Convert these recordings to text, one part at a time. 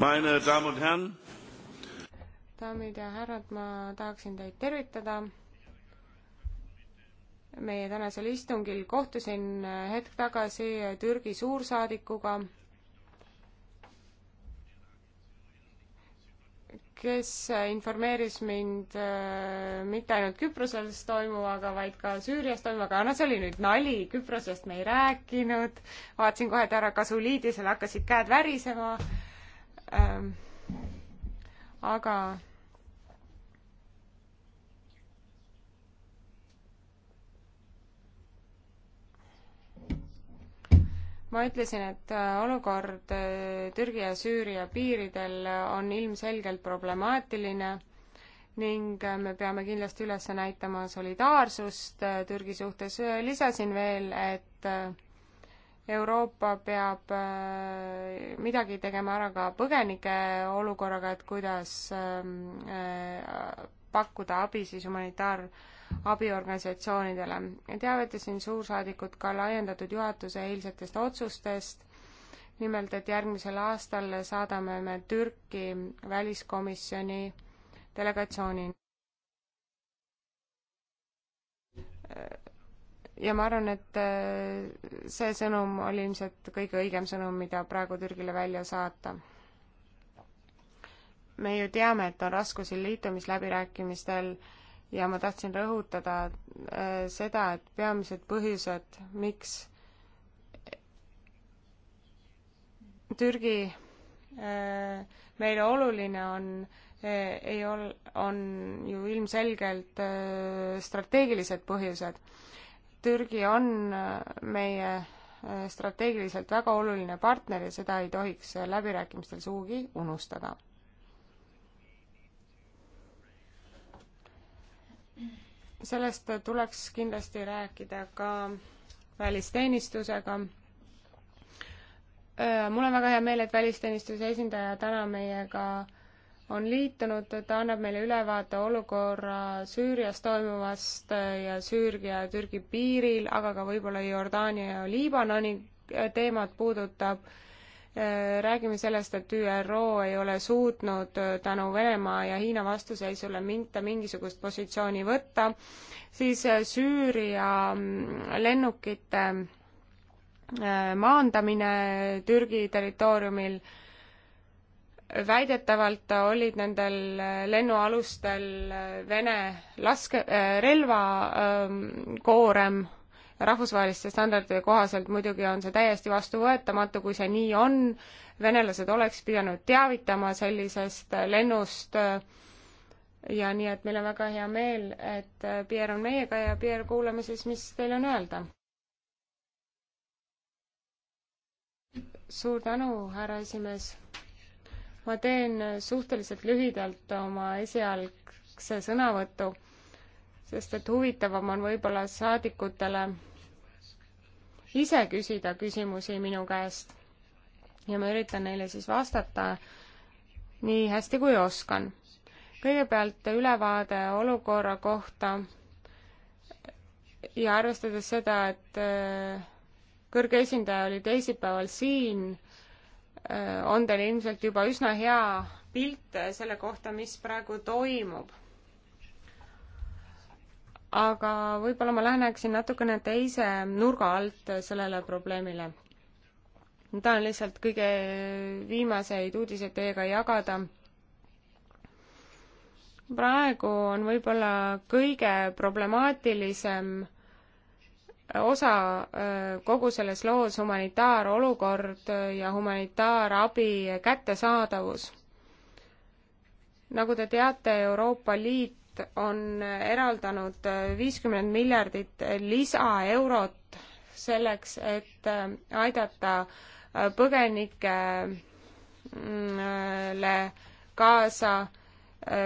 meine Damen und Herren. daamid ja härrad, ma tahaksin teid tervitada. meie tänasel istungil kohtusin hetk tagasi Türgi suursaadikuga, kes informeeris mind äh, mitte ainult Küproses toimuvaga, vaid ka Süürias toimuvaga, no see oli nüüd nali, Küprosest me ei rääkinud, vaatasin kohe, et härra Kasuliidisel hakkasid käed värisema Ähm, aga ma ütlesin, et äh, olukord äh, Türgi ja Süüria piiridel on ilmselgelt problemaatiline ning äh, me peame kindlasti üles näitama solidaarsust Türgi suhtes. lisasin veel, et Euroopa peab äh, midagi tegema ära ka põgenike olukorraga, et kuidas ähm, äh, pakkuda abi siis humanitaarabiorganisatsioonidele. teavitasin suursaadikut ka laiendatud juhatuse eilsetest otsustest, nimelt et järgmisel aastal saadame me Türki väliskomisjoni delegatsiooni. Äh, ja ma arvan, et äh, see sõnum oli ilmselt kõige õigem sõnum, mida praegu Türgile välja saata. me ju teame, et on raskusi liitumisläbirääkimistel ja ma tahtsin rõhutada äh, seda, et peamised põhjused, miks Türgi äh, meile oluline on, ei ol-, on ju ilmselgelt strateegilised põhjused Türgi on äh, meie äh, strateegiliselt väga oluline partner ja seda ei tohiks äh, läbirääkimistel sugugi unustada. sellest tuleks kindlasti rääkida ka välisteenistusega. mul on väga hea meel, et välisteenistuse esindaja täna meiega äh, on liitunud, ta annab meile ülevaate olukorra Süürias toimuvast äh, ja Süüria ja Türgi piiril, aga ka võib-olla Jordaania ja Liibanoni äh, teemat puudutab. Äh, räägime sellest, et ÜRO ei ole suutnud tänu Venemaa ja Hiina vastuseisule mitte mingisugust positsiooni võtta, siis Süüria mm, lennukite maandamine Türgi territooriumil väidetavalt olid nendel lennualustel Vene laske äh,, relvakoorem ähm, äh, rahvusvaheliste standardite kohaselt muidugi on see täiesti vastuvõetamatu, kui see nii on. venelased oleks pidanud teavitama sellisest lennust. Äh, ja nii, et meil on väga hea meel, et äh, Pierre on meiega ja Pierre, kuulame siis, mis teil on öelda. suur tänu, härra esimees ma teen suhteliselt lühidalt oma esialgse sõnavõtu, sest et huvitavam on võib-olla saadikutele ise küsida küsimusi minu käest ja ma üritan neile siis vastata nii hästi, kui oskan. kõigepealt ülevaade olukorra kohta ja arvestades seda, et äh, kõrge esindaja oli teisipäeval siin Äh, on teil ilmselt juba üsna hea pilt äh, selle kohta, mis praegu toimub. aga võib-olla ma läheneksin natukene teise nurga alt äh, sellele probleemile. ma tahan lihtsalt kõige viimaseid uudiseid teiega jagada. praegu on võib-olla kõige problemaatilisem osa kogu selles loos humanitaarolukord ja humanitaarabi kättesaadavus. nagu te teate, Euroopa Liit on eraldanud viiskümmend miljardit lisaeurot selleks, et aidata põgenikele mm, kaasa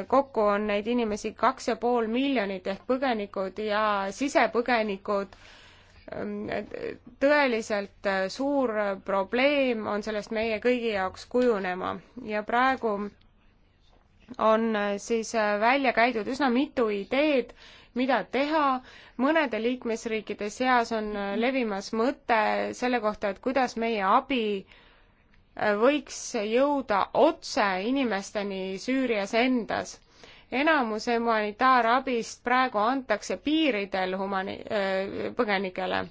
kokku on neid inimesi kaks ja pool miljonit ehk põgenikud ja sisepõgenikud Ehm, tõeliselt äh, suur probleem on sellest meie kõigi jaoks kujunema ja praegu on äh, siis äh, välja käidud üsna mitu ideed, mida teha. mõnede liikmesriikide seas on levimas mõte selle kohta, et kuidas meie abi võiks jõuda otse inimesteni Süürias endas enamus humanitaarabist praegu antakse piiridel humani-, äh, põgenikele.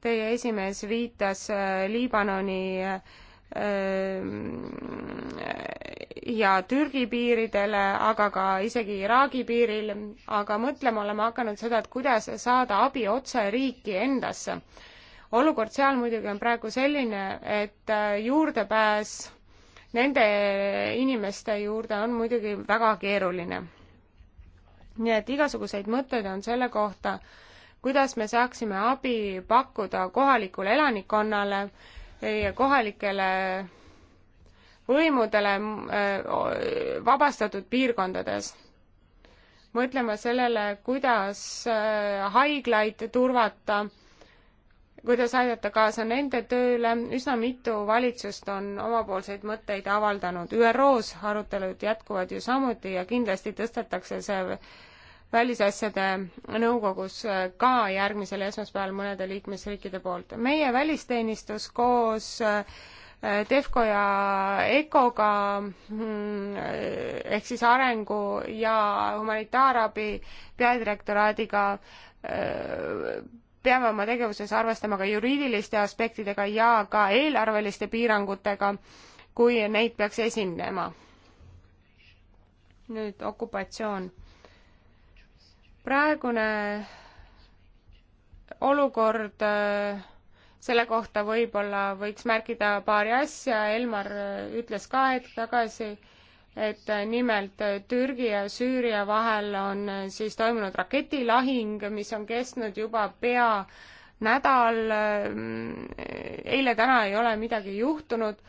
Teie esimees viitas äh, Liibanoni äh, ja Türgi piiridele, aga ka isegi Iraagi piiril, aga mõtlema oleme hakanud seda, et kuidas saada abi otse riiki endasse. olukord seal muidugi on praegu selline, et juurdepääs nende inimeste juurde on muidugi väga keeruline nii et igasuguseid mõtteid on selle kohta, kuidas me saaksime abi pakkuda kohalikule elanikkonnale ja kohalikele võimudele äh, vabastatud piirkondades. mõtlema sellele, kuidas äh, haiglaid turvata, kuidas aidata kaasa nende tööle, üsna mitu valitsust on omapoolseid mõtteid avaldanud. ÜRO-s arutelud jätkuvad ju samuti ja kindlasti tõstetakse see välisasjade nõukogus äh, ka järgmisel esmaspäeval mõnede liikmesriikide poolt. meie välisteenistus koos äh, Defco ja ECO-ga mm, äh, ehk siis arengu ja humanitaarabi peadirektoraadiga peame oma tegevuses arvestama ka juriidiliste aspektidega ja ka eelarveliste piirangutega, kui neid peaks esinema. nüüd okupatsioon praegune olukord äh, selle kohta võib-olla võiks märkida paari asja, Elmar äh, ütles ka hetk tagasi, et äh, nimelt Türgi ja Süüria vahel on siis toimunud raketilahing, mis on kestnud juba pea nädal, eile-täna ei ole midagi juhtunud,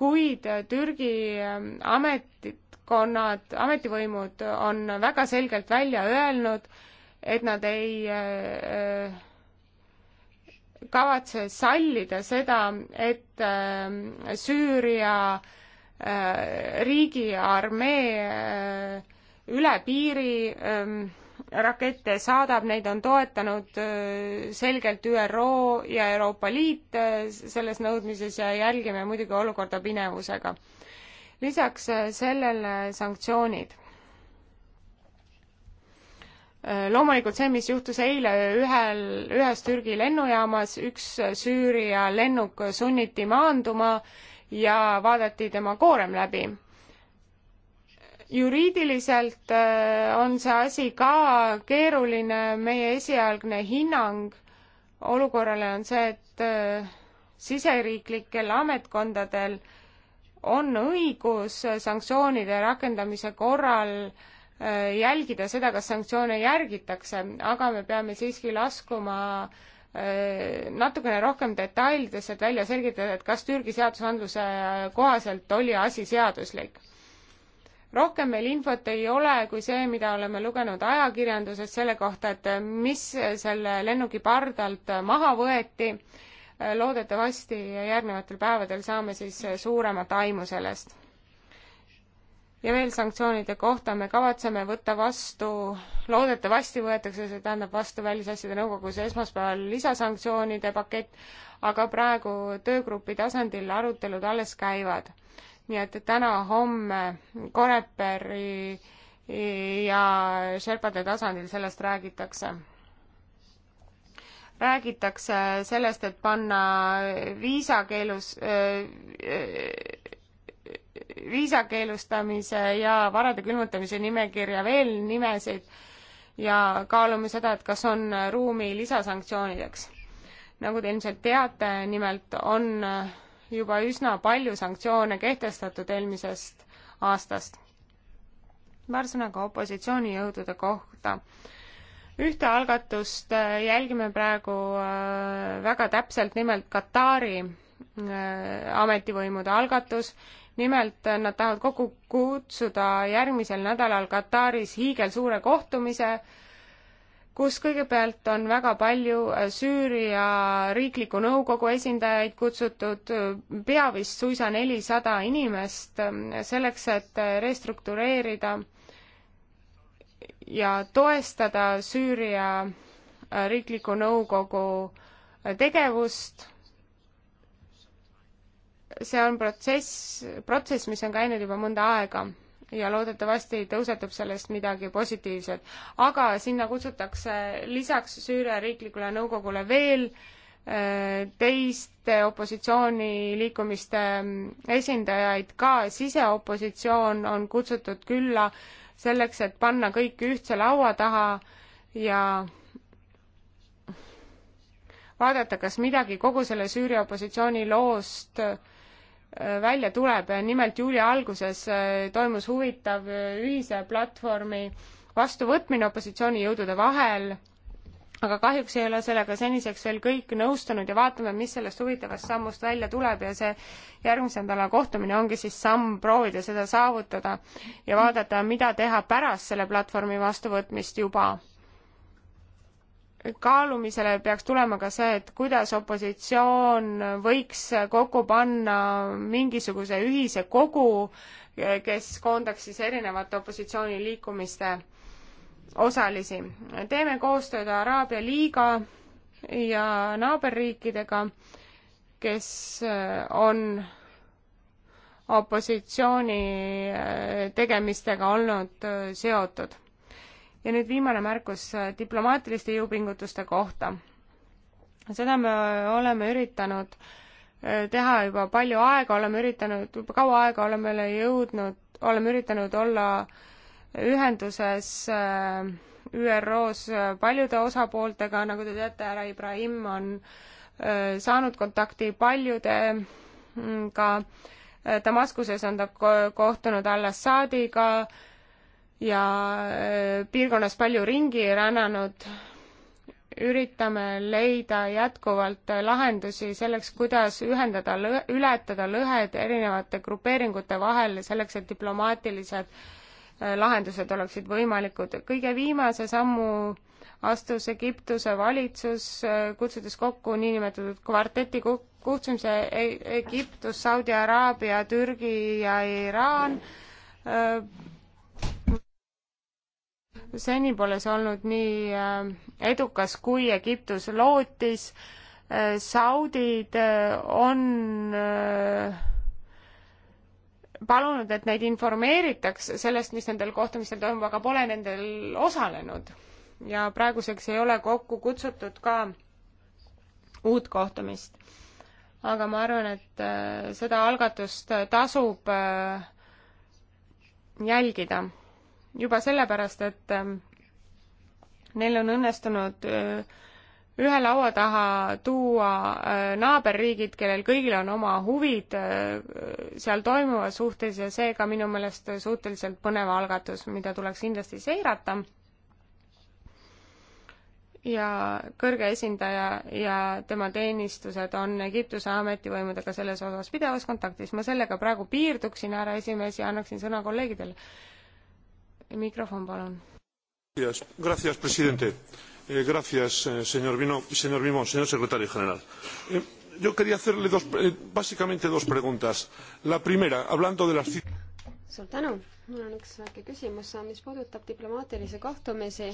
kuid Türgi ametid ametkonnad, ametivõimud on väga selgelt välja öelnud, et nad ei äh, äh kavatse sallida seda, et äh, Süüria äh, riigiarmee äh, üle piiri ähm, rakette saadab, neid on toetanud äh, selgelt ÜRO ja Euroopa Liit selles nõudmises ja jälgime muidugi olukorda pinevusega lisaks äh, sellele sanktsioonid. Äh, loomulikult see, mis juhtus eile ühel, ühes Türgi lennujaamas, üks Süüria lennuk sunniti maanduma ja vaadati tema koorem läbi juriidiliselt äh, on see asi ka keeruline, meie esialgne hinnang olukorrale on see, et siseriiklikel ametkondadel äh, on õigus sanktsioonide rakendamise korral äh, jälgida seda, kas sanktsioone järgitakse, aga me peame siiski laskuma äh, natukene rohkem detailides, et välja selgitada, et kas Türgi seadusandluse äh, kohaselt oli asi seaduslik. rohkem meil infot ei ole kui see, mida oleme lugenud ajakirjandusest selle kohta, et mis selle lennuki pardalt maha võeti loodetavasti järgnevatel päevadel saame siis suuremat aimu sellest. ja veel sanktsioonide kohta me kavatseme võtta vastu, loodetavasti võetakse, see tähendab vastu Välisasjade Nõukogus esmaspäeval lisasanktsioonide pakett, aga praegu töögrupi tasandil arutelud alles käivad. nii et täna-homme Coreperi ja Sherpade tasandil sellest räägitakse räägitakse sellest, et panna viisakeelus, viisakeelustamise ja varade külmutamise nimekirja veel nimesid ja kaalume seda, et kas on ruumi lisasanktsioonideks. nagu te ilmselt teate, nimelt on juba üsna palju sanktsioone kehtestatud eelmisest aastast. paar sõna ka opositsioonijõudude kohta ühte algatust äh, jälgime praegu äh, väga täpselt, nimelt Katari äh, ametivõimude algatus. nimelt nad tahavad kokku kutsuda järgmisel nädalal Kataris hiigelsuure kohtumise, kus kõigepealt on väga palju Süüria riikliku nõukogu esindajaid kutsutud, pea vist suisa nelisada inimest, selleks et restruktureerida äh, ja toestada Süüria äh, riikliku nõukogu äh, tegevust. see on protsess, protsess, mis on käinud juba mõnda aega ja loodetavasti tõusetub sellest midagi positiivset. aga sinna kutsutakse lisaks Süüria riiklikule nõukogule veel äh, teiste opositsiooniliikumiste mm, esindajaid, ka siseopositsioon on kutsutud külla äh, selleks, et panna kõik ühtse laua taha ja vaadata, kas midagi kogu selle Süüria opositsiooni loost äh, välja tuleb, nimelt juuli alguses äh, toimus huvitav äh, ühise platvormi vastuvõtmine opositsioonijõudude vahel aga kahjuks ei ole sellega seniseks veel kõik nõustunud ja vaatame, mis sellest huvitavast sammust välja tuleb ja see järgmise nädala kohtumine ongi siis samm proovida seda saavutada ja vaadata, mida teha pärast selle platvormi vastuvõtmist juba. kaalumisele peaks tulema ka see, et kuidas opositsioon võiks kokku panna mingisuguse ühise kogu, kes koondaks siis erinevate opositsiooniliikumiste osalisi. teeme koostööd Araabia liiga ja naaberriikidega, kes äh, on opositsiooni äh, tegemistega olnud äh, seotud. ja nüüd viimane märkus diplomaatiliste jõupingutuste kohta. seda me oleme üritanud teha juba palju aega, oleme üritanud, juba kaua aega oleme jõudnud, oleme üritanud olla äh, ühenduses äh, ÜRO-s äh, paljude osapooltega, nagu te teate, härra Ibrahim on äh, saanud kontakti paljudega, mm, Damaskuses on ta kohtunud al-Assadiga ja piirkonnas palju ringi rännanud, üritame leida jätkuvalt lahendusi selleks, kuidas ühendada, ületada lõhed erinevate grupeeringute vahel, selleks et diplomaatilised Äh, lahendused oleksid võimalikud. kõige viimase sammu astus Egiptuse valitsus, äh, kutsudes kokku niinimetatud kvarteti kutsumise Egiptus, Saudi Araabia, Türgi ja Iraan. Äh, seni pole see olnud nii edukas, kui Egiptus lootis. Saudid on palunud, et neid informeeritaks sellest, mis nendel kohtumistel toimub, aga pole nendel osalenud. ja praeguseks ei ole kokku kutsutud ka uut kohtumist. aga ma arvan, et äh, seda algatust tasub äh, jälgida juba sellepärast, et äh, neil on õnnestunud ühe laua taha tuua äh, naaberriigid, kellel kõigil on oma huvid äh, seal toimuva suhtes ja seega minu meelest suhteliselt põnev algatus, mida tuleks kindlasti seirata. ja kõrge esindaja ja tema teenistused on Egiptuse ametivõimudega selles osas pidevas kontaktis. ma sellega praegu piirduksin, härra esimees, ja annaksin sõna kolleegidele. mikrofon, palun. Gracias, presidente Eh, gracias, eh, señor, Vino, señor Mimón, señor secretario general. Eh, yo quería hacerle dos, eh, básicamente dos preguntas. La primera, hablando de las suur tänu, mul on üks väike küsimus, äh, mis puudutab diplomaatilisi kohtumisi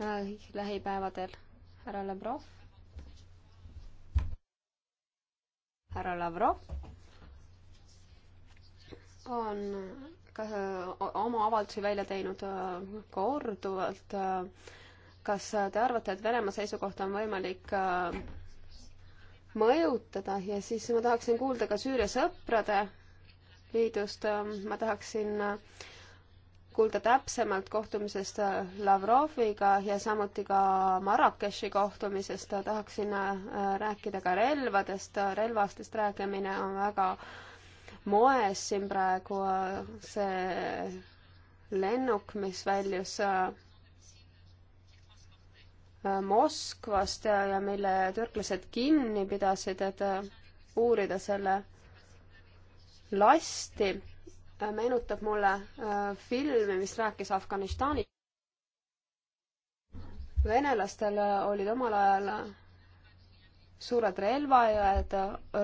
äh, lähipäevadel. härra Lavrov. härra Lavrov on oma avaldusi välja teinud korduvalt. kas te arvate, et Venemaa seisukohta on võimalik mõjutada ja siis ma tahaksin kuulda ka Süüria sõprade liidust, ma tahaksin kuulda täpsemalt kohtumisest Lavroviga ja samuti ka Marrakechi kohtumisest, tahaksin rääkida ka relvadest, relvastest rääkimine on väga äh, moes siin praegu see lennuk, mis väljus äh, Moskvast ja, ja mille türklased kinni pidasid, et äh, uurida selle lasti, äh, meenutab mulle filmi, mis rääkis Afganistani. venelastel olid omal ajal suured relvajõed,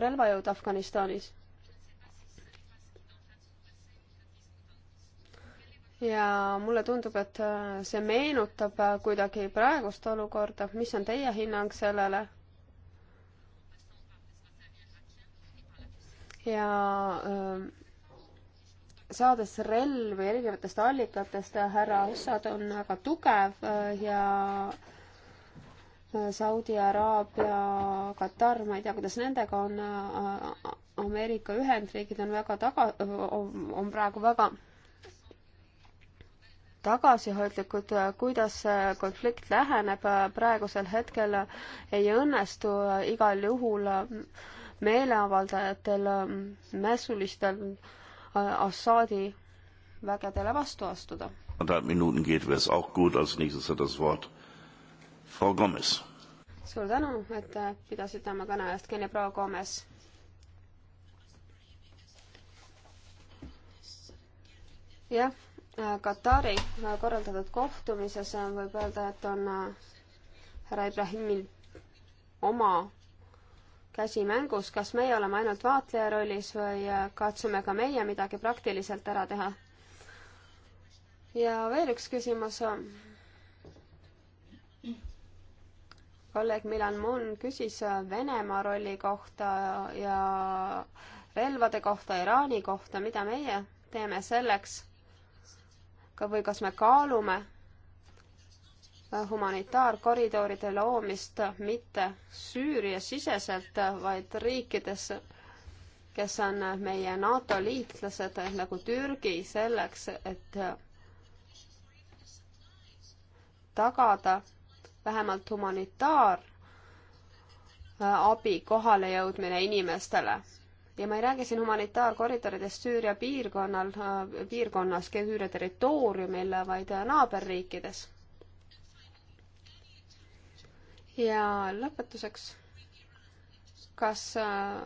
relvajõud Afganistanis ja mulle tundub, et äh, see meenutab äh, kuidagi praegust olukorda, mis on teie hinnang sellele? ja äh, saades relvi erinevatest allikatest, härra Assad on väga tugev ja Saudi Araabia, Katar, ma ei tea, kuidas nendega on, Ameerika Ühendriigid on väga taga, on praegu väga tagasihoidlikud, kuidas see konflikt läheneb, praegusel hetkel ei õnnestu igal juhul meeleavaldajatel, mässulistel Assaadi vägedele vastu astuda. suur tänu, et pidasite oma kõne eest kinni, proua Gomes. jah Katari korraldatud kohtumises võib öelda, et on äh, härra Ibrahimil oma käsi mängus, kas meie oleme ainult vaatleja rollis või äh, katsume ka meie midagi praktiliselt ära teha. ja veel üks küsimus. Äh, kolleeg Milan Mun küsis Venemaa rolli kohta ja relvade kohta, Iraani kohta, mida meie teeme selleks ka või kas me kaalume äh, humanitaarkoridoride loomist mitte Süüria-siseselt, äh, vaid riikides, kes on äh, meie NATO liitlased nagu Türgi, selleks, et tagada vähemalt humanitaarabi kohalejõudmine inimestele ja ma ei räägi siin humanitaarkoridoridest Süüria piirkonnal, äh, piirkonnas, Süüria territooriumil, vaid äh, naaberriikides. ja lõpetuseks, kas äh,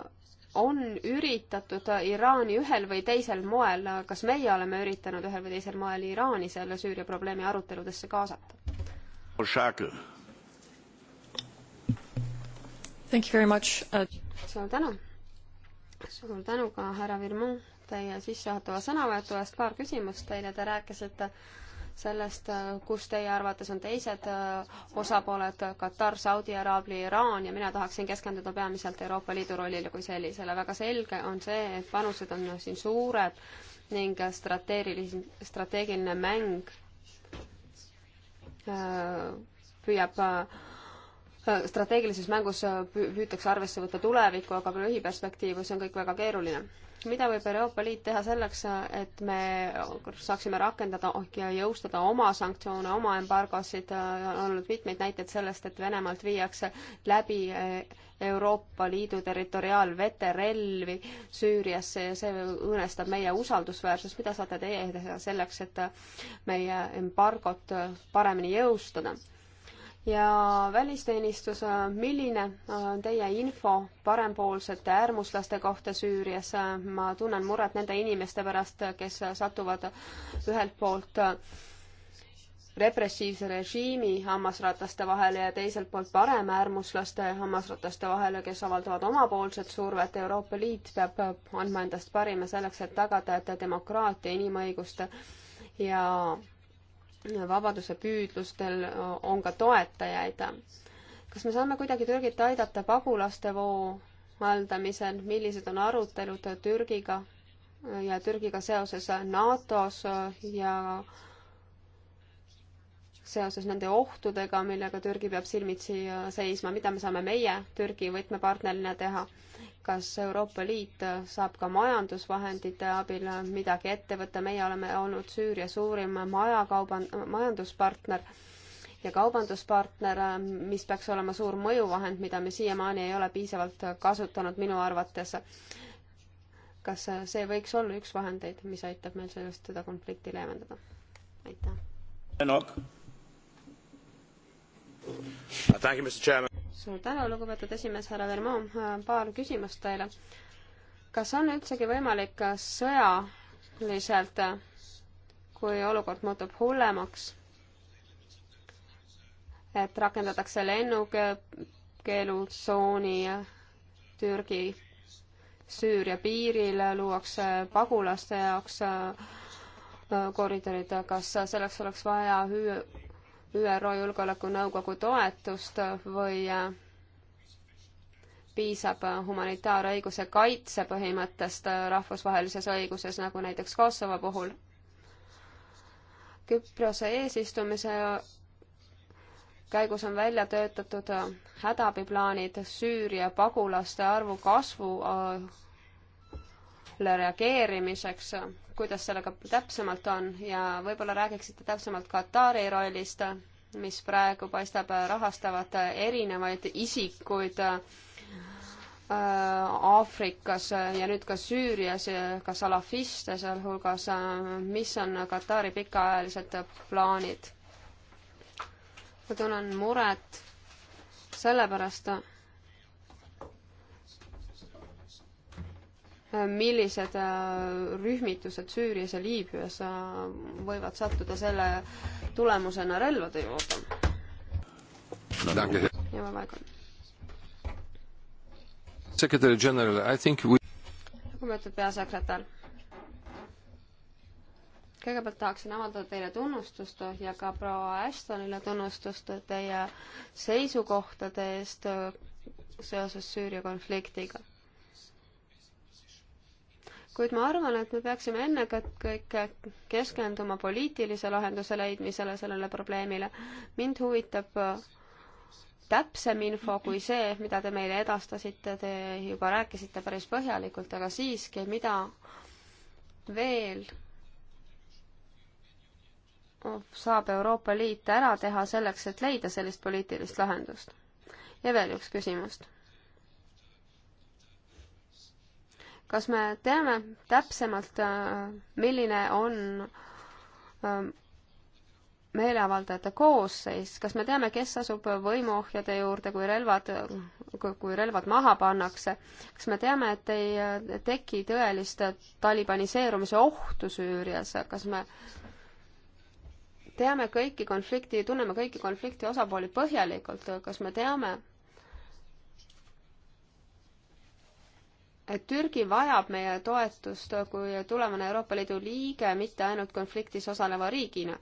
on üritatud Iraani ühel või teisel moel, kas meie oleme üritanud ühel või teisel moel Iraani selle Süüria probleemi aruteludesse kaasata? suur tänu! suur tänu ka, härra Virmon, teie sissejuhatava sõnavõtu eest. paar küsimust teile, te rääkisite sellest, kus teie arvates on teised äh, osapooled, Katar, Saudi Araabia, Iraan ja mina tahaksin keskenduda peamiselt Euroopa Liidu rollile kui sellisele. väga selge on see, et panused on siin suured ning strateegiline, strateegiline mäng äh, püüab äh, Äh, strateegilises mängus äh, püütakse arvesse võtta tulevikku, aga lühiperspektiivi, see on kõik väga keeruline. mida võib Euroopa Liit teha selleks, äh, et me saaksime rakendada oh, ja jõustada oma sanktsioone, oma embargosid, on olnud mitmeid näiteid sellest, et Venemaalt viiakse läbi Euroopa Liidu territoriaalvete relvi Süüriasse ja see õõnestab meie usaldusväärsust, mida saate teie teha selleks, et meie embargot paremini jõustada? ja välisteenistus, äh, milline äh, on teie info parempoolsete äärmuslaste kohta Süürias? Äh, ma tunnen muret nende inimeste pärast, kes satuvad ühelt poolt repressiivse režiimi hammasrataste vahele ja teiselt poolt paremäärmuslaste hammasrataste vahele, kes avaldavad omapoolset survet. Euroopa Liit peab andma endast parima selleks, et tagada, et demokraatia, inimõiguste ja vabadusepüüdlustel on ka toetajaid. kas me saame kuidagi Türgit aidata pagulaste voo haldamisel, millised on arutelud Türgiga ja Türgiga seoses NATO-s ja seoses nende ohtudega, millega Türgi peab silmitsi seisma, mida me saame meie Türgi võtmepartnerina teha kas Euroopa Liit saab ka majandusvahendite abil midagi ette võtta, meie oleme olnud Süüria suurim majakauban-, majanduspartner ja kaubanduspartner, mis peaks olema suur mõjuvahend, mida me siiamaani ei ole piisavalt kasutanud minu arvates. kas see võiks olla üks vahendeid, mis aitab meil sellest, seda konflikti leevendada? aitäh. Tänan suur tänu, lugupeetud esimees härra Vermont, äh, paar küsimust teile. kas on üldsegi võimalik äh, sõjaliselt, äh, kui olukord muutub hullemaks, et rakendatakse lennukeelutsooni Türgi, Süüria piiril, luuakse pagulaste jaoks koridorid, kas selleks oleks vaja ÜRO Julgeolekunõukogu toetust või piisab humanitaarõiguse kaitse põhimõttest rahvusvahelises õiguses, nagu näiteks Kosovo puhul. Küprose eesistumise käigus on välja töötatud hädaabiplaanid Süüria pagulaste arvu kasvule reageerimiseks kuidas sellega täpsemalt on ja võib-olla räägiksite täpsemalt Katari rollist, mis praegu paistab rahastavat erinevaid isikuid äh, Aafrikas ja nüüd ka Süürias, ka salafiste sealhulgas, mis on Katari pikaajalised plaanid? ma tunnen muret selle pärast, millised äh, rühmitused Süürias ja Liibüas äh, võivad sattuda selle tulemusena relvade juurde. ja ma vaatan. Secretary General, I think we lugupeetud peasekretär, kõigepealt tahaksin avaldada teile tunnustust ja ka proua Ashtonile tunnustust teie seisukohtade eest äh, seoses Süüria konfliktiga kuid ma arvan, et me peaksime ennekõike keskenduma poliitilise lahenduse leidmisele sellele probleemile. mind huvitab äh, täpsem info kui see, mida te meile edastasite, te juba rääkisite päris põhjalikult, aga siiski, mida veel saab Euroopa Liit ära teha selleks, et leida sellist poliitilist lahendust? ja veel üks küsimust kas me teame täpsemalt, milline on ähm, meeleavaldajate koosseis, kas me teame, kes asub võimuohjade juurde, kui relvad, kui relvad maha pannakse, kas me teame, et ei äh, teki tõelist talibaniseerumise ohtu Süürias, kas me teame kõiki konflikti, tunneme kõiki konflikti osapooli põhjalikult, kas me teame, et Türgi vajab meie toetust kui tulevane Euroopa Liidu liige, mitte ainult konfliktis osaleva riigina.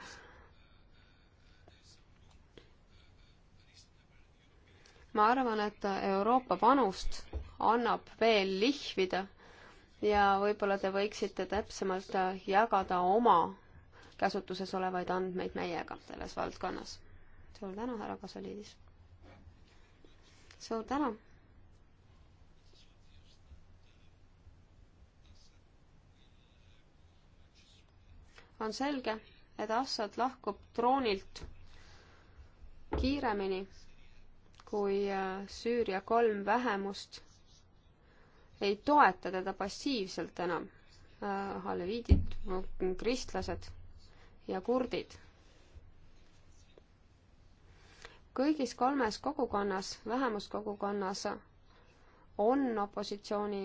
ma arvan, et Euroopa panust annab veel lihvida ja võib-olla te võiksite täpsemalt jagada oma käsutuses olevaid andmeid meiega selles valdkonnas. suur tänu, härra Kasoliidis! suur tänu! on selge, et Assad lahkub troonilt kiiremini, kui äh, Süüria kolm vähemust ei toeta teda passiivselt enam. Äh, haleviidid, kristlased ja kurdid. kõigis kolmes kogukonnas, vähemuskogukonnas on opositsiooni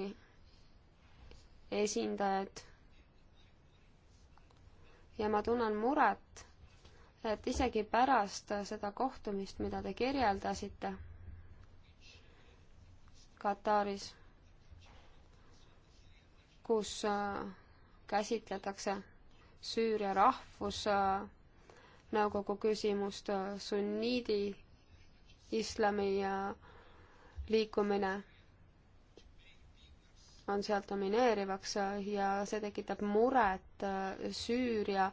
esindajaid ja ma tunnen muret, et isegi pärast seda kohtumist, mida te kirjeldasite Kataris, kus äh, käsitletakse Süüria rahvusnõukogu küsimust, äh, sunniidi islami äh, liikumine on seal domineerivaks äh, ja see tekitab muret äh, Süüria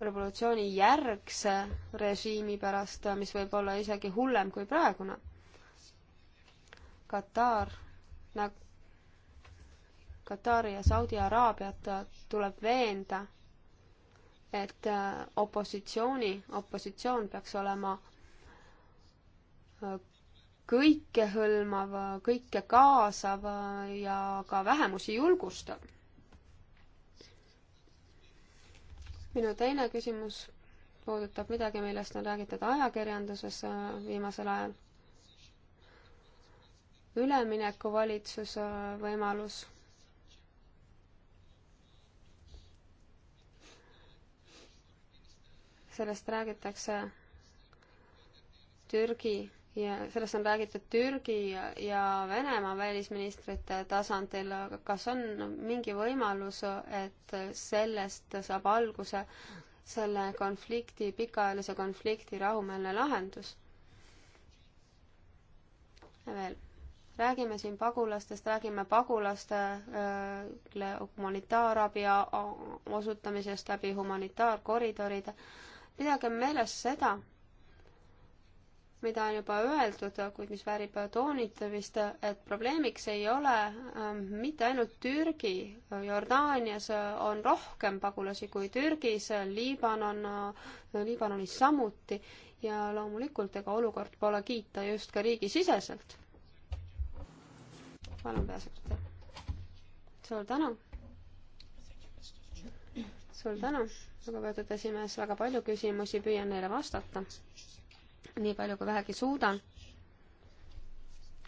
revolutsiooni järgse režiimi pärast, äh, mis võib olla isegi hullem kui praegune. Katar, Katari ja Saudi Araabiat tuleb veenda, et opositsiooni, opositsioon peaks olema kõikehõlmav, kõike kaasav ja ka vähemusi julgustav. minu teine küsimus puudutab midagi, millest on räägitud ajakirjanduses äh, viimasel ajal. üleminekuvalitsuse äh, võimalus sellest räägitakse Türgi ja sellest on räägitud Türgi ja Venemaa välisministrite tasandil, aga kas on mingi võimalus, et sellest saab alguse selle konflikti, pikaajalise konflikti rahumeelne lahendus? veel, räägime siin pagulastest, räägime pagulastele humanitaarabi osutamisest läbi humanitaarkoridoride. pidagem meeles seda, mida on juba öeldud, kuid mis väärib toonitamist, et probleemiks ei ole ähm, mitte ainult Türgi. Jordaanias on rohkem pagulasi kui Türgis, Liibanon, äh, Liibanonis samuti ja loomulikult ega olukord pole kiita just ka riigisiseselt. palun, peasekretär. suur tänu. suur tänu, lugupeetud esimees, väga palju küsimusi, püüan neile vastata nii palju kui vähegi suudan.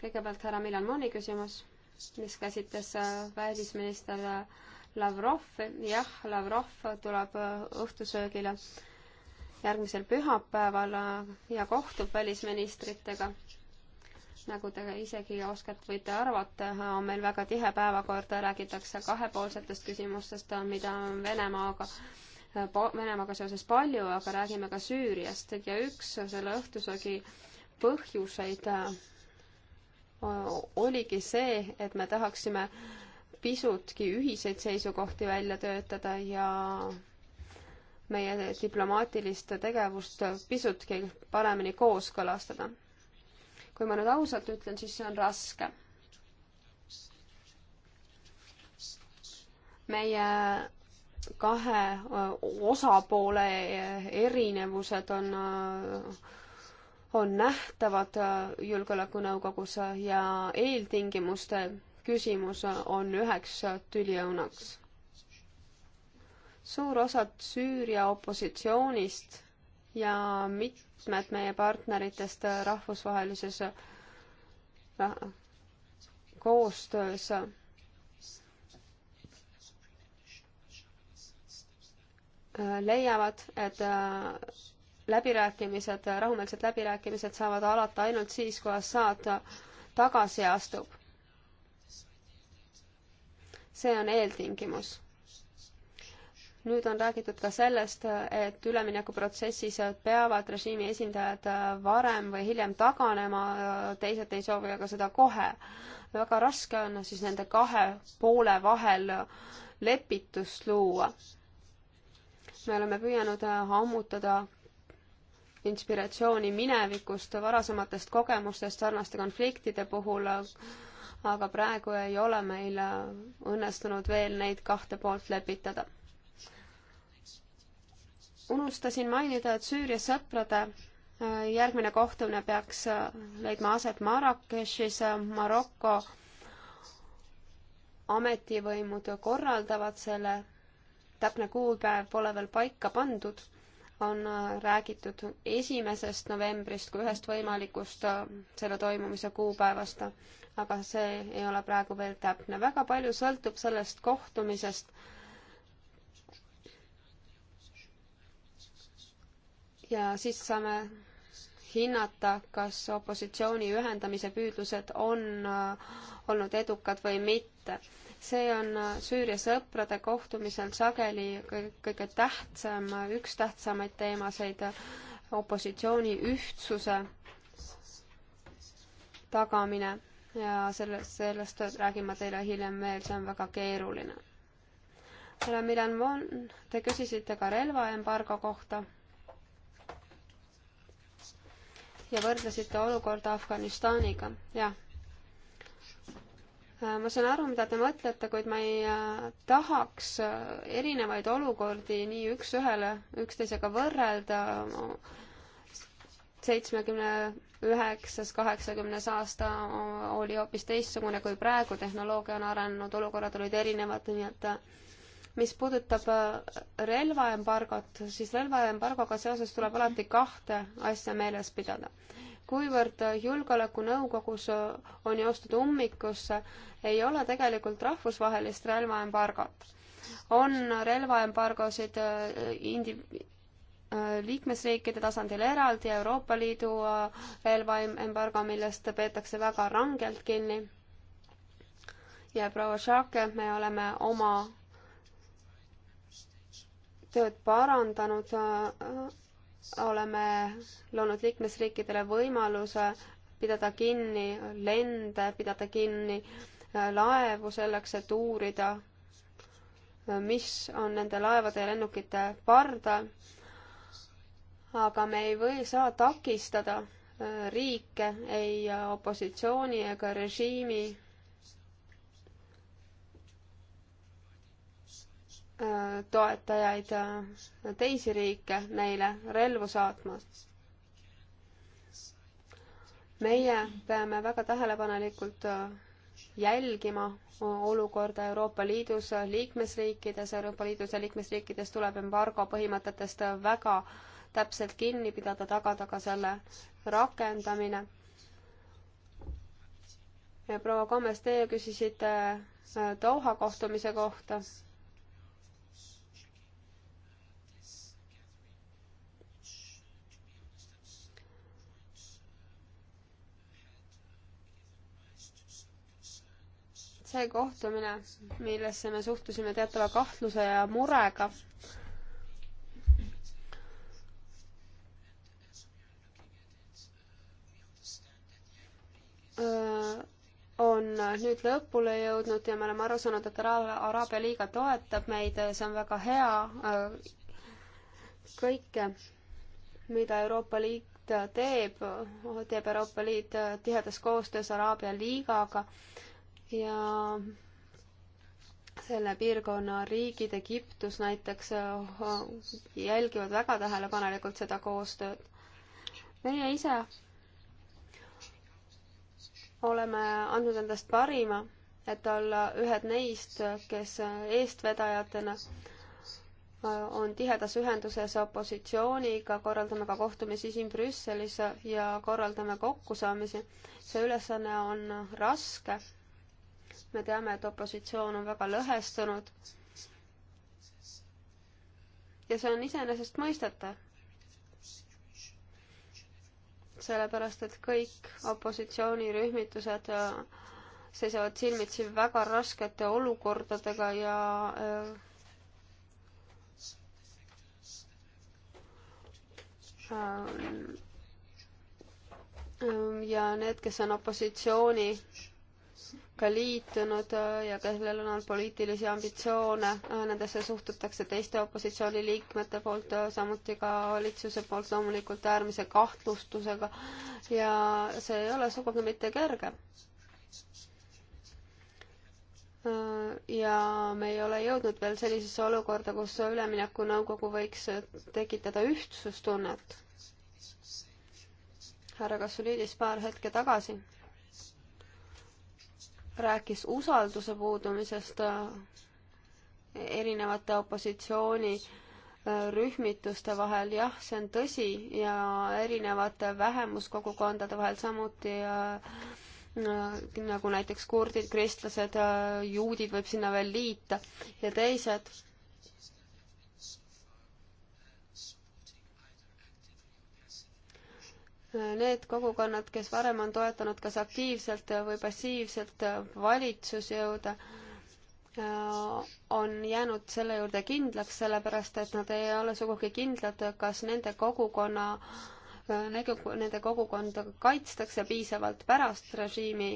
kõigepealt härra Milan Moni küsimus, mis käsitles äh, välisminister äh, Lavrov, jah, Lavrov tuleb äh, õhtusöögile järgmisel pühapäeval ja kohtub välisministritega. nagu te isegi oskate, võite arvata, on meil väga tihe päevakord, räägitakse kahepoolsetest küsimustest, mida on Venemaaga Venemaaga seoses palju, aga räägime ka Süüriast ja üks selle õhtusöögi põhjuseid äh, oligi see, et me tahaksime pisutki ühiseid seisukohti välja töötada ja meie diplomaatilist tegevust pisutki paremini kooskõlastada. kui ma nüüd ausalt ütlen, siis see on raske. meie kahe osapoole erinevused on, on nähtavad Julgeolekunõukogus ja eeltingimuste küsimus on üheks tüliõunaks. suur osa Süüria opositsioonist ja mitmed meie partneritest rahvusvahelises koostöös Äh, leiavad, et äh, läbirääkimised, rahumeelsed läbirääkimised saavad alata ainult siis, kui Assad tagasi astub. see on eeltingimus. nüüd on räägitud ka sellest, et üleminekuprotsessis peavad režiimi esindajad äh, varem või hiljem taganema, teised ei soovi aga seda kohe. väga raske on siis nende kahe poole vahel lepitust luua me oleme püüanud äh, ammutada inspiratsiooni minevikust, varasematest kogemustest sarnaste konfliktide puhul, aga praegu ei ole meil äh, õnnestunud veel neid kahte poolt lepitada. unustasin mainida, et Süüria sõprade äh, järgmine kohtumine peaks leidma aset Marrakechis, Maroko ametivõimud korraldavad selle täpne kuupäev pole veel paika pandud, on äh, räägitud esimesest novembrist kui ühest võimalikust äh, selle toimumise kuupäevast, aga see ei ole praegu veel täpne. väga palju sõltub sellest kohtumisest. ja siis saame hinnata, kas opositsiooni ühendamise püüdlused on äh, olnud edukad või mitte see on äh, Süüria sõprade kohtumisel sageli kõige tähtsam, äh, üks tähtsamaid teemasid, äh, opositsiooni ühtsuse tagamine ja sellest, sellest räägin ma teile hiljem veel, see on väga keeruline. härra Milan Von, te küsisite ka relvaembargo kohta ja võrdlesite olukorda Afganistaniga. jah, Äh, ma saan aru, mida te mõtlete, kuid ma ei äh, tahaks äh, erinevaid olukordi nii üks-ühele üksteisega võrrelda. seitsmekümne üheksas, kaheksakümnes aasta oli hoopis teistsugune kui praegu, tehnoloogia on arenenud, olukorrad olid erinevad, nii et mis puudutab relvaembargot, siis relvaembargoga seoses tuleb alati kahte asja meeles pidada kuivõrd Julgeolekunõukogus on joostud ummikusse, ei ole tegelikult rahvusvahelist relvaembargot. on relvaembargosid äh, indi-, äh, liikmesriikide tasandil eraldi, Euroopa Liidu äh, relvaembargo, millest peetakse väga rangelt kinni. ja proua Šake, me oleme oma tööd parandanud oleme loonud liikmesriikidele võimaluse pidada kinni lende, pidada kinni äh, laevu selleks, et uurida, äh, mis on nende laevade ja lennukite pardal. aga me ei või saa takistada äh, riike ei opositsiooni ega režiimi toetajaid, teisi riike neile relvu saatma. meie peame väga tähelepanelikult jälgima olukorda Euroopa Liidus, liikmesriikides, Euroopa Liidus ja liikmesriikides tuleb embargo põhimõtetest väga täpselt kinni pidada, tagada ka selle rakendamine. ja proua Kommes, teie küsisite Doha kohtumise kohta see kohtumine, millesse me suhtusime teatava kahtluse ja murega, on nüüd lõpule jõudnud ja me oleme aru saanud, et Araabia liiga toetab meid, see on väga hea. kõike, mida Euroopa Liit teeb, teeb Euroopa Liit tihedas koostöös Araabia liigaga ja selle piirkonna riigid, Egiptus näiteks, jälgivad väga tähelepanelikult seda koostööd. meie ise oleme andnud endast parima, et olla ühed neist, kes eestvedajatena on tihedas ühenduses opositsiooniga, korraldame ka kohtumisi siin Brüsselis ja korraldame kokkusaamisi. see ülesanne on raske me teame, et opositsioon on väga lõhestunud. ja see on iseenesestmõistetav. sellepärast, et kõik opositsioonirühmitused äh, seisavad silmitsi väga raskete olukordadega ja äh, äh, ja need, kes on opositsiooni ka liitunud äh, ja kellel on olnud poliitilisi ambitsioone, äh, nendesse suhtutakse teiste opositsiooniliikmete poolt, äh, samuti ka valitsuse poolt loomulikult äärmise kahtlustusega ja see ei ole sugugi mitte kerge. ja me ei ole jõudnud veel sellisesse olukorda, kus üleminekunõukogu võiks tekitada ühtsustunnet. härra Kasuliidis paar hetke tagasi rääkis usalduse puudumisest äh, erinevate opositsiooni rühmituste vahel, jah, see on tõsi, ja erinevate vähemuskogukondade vahel samuti ja äh, äh, nagu näiteks kurdid, kristlased, juudid võib sinna veel liita ja teised need kogukonnad, kes varem on toetanud kas aktiivselt või passiivselt valitsusjõude, äh, on jäänud selle juurde kindlaks, sellepärast et nad ei ole sugugi kindlad, kas nende kogukonna, äh, nende kogukonda kaitstakse piisavalt pärast režiimi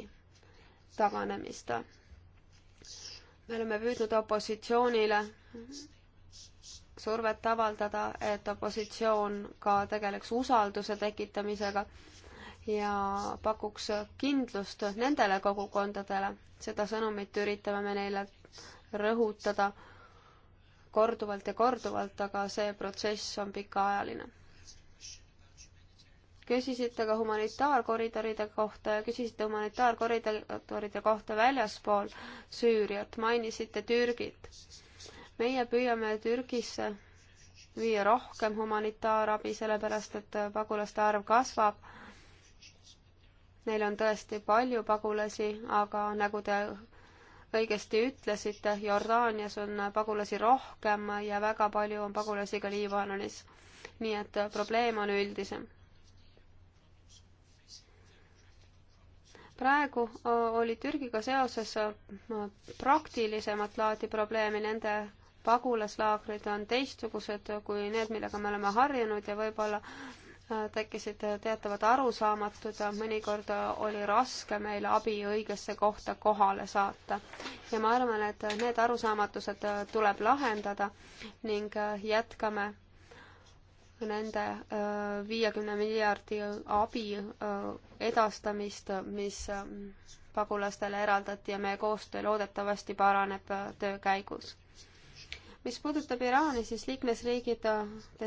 taganemist. me oleme püüdnud opositsioonile survet avaldada, et opositsioon ka tegeleks usalduse tekitamisega ja pakuks kindlust nendele kogukondadele. seda sõnumit üritame me neile rõhutada korduvalt ja korduvalt, aga see protsess on pikaajaline. küsisite ka humanitaarkoridoride kohta ja küsisite humanitaarkoridoride kohta väljaspool Süüriat, mainisite Türgit meie püüame Türgisse viia rohkem humanitaarabi, sellepärast et pagulaste arv kasvab. Neil on tõesti palju pagulasi, aga nagu te õigesti ütlesite, Jordaanias on pagulasi rohkem ja väga palju on pagulasi ka Liibanonis. nii et probleem on üldisem. praegu oli Türgiga seoses praktilisemat laadi probleemi nende pagulaslaagrid on teistsugused kui need, millega me oleme harjunud ja võib-olla äh, tekkisid teatavad arusaamatud, mõnikord oli raske meil abi õigesse kohta kohale saata. ja ma arvan, et need arusaamatused äh, tuleb lahendada ning äh, jätkame nende viiekümne miljardi abi edastamist, mis pagulastele eraldati ja meie koostöö loodetavasti paraneb töö käigus mis puudutab Iraani, siis liikmesriigide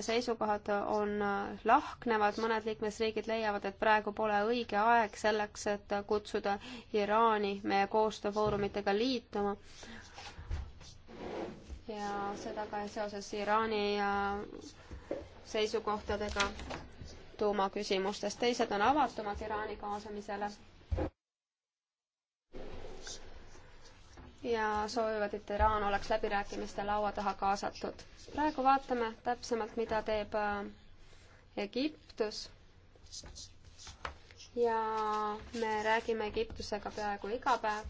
seisukohad on äh, lahknevad, mõned liikmesriigid leiavad, et praegu pole õige aeg selleks, et kutsuda Iraani meie koostööfoorumitega liituma. ja seda ka seoses Iraani äh, seisukohtadega tuumaküsimustes, teised on avatumad Iraani kaasamisele ja soovivad, et Iraan oleks läbirääkimiste laua taha kaasatud. praegu vaatame täpsemalt, mida teeb äh, Egiptus. ja me räägime Egiptusega peaaegu iga päev.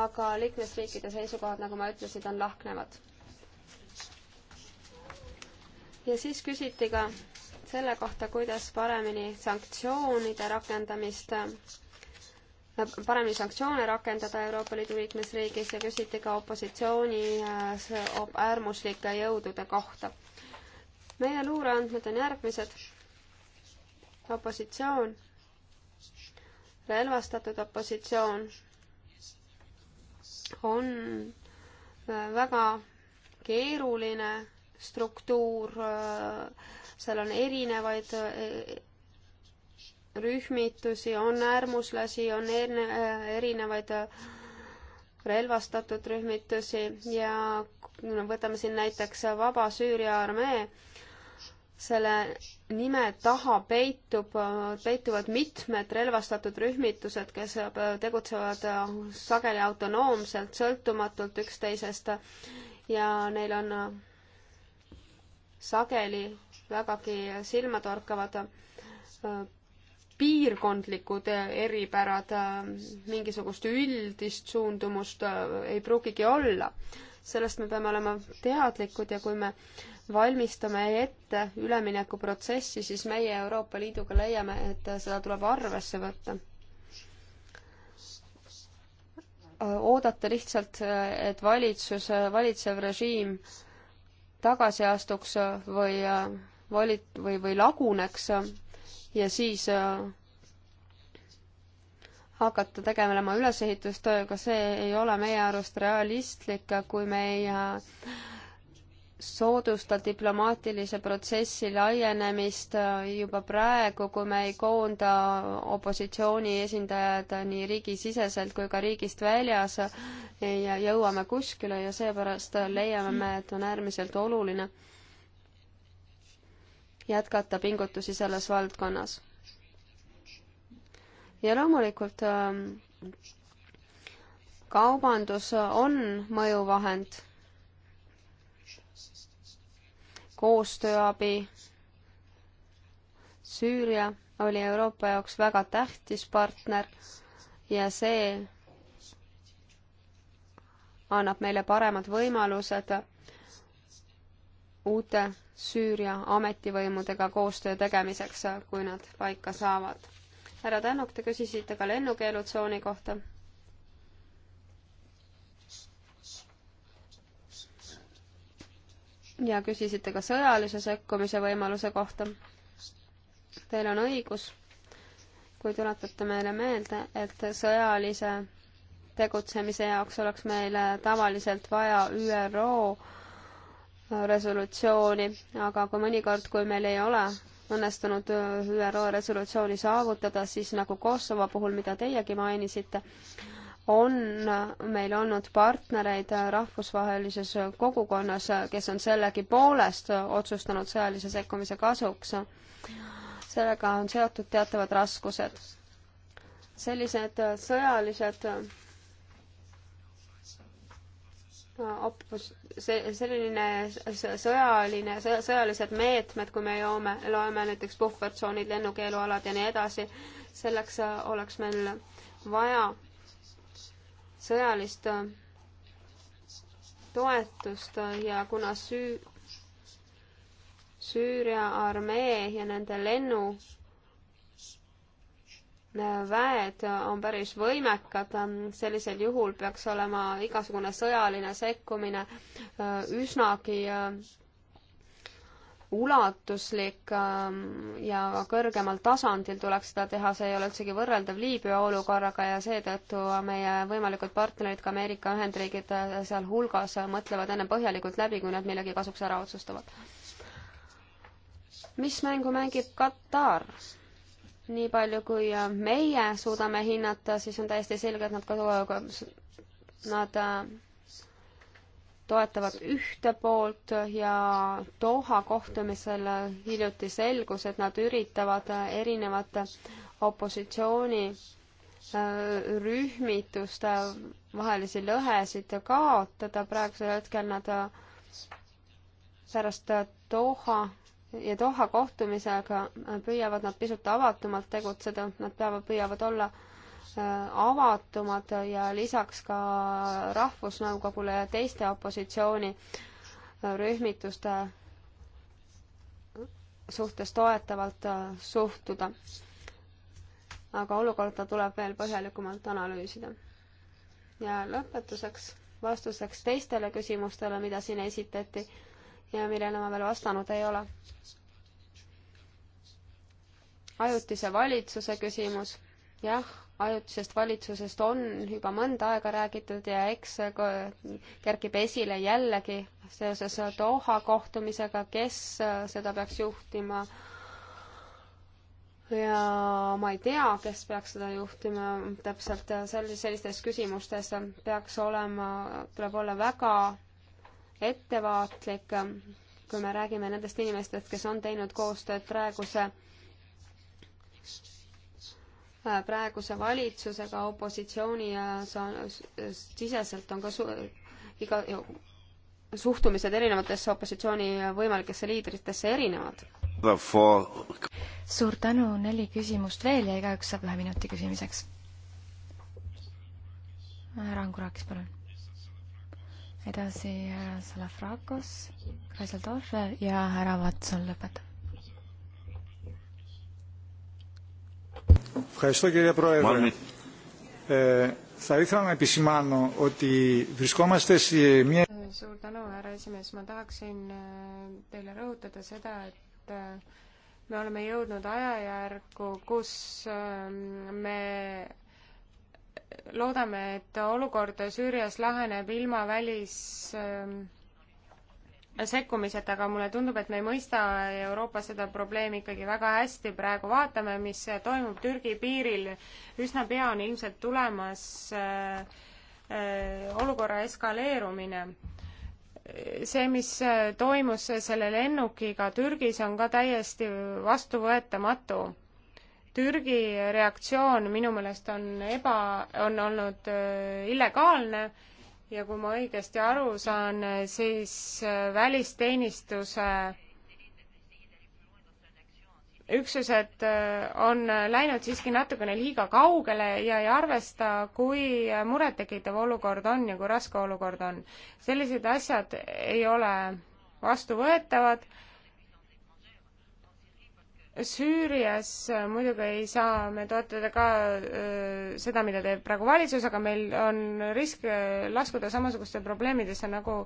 aga liikmesriikide seisukohad, nagu ma ütlesin, on lahknevad. ja siis küsiti ka selle kohta, kuidas paremini sanktsioonide rakendamist paremini sanktsioone rakendada Euroopa Liidu liikmesriigis ja küsiti ka opositsiooni äh, äärmuslike jõudude kohta. meie luureandmed on järgmised. opositsioon, relvastatud opositsioon on äh, väga keeruline struktuur, äh, seal on erinevaid rühmitusi, on äärmuslasi, on äh, erinevaid äh, relvastatud rühmitusi ja võtame siin näiteks Vaba Süüria armee, selle nime taha peitub, peituvad mitmed relvastatud rühmitused, kes äh, tegutsevad sageli autonoomselt, sõltumatult üksteisest ja neil on sageli vägagi silmatorkavad piirkondlikud eripärad, mingisugust üldist suundumust äh, ei pruugigi olla. sellest me peame olema teadlikud ja kui me valmistame ette üleminekuprotsessi, siis meie Euroopa Liiduga leiame, et seda tuleb arvesse võtta. oodata lihtsalt, et valitsus, valitsev režiim tagasi astuks või äh, vali- või, või laguneks ja siis äh, hakata tegelema ülesehitustööga, see ei ole meie arust realistlik, kui me ei äh, soodusta diplomaatilise protsessi laienemist äh, juba praegu, kui me ei koonda opositsiooni esindajad nii riigisiseselt kui ka riigist väljas ja jõuame kuskile ja seepärast leiame me, et on äärmiselt oluline jätkata pingutusi selles valdkonnas. ja loomulikult ähm, kaubandus on mõjuvahend, koostööabi, Süüria oli Euroopa jaoks väga tähtis partner ja see annab meile paremad võimalused uute Süüria ametivõimudega koostöö tegemiseks, kui nad paika saavad. härra Tänuk, te küsisite ka lennukeelutsooni kohta. ja küsisite ka sõjalise sekkumise võimaluse kohta. Teil on õigus, kui tuletate meile meelde, et sõjalise tegutsemise jaoks oleks meile tavaliselt vaja ÜRO resolutsiooni, aga kui mõnikord, kui meil ei ole õnnestunud ÜRO resolutsiooni saavutada, siis nagu Kosovo puhul, mida teiegi mainisite, on meil olnud partnereid rahvusvahelises kogukonnas, kes on sellegipoolest otsustanud sõjalise sekkumise kasuks. sellega on seotud teatavad raskused. sellised sõjalised op-, see, selline sõjaline, sõjalised meetmed, kui me joome, loeme näiteks puhvertsoonid, lennukeelualad ja nii edasi, selleks äh, oleks meil vaja sõjalist äh, toetust äh, ja kuna Süü-, Süüria armee ja nende lennu väed on päris võimekad, sellisel juhul peaks olema igasugune sõjaline sekkumine äh, üsnagi äh, ulatuslik ähm, ja kõrgemal tasandil tuleks seda teha, see ei ole üldsegi võrreldav Liibüa olukorraga ja seetõttu meie võimalikud partnerid, ka Ameerika Ühendriigid äh, sealhulgas, mõtlevad enne põhjalikult läbi, kui nad millegi kasuks ära otsustavad. mis mängu mängib Katar? nii palju, kui äh, meie suudame hinnata, siis on täiesti selge, et nad ka, nad äh, toetavad ühte poolt ja Doha kohtumisel hiljuti selgus, et nad üritavad äh, erinevate opositsiooni rühmituste vahelisi lõhesid kaotada, praegusel hetkel nad pärast Doha ja Doha kohtumisega püüavad nad pisut avatumalt tegutseda, nad peavad, püüavad olla äh, avatumad ja lisaks ka Rahvusnõukogule ja teiste opositsioonirühmituste äh, suhtes toetavalt äh, suhtuda. aga olukorda tuleb veel põhjalikumalt analüüsida. ja lõpetuseks vastuseks teistele küsimustele, mida siin esitati ja millele ma veel vastanud ei ole. ajutise valitsuse küsimus, jah, ajutisest valitsusest on juba mõnda aega räägitud ja eks kerkib esile jällegi seoses Doha kohtumisega, kes äh, seda peaks juhtima ja ma ei tea, kes peaks seda juhtima täpselt, äh, sellistes küsimustes peaks olema, tuleb olla väga ettevaatlik, kui me räägime nendest inimestest, kes on teinud koostööd praeguse praeguse valitsusega opositsiooni ja siseselt on ka su, iga suhtumised erinevatesse opositsiooni võimalikesse liidritesse erinevad. suur tänu, neli küsimust veel ja igaüks saab ühe minuti küsimiseks. härra Angurakis, palun edasi härra äh, Salafrakos, Kaiseldorf ja härra Watson lõpetab. Ευχαριστώ κύριε Πρόεδρε. Μάλιστα. Ε, θα ήθελα να επισημάνω ότι βρισκόμαστε σε μια... Suur tänu, härra esimees. Ma tahaksin äh, teile rõhutada seda, et äh, me oleme jõudnud ajajärku, kus ähm, me loodame, et olukord Süürias laheneb ilma välis ähm, sekkumiseta, aga mulle tundub, et me ei mõista Euroopas seda probleemi ikkagi väga hästi. praegu vaatame, mis toimub Türgi piiril. üsna pea on ilmselt tulemas äh, äh, olukorra eskaleerumine see, mis äh, toimus selle lennukiga Türgis, on ka täiesti vastuvõetamatu Türgi reaktsioon minu meelest on eba, on olnud äh, illegaalne ja kui ma õigesti aru saan, siis äh, välisteenistuse üksused äh, on läinud siiski natukene liiga kaugele ja ei arvesta, kui murettekitav olukord on ja kui raske olukord on. sellised asjad ei ole vastuvõetavad Süürias äh, muidugi ei saa me toetada ka öö, äh, seda, mida teeb praegu valitsus, aga meil on risk äh, laskuda samasuguste probleemidesse nagu,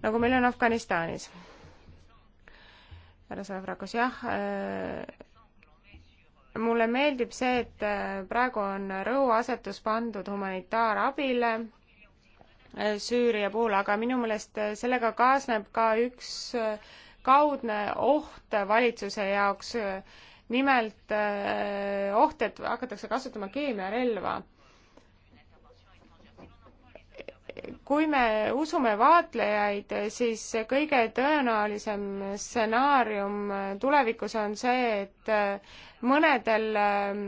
nagu meil on Afganistanis. härra Salafrakos, jah, mulle meeldib see, et praegu on rõhuasetus pandud humanitaarabile Süüria puhul, aga minu meelest sellega kaasneb ka üks öö, kaudne oht valitsuse jaoks, nimelt äh, oht, et hakatakse kasutama keemiarelva kui me usume vaatlejaid, siis kõige tõenäolisem stsenaarium tulevikus on see, et äh, mõnedel ähm,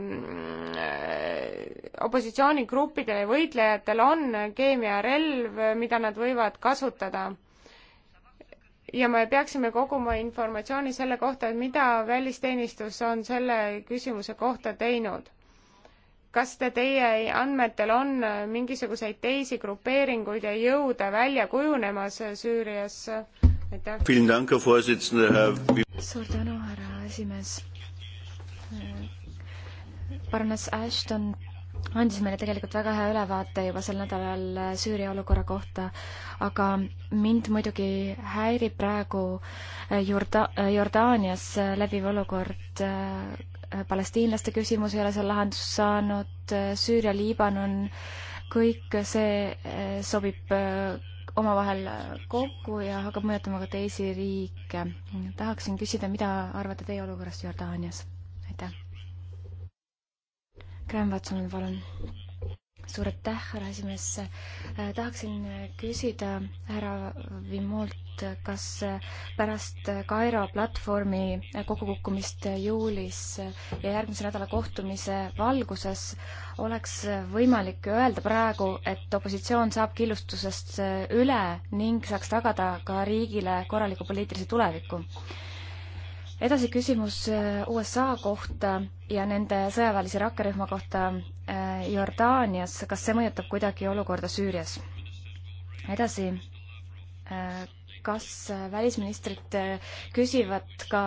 äh, opositsioonigruppidel ja võitlejatel on keemiarelv, mida nad võivad kasutada ja me peaksime koguma informatsiooni selle kohta, et mida välisteenistus on selle küsimuse kohta teinud. kas te teie andmetel on mingisuguseid teisi grupeeringuid ja jõude välja kujunemas Süürias? aitäh. suur tänu, härra esimees. Äh, Barnes Ashton andis meile tegelikult väga hea ülevaate juba sel nädalal äh, Süüria olukorra kohta, aga mind muidugi häirib praegu äh, Jorda-, äh, Jordaanias läbiv olukord. palestiinlaste küsimus ei ole seal lahendust saanud, Süüria, Liibanon, kõik see sobib omavahel kokku ja hakkab mõjutama ka teisi riike. tahaksin küsida, mida arvate teie olukorrast Jordaanias? aitäh Graham Watson, palun. suur aitäh, härra esimees. Äh, tahaksin äh, küsida härra Vimolt, kas äh, pärast Kairo platvormi kokkukukkumist juulis ja järgmise nädala kohtumise valguses oleks võimalik öelda praegu, et opositsioon saab killustusest üle ning saaks tagada ka riigile korraliku poliitilise tuleviku edasi küsimus äh, USA kohta ja nende sõjaväelise rakkerühma kohta äh, Jordaanias, kas see mõjutab kuidagi olukorda Süürias? edasi, äh, kas välisministrid küsivad ka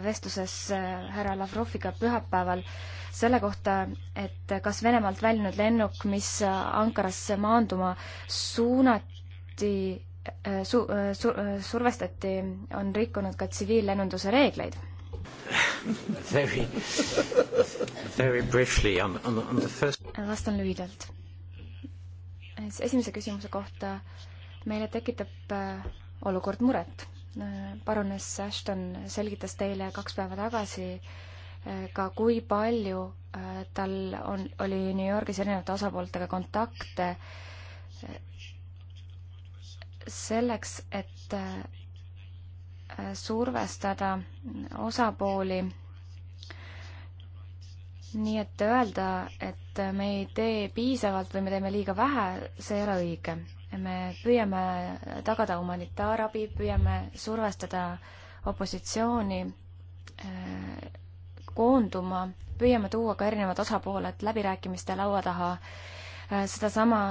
vestluses härra Lavroviga pühapäeval selle kohta, et kas Venemaalt väljunud lennuk, mis Ankarasse maanduma suunati, Äh, su-, äh, su-, äh, survestati, on rikkunud ka tsiviillennunduse reegleid? Very, very briefly on, on, on the first vastan lühidalt. esimese küsimuse kohta meile tekitab olukord muret. paruness Ashton selgitas teile kaks päeva tagasi ka, kui palju tal on, oli New Yorgis erinevate osapooltega kontakte selleks, et äh, survestada osapooli nii et öelda, et me ei tee piisavalt või me teeme liiga vähe, see ei ole õige. me püüame tagada humanitaarabi, püüame survestada opositsiooni äh, koonduma, püüame tuua ka erinevad osapooled läbirääkimiste laua taha, äh, sedasama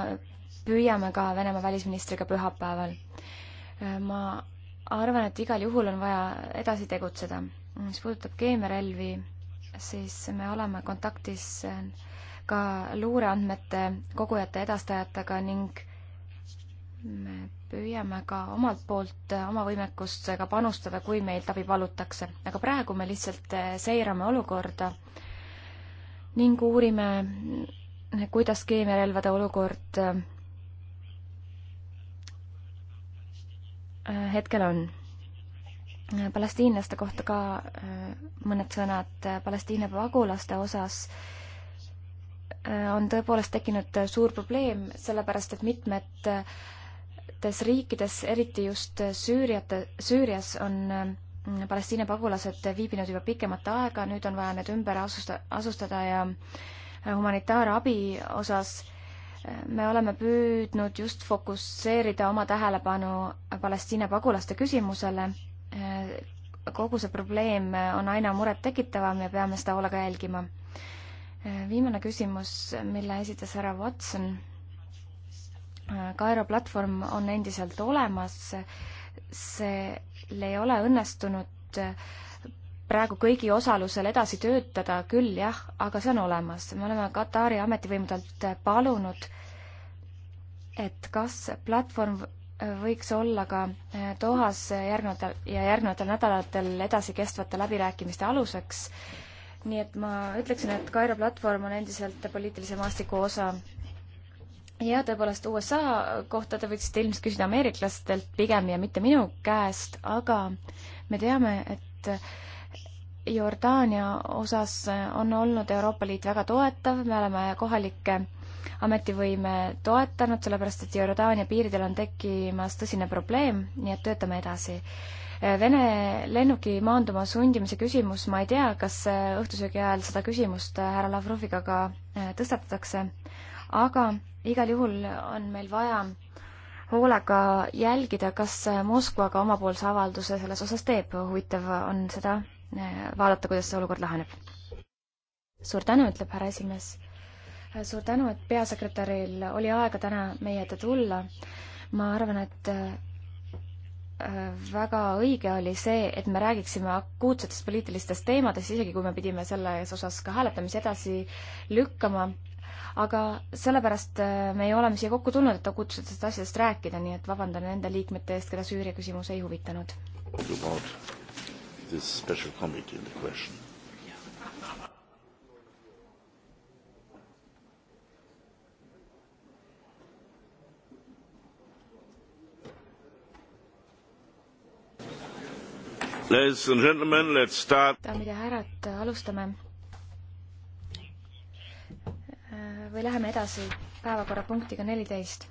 püüame ka Venemaa välisministriga pühapäeval. Äh, ma arvan, et igal juhul on vaja edasi tegutseda. mis puudutab keemiarelvi, siis me oleme kontaktis äh, ka luureandmete kogujate edastajatega ning me püüame ka omalt poolt äh, oma võimekustega panustada, kui meilt abi palutakse, aga praegu me lihtsalt seirame olukorda ning uurime, kuidas keemiarelvade olukord Äh, hetkel on. Äh, palestiinlaste kohta ka äh, mõned sõnad. Palestiina pagulaste osas on tõepoolest tekkinud suur probleem, sellepärast et mitmetes riikides, eriti just Süüriate, Süürias on Palestiina pagulased viibinud juba pikemat aega, nüüd on vaja need ümber asusta, asustada ja humanitaarabi osas äh, me oleme püüdnud just fokusseerida oma tähelepanu Palestiina pagulaste küsimusele. kogu see probleem on aina murettekitavam ja peame seda hoolega jälgima. viimane küsimus, mille esitas härra Watson. Kairo platvorm on endiselt olemas, seal ei ole õnnestunud äh, praegu kõigi osalusel edasi töötada, küll jah, aga see on olemas. me oleme Katari ametivõimudelt palunud, et kas platvorm võiks olla ka eh, Dohas järgnevatel ja järgnevatel nädalatel edasikestvate läbirääkimiste aluseks. nii et ma ütleksin, et Kairo platvorm on endiselt poliitilise maastiku osa. ja tõepoolest USA kohta te võiksite ilmselt küsida ameeriklastelt pigem ja mitte minu käest, aga me teame, et Jordaania osas on olnud Euroopa Liit väga toetav, me oleme kohalikke ametivõime toetanud, sellepärast et Jordaania piiridel on tekkimas tõsine probleem, nii et töötame edasi. Vene lennuki maanduma sundimise küsimus, ma ei tea, kas õhtusöögi ajal seda küsimust härra Lavroviga ka äh, tõstatatakse, aga igal juhul on meil vaja hoolega jälgida, kas Moskva ka omapoolse avalduse selles osas teeb, huvitav on seda vaadata, kuidas see olukord laheneb. suur tänu, ütleb härra esimees. suur tänu, et peasekretäril oli aega täna meie ette tulla. ma arvan, et äh, väga õige oli see, et me räägiksime akuutsetest poliitilistest teemadest, isegi kui me pidime selles osas ka hääletamise edasi lükkama. aga sellepärast äh, me ju oleme siia kokku tulnud, et akuutsetest asjadest rääkida, nii et vabandan nende liikmete eest, keda Süüria küsimus ei huvitanud. lubad this special committee in the question. Ladies and gentlemen, let's start. daamid ja härrad, alustame. Äh, või läheme edasi päevakorrapunktiga neliteist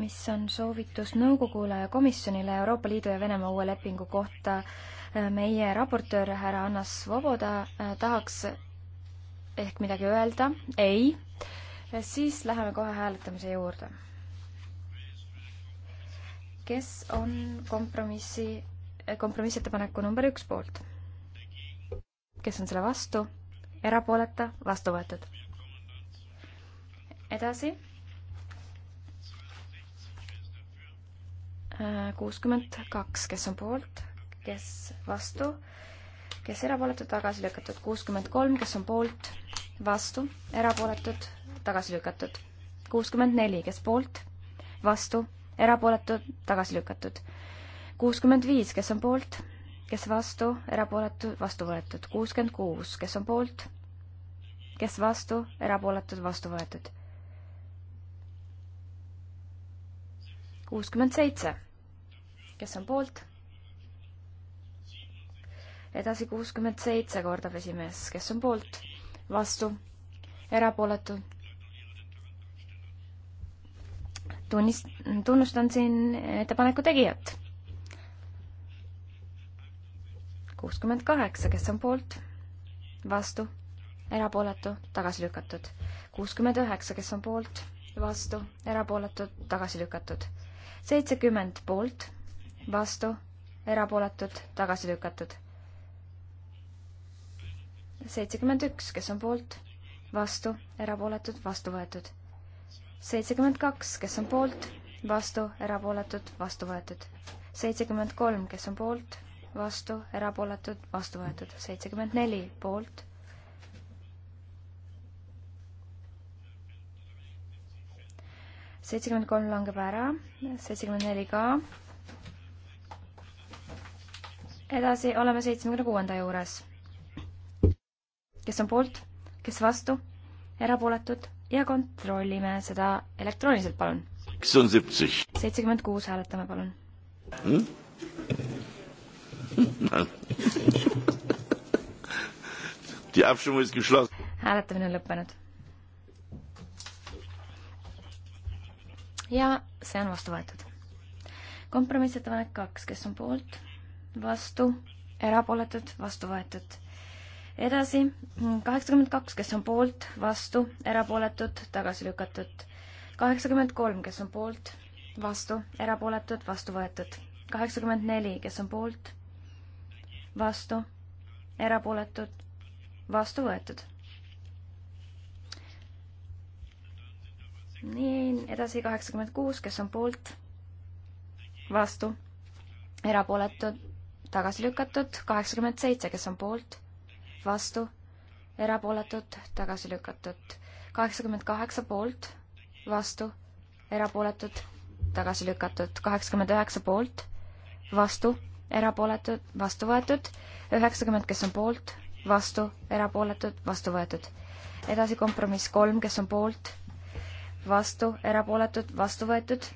mis on soovitus nõukogule ja komisjonile Euroopa Liidu ja Venemaa uue lepingu kohta. meie raportöör härra Anna Svoboda tahaks ehk midagi öelda? ei. siis läheme kohe hääletamise juurde. kes on kompromissi, kompromissettepaneku number üks poolt? kes on selle vastu? erapooletu, vastu võetud. edasi kuuskümmend kaks, kes on poolt, kes vastu, kes erapooletud, tagasi lükatud. kuuskümmend kolm, kes on poolt, vastu, erapooletud, tagasi lükatud. kuuskümmend neli, kes poolt, vastu, erapooletud, tagasi lükatud. kuuskümmend viis, kes on poolt, kes vastu, erapooletud, vastu võetud. kuuskümmend kuus, kes on poolt, kes vastu, erapooletud, vastu võetud. kuuskümmend seitse kes on poolt? edasi kuuskümmend seitse, kordab esimees, kes on poolt? vastu? erapooletu? tunnist-, tunnustan siin ettepaneku tegijat. kuuskümmend kaheksa, kes on poolt? vastu? erapooletu? tagasi lükatud. kuuskümmend üheksa, kes on poolt? vastu? erapooletu? tagasi lükatud. seitsekümmend poolt vastu, erapooletud, tagasi lükatud. seitsekümmend üks, kes on poolt, vastu, erapooletud, vastu võetud. seitsekümmend kaks, kes on poolt, vastu, erapooletud, vastu võetud. seitsekümmend kolm, kes on poolt, vastu, erapooletud, vastu võetud. seitsekümmend neli, poolt seitsekümmend kolm langeb ära, seitsekümmend neli ka, edasi oleme seitsmekümne kuuenda juures. kes on poolt, kes vastu, erapooletud ja kontrollime seda elektrooniliselt, palun. seitsekümmend kuus hääletame, palun hmm?. hääletamine on lõppenud. ja see on vastu võetud. kompromissettepanek kaks, kes on poolt vastu, erapooletud, vastu võetud. edasi, kaheksakümmend kaks, kes on poolt, vastu, erapooletud, tagasi lükatud. kaheksakümmend kolm, kes on poolt, vastu, erapooletud, vastu võetud. kaheksakümmend neli, kes on poolt, vastu, erapooletud, vastu võetud nii, edasi kaheksakümmend kuus, kes on poolt, vastu, erapooletud, tagasi lükatud, kaheksakümmend seitse, kes on poolt, vastu, erapooletud, tagasi lükatud, kaheksakümmend kaheksa poolt, vastu, erapooletud, tagasi lükatud, kaheksakümmend üheksa poolt, vastu, erapooletud, vastu võetud, üheksakümmend, kes on poolt, vastu, erapooletud, vastu võetud. edasi kompromiss kolm, kes on poolt, vastu, erapooletud, vastu võetud.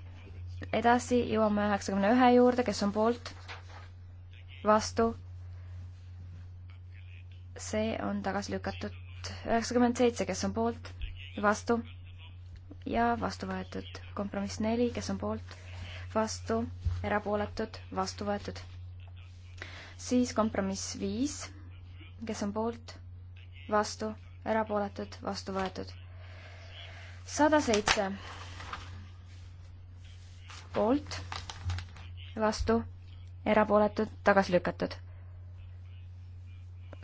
edasi jõuame üheksakümne ühe juurde, kes on poolt, vastu. see on tagasi lükatud. üheksakümmend seitse, kes on poolt, vastu ja vastu võetud. kompromiss neli, kes on poolt, vastu, erapooletud, vastu võetud. siis kompromiss viis, kes on poolt, vastu, erapooletud, vastu võetud. sada seitse poolt, vastu erapooletud, tagasi lükatud.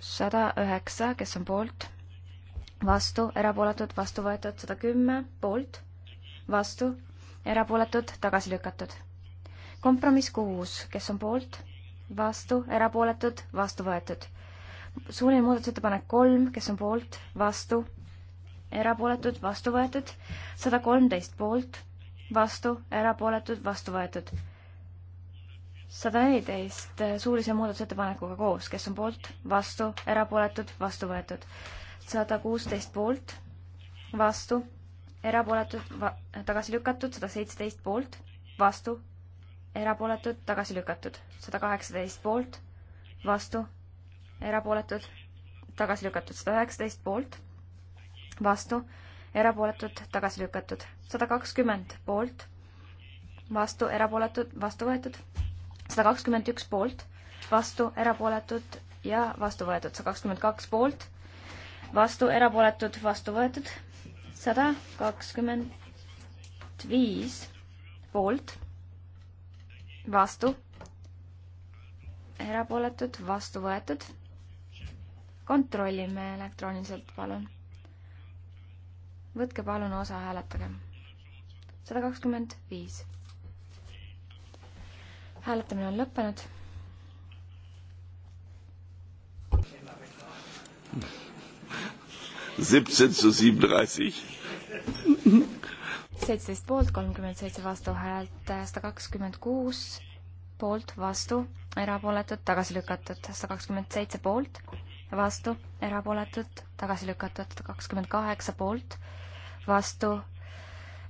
sada üheksa, kes on poolt, vastu, erapooletud, vastu võetud, sada kümme, poolt, vastu, erapooletud, tagasi lükatud. kompromiss kuus, kes on poolt, vastu, erapooletud, vastu võetud. suuline muudatusettepanek kolm, kes on poolt, vastu, erapooletud, vastu võetud, sada kolmteist poolt, vastu, erapooletud, vastu võetud sada neliteist suulise muudatusettepanekuga koos, kes on poolt, vastu, erapooletud, vastu võetud. sada kuusteist poolt, vastu, erapooletud va, tagasi lükatud, sada seitseteist poolt, vastu, erapooletud, tagasi lükatud. sada kaheksateist poolt, vastu, erapooletud, tagasi lükatud. sada üheksateist poolt, vastu, erapooletud, tagasi lükatud. sada kakskümmend poolt, vastu, erapooletud, vastu võetud sada kakskümmend üks poolt, vastu, erapooletud ja vastu võetud, sada kakskümmend kaks poolt, vastu, erapooletud, vastu võetud, sada kakskümmend viis poolt, vastu, erapooletud, vastu võetud. kontrollime elektrooniliselt, palun. võtke palun osa, hääletage. sada kakskümmend viis hääletamine on lõppenud. seitseteist poolt, kolmkümmend seitse vastuhäält, sada kakskümmend kuus poolt, vastu, erapooletud, tagasi lükatud, sada kakskümmend seitse poolt, vastu, erapooletud, tagasi lükatud, kakskümmend kaheksa poolt, vastu,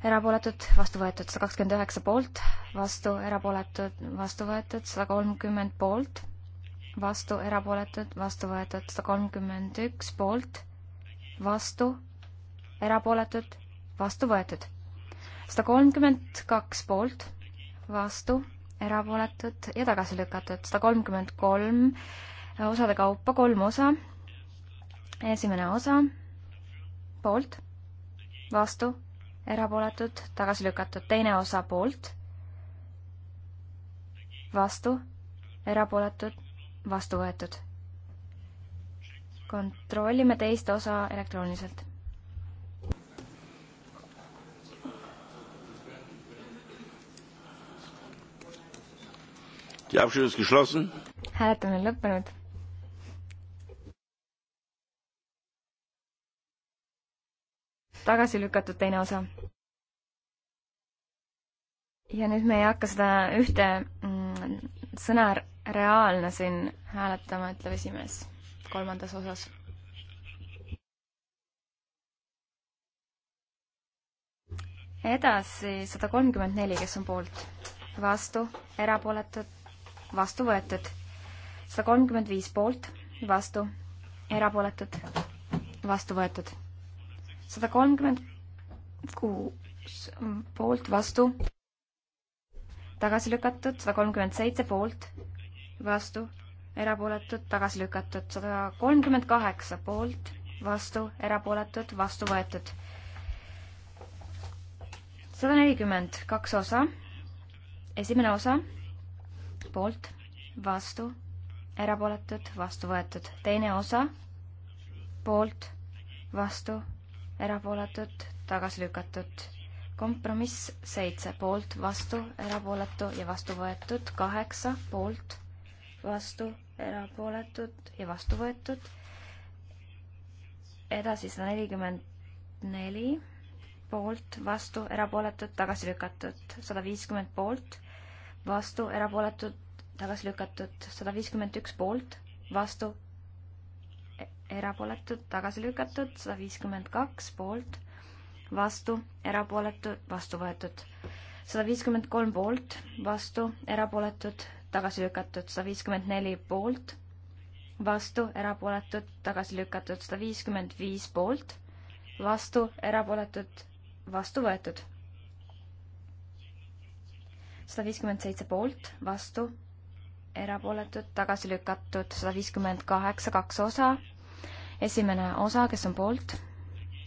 erapooletud, vastu võetud sada kakskümmend üheksa poolt, vastu erapooletud, vastu võetud sada kolmkümmend poolt, vastu erapooletud, vastu võetud sada kolmkümmend üks poolt, vastu erapooletud, vastu võetud sada kolmkümmend kaks poolt, vastu erapooletud ja tagasi lükatud sada kolmkümmend kolm osade kaupa, kolm osa. esimene osa poolt, vastu erapooletud, tagasi lükatud, teine osa poolt, vastu, erapooletud, vastu võetud. kontrollime teist osa elektrooniliselt. hääletamine on lõppenud tagasi lükatud teine osa. ja nüüd me ei hakka seda ühte mm, sõna reaalne siin hääletama, ütleb esimees kolmandas osas. edasi sada kolmkümmend neli, kes on poolt, vastu, erapooletud, vastu võetud. sada kolmkümmend viis poolt, vastu, erapooletud, vastu võetud sada kolmkümmend kuus poolt, vastu, tagasi lükatud, sada kolmkümmend seitse poolt, vastu, erapooletud, tagasi lükatud, sada kolmkümmend kaheksa poolt, vastu, erapooletud, vastu võetud. sada nelikümmend, kaks osa, esimene osa, poolt, vastu, erapooletud, vastu võetud, teine osa, poolt, vastu erapooletud, tagasi lükatud. kompromiss seitse poolt, vastu, erapooletu ja vastu võetud, kaheksa poolt, vastu, erapooletud ja vastu võetud. edasi sada nelikümmend neli poolt, vastu, erapooletud, tagasi lükatud, sada viiskümmend poolt, vastu, erapooletud, tagasi lükatud, sada viiskümmend üks poolt, vastu, erapooletud, tagasi lükatud, sada viiskümmend kaks poolt, vastu, erapooletud, vastu võetud. sada viiskümmend kolm poolt, vastu, erapooletud, tagasi lükatud, sada viiskümmend neli poolt, vastu, erapooletud, tagasi lükatud, sada viiskümmend viis poolt, vastu, erapooletud, vastu võetud. sada viiskümmend seitse poolt, vastu, erapooletud, tagasi lükatud, sada viiskümmend kaheksa, kaks osa, esimene osa, kes on poolt,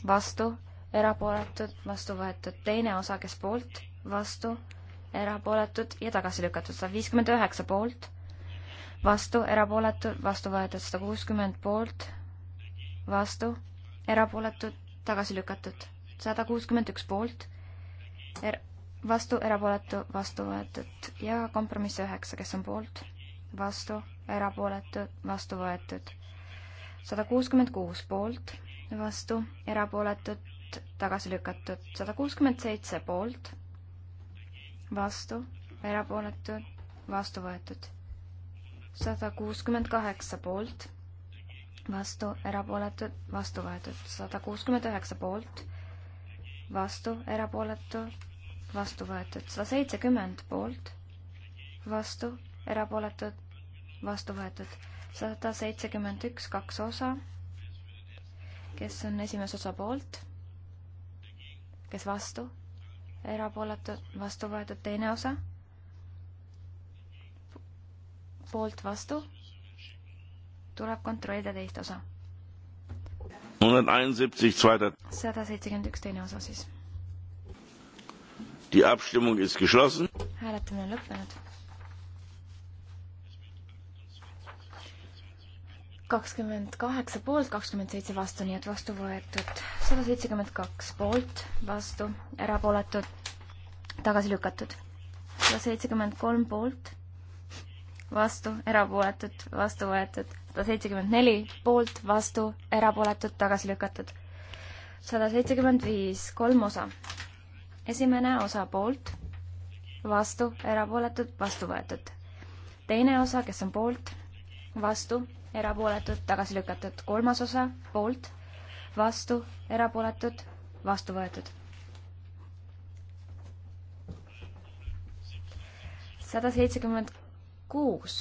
vastu, erapooletud, vastu võetud, teine osa, kes poolt, vastu, erapooletud ja tagasi lükatud, sada viiskümmend üheksa poolt, vastu, erapooletud, vastu võetud, sada kuuskümmend poolt, vastu, erapooletud, tagasi lükatud, sada kuuskümmend üks poolt er,, vastu, erapooletu, vastu võetud ja kompromiss üheksa, kes on poolt, vastu, erapooletu, vastu võetud sada kuuskümmend kuus poolt, vastu, erapooletud, tagasi lükatud, sada kuuskümmend seitse poolt, vastu, erapooletud, vastu võetud, sada kuuskümmend kaheksa poolt, vastu, erapooletud, vastu võetud, sada kuuskümmend üheksa poolt, vastu, erapooletu, vastu võetud, sada seitsekümmend poolt, vastu, erapooletud, vastu võetud sada seitsekümmend üks, kaks osa. kes on esimese osa poolt? kes vastu? erapooletu, vastu võetud teine osa? poolt vastu? tuleb kontrollida teist osa. sada seitsekümmend üks teine osa siis. hääletamine on lõppenud kakskümmend kaheksa poolt, kakskümmend seitse vastu, nii et vastu võetud sada seitsekümmend kaks poolt, vastu, erapooletud, tagasi lükatud. sada seitsekümmend kolm poolt, vastu, erapooletud, vastu võetud. sada seitsekümmend neli poolt, vastu, erapooletud, tagasi lükatud. sada seitsekümmend viis, kolm osa. esimene osa poolt, vastu, erapooletud, vastu võetud. teine osa, kes on poolt, vastu, erapooletud, tagasi lükatud. kolmas osa poolt, vastu, erapooletud, vastu võetud. sada seitsekümmend kuus.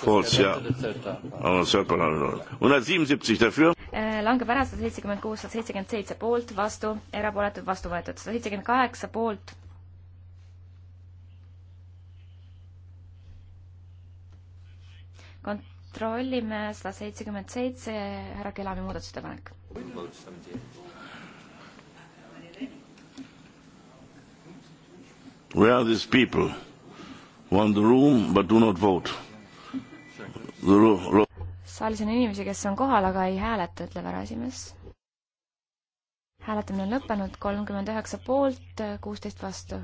Falls, ja. Aber circa lange. 177 dafür. Äh, langeb ära sada seitsekümmend kuus, sada seitsekümmend seitse poolt, vastu, erapooletud, vastu võetud, sada seitsekümmend kaheksa poolt, kontrollime sada seitsekümmend seitse, härra Kelami muudatusettepanek. Where are these people who are in the room but do not vote? saalis on inimesi, kes on kohal, aga ei hääleta, ütleb härrasimees. hääletamine on lõppenud, kolmkümmend üheksa poolt, kuusteist vastu.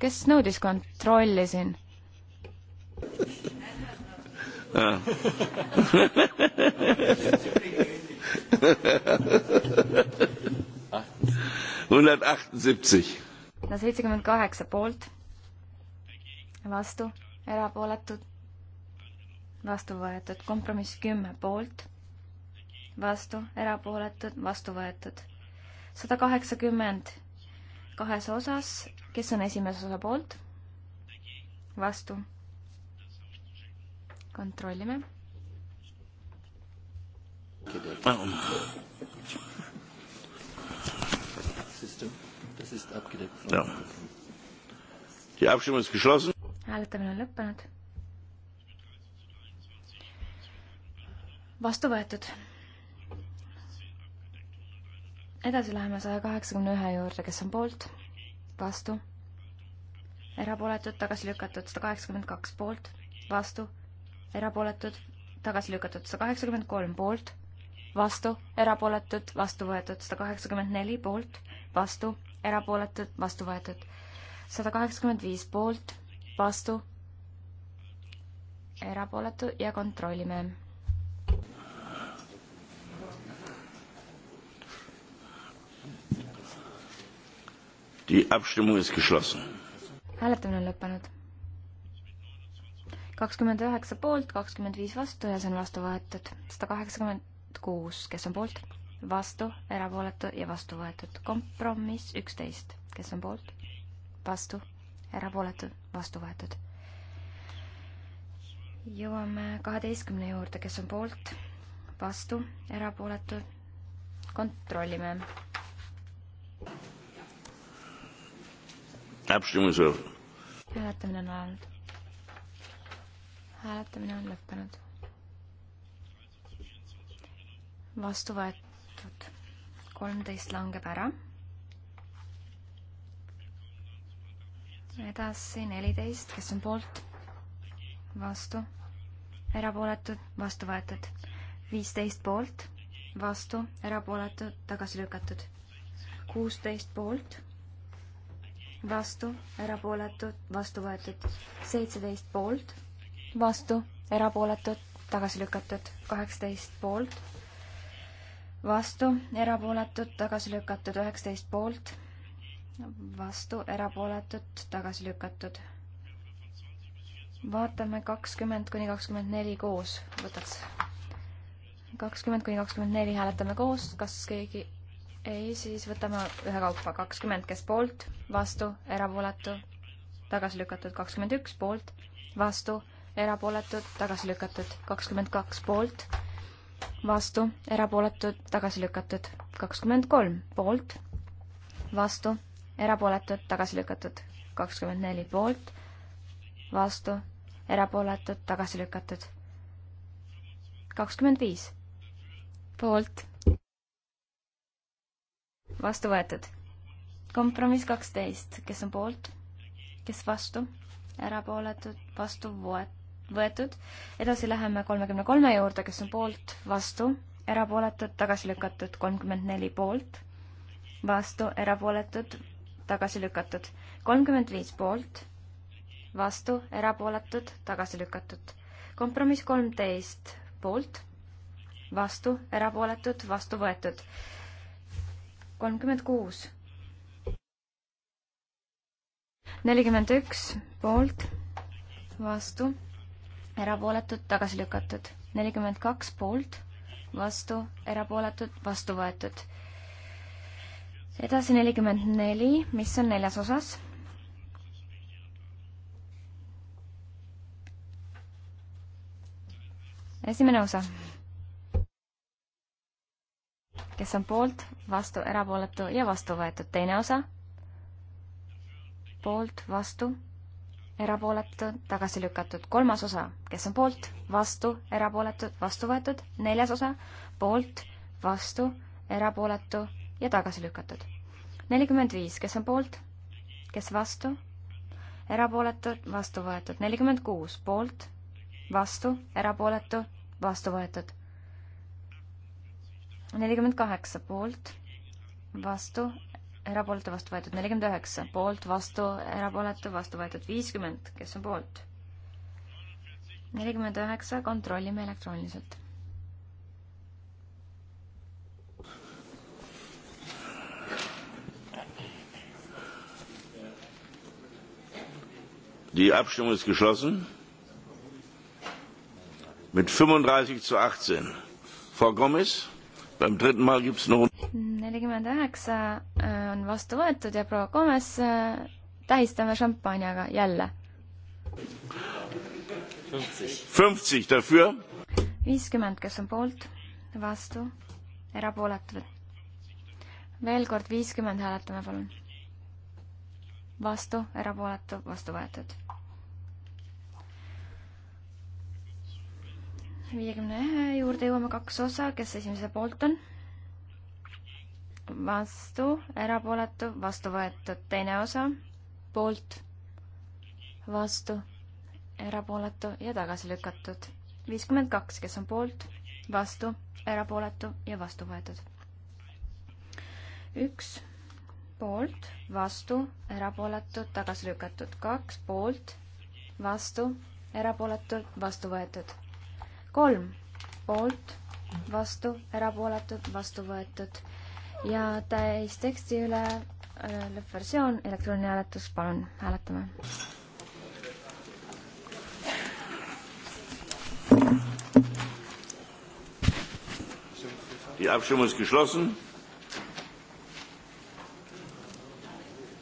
kes nõudis kontrolli siin? Ah. no seitsekümmend kaheksa poolt, vastu, erapooletud, vastu võetud, kompromiss kümme poolt, vastu, erapooletud, vastu võetud. sada kaheksakümmend kahes osas, kes on esimese osa poolt, vastu kontrollime. hääletamine on lõppenud. vastu võetud. edasi läheme saja kaheksakümne ühe juurde, kes on poolt, vastu, erapooletud, tagasi lükatud, sada kaheksakümmend kaks poolt, vastu erapooletud, tagasi lükatud sada kaheksakümmend kolm poolt, vastu, erapooletud, vastu võetud sada kaheksakümmend neli poolt, vastu, erapooletud, vastu võetud sada kaheksakümmend viis poolt, vastu, erapooletu ja kontrollime. Die Abstimmung ist geschlossen. hääletamine on lõppenud kakskümmend üheksa poolt, kakskümmend viis vastu ja see on vastu võetud. sada kaheksakümmend kuus, kes on poolt, vastu, erapooletu ja vastu võetud. kompromiss üksteist, kes on poolt, vastu, erapooletu, vastu võetud. jõuame kaheteistkümne juurde, kes on poolt, vastu, erapooletu, kontrollime. täpsustamine sõnum. hääletamine on alanud hääletamine on lõppenud. vastu võetud kolmteist langeb ära. edasi neliteist, kes on poolt, vastu, erapooletud, vastu võetud, viisteist poolt, vastu, erapooletud, tagasi lükatud, kuusteist poolt vastu, erapooletud, vastu võetud seitseteist poolt, vastu, erapooletud, tagasi lükatud. kaheksateist poolt, vastu, erapooletud, tagasi lükatud. üheksateist poolt, vastu, erapooletud, tagasi lükatud. vaatame kakskümmend kuni kakskümmend neli koos, võtaks. kakskümmend kuni kakskümmend neli hääletame koos, kas keegi ei, siis võtame ühekaupa kakskümmend, kes poolt, vastu, erapooletu, tagasi lükatud kakskümmend üks, poolt, vastu, erapooletud, tagasi lükatud. kakskümmend kaks poolt, vastu, erapooletud, tagasi lükatud. kakskümmend kolm poolt, vastu, erapooletud, tagasi lükatud. kakskümmend neli poolt, vastu, erapooletud, tagasi lükatud. kakskümmend viis poolt, vastu võetud. kompromiss kaksteist, kes on poolt, kes vastu, erapooletud, vastu võetud võetud. edasi läheme kolmekümne kolme juurde, kes on poolt, vastu, erapooletud, tagasi lükatud, kolmkümmend neli poolt, vastu, erapooletud, tagasi lükatud, kolmkümmend viis poolt, vastu, erapooletud, tagasi lükatud. kompromiss kolmteist poolt, vastu, erapooletud, vastu võetud. kolmkümmend kuus nelikümmend üks poolt, vastu, erapooletud, tagasi lükatud. nelikümmend kaks poolt, vastu, erapooletud, vastu võetud. edasi nelikümmend neli, mis on neljas osas. esimene osa. kes on poolt, vastu, erapooletu ja vastu võetud. teine osa. poolt, vastu erapooletud, tagasi lükatud. kolmas osa, kes on poolt, vastu, erapooletud, vastu võetud. neljas osa, poolt, vastu, erapooletu ja tagasi lükatud. nelikümmend viis, kes on poolt, kes vastu, erapooletud, vastu võetud. nelikümmend kuus, poolt, vastu, erapooletu, vastu võetud. nelikümmend kaheksa, poolt, vastu, erapooletu, vastu võetud nelikümmend üheksa, poolt, vastu, erapooletu, vastu võetud viiskümmend, kes on poolt? nelikümmend üheksa, kontrollime elektrooniliselt. Die Abstimmung ist geschlossen. Mit 35 zu 18. Frau Gomez, beim dritten Mal gibt es noch nelikümmend üheksa äh, on vastu võetud ja proua Gomes äh, tähistame šampanjaga jälle. viiskümmend, kes on poolt, vastu, erapooletud. veel kord viiskümmend, hääletame palun. vastu, erapooletu, vastu võetud. viiekümne ühe juurde jõuame kaks osa, kes esimese poolt on vastu, erapooletu, vastu võetud. teine osa, poolt, vastu, erapooletu ja tagasi lükatud. viiskümmend kaks, kes on poolt, vastu, erapooletu ja vastu võetud. üks, poolt, vastu, erapooletu, tagasi lükatud. kaks, poolt, vastu, erapooletu, vastu võetud. kolm, poolt, vastu, erapooletud, vastu võetud ja täis teksti üle äh, lõppversioon, elektrooniline hääletus, palun, hääletame. Die Abstimmung ist geschlossen.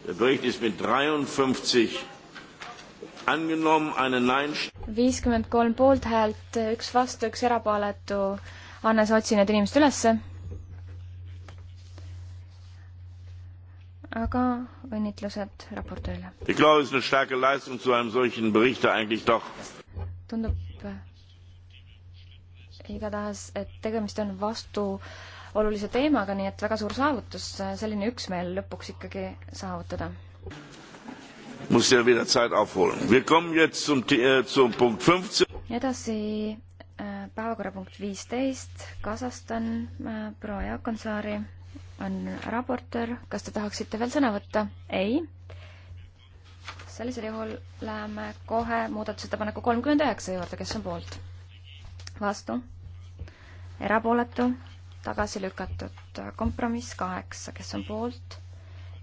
Der Bericht ist mit 53 angenommen, eine Nein. 53 poolthäält, üks vastu, üks erapooletu. Hannes, otsi need inimesed ülesse aga õnnitlused raportööle. tundub äh, igatahes, et tegemist on vastuolulise teemaga, nii et väga suur saavutus selline üksmeel lõpuks ikkagi saavutada. Äh, edasi äh, päevakorrapunkt viisteist, Kasahstan, proua Jaakonsaari on raportöör, kas te tahaksite veel sõna võtta? ei? sellisel juhul läheme kohe muudatusettepaneku kolmkümmend üheksa juurde, kes on poolt? vastu? erapooletu? tagasi lükatud. kompromiss kaheksa, kes on poolt?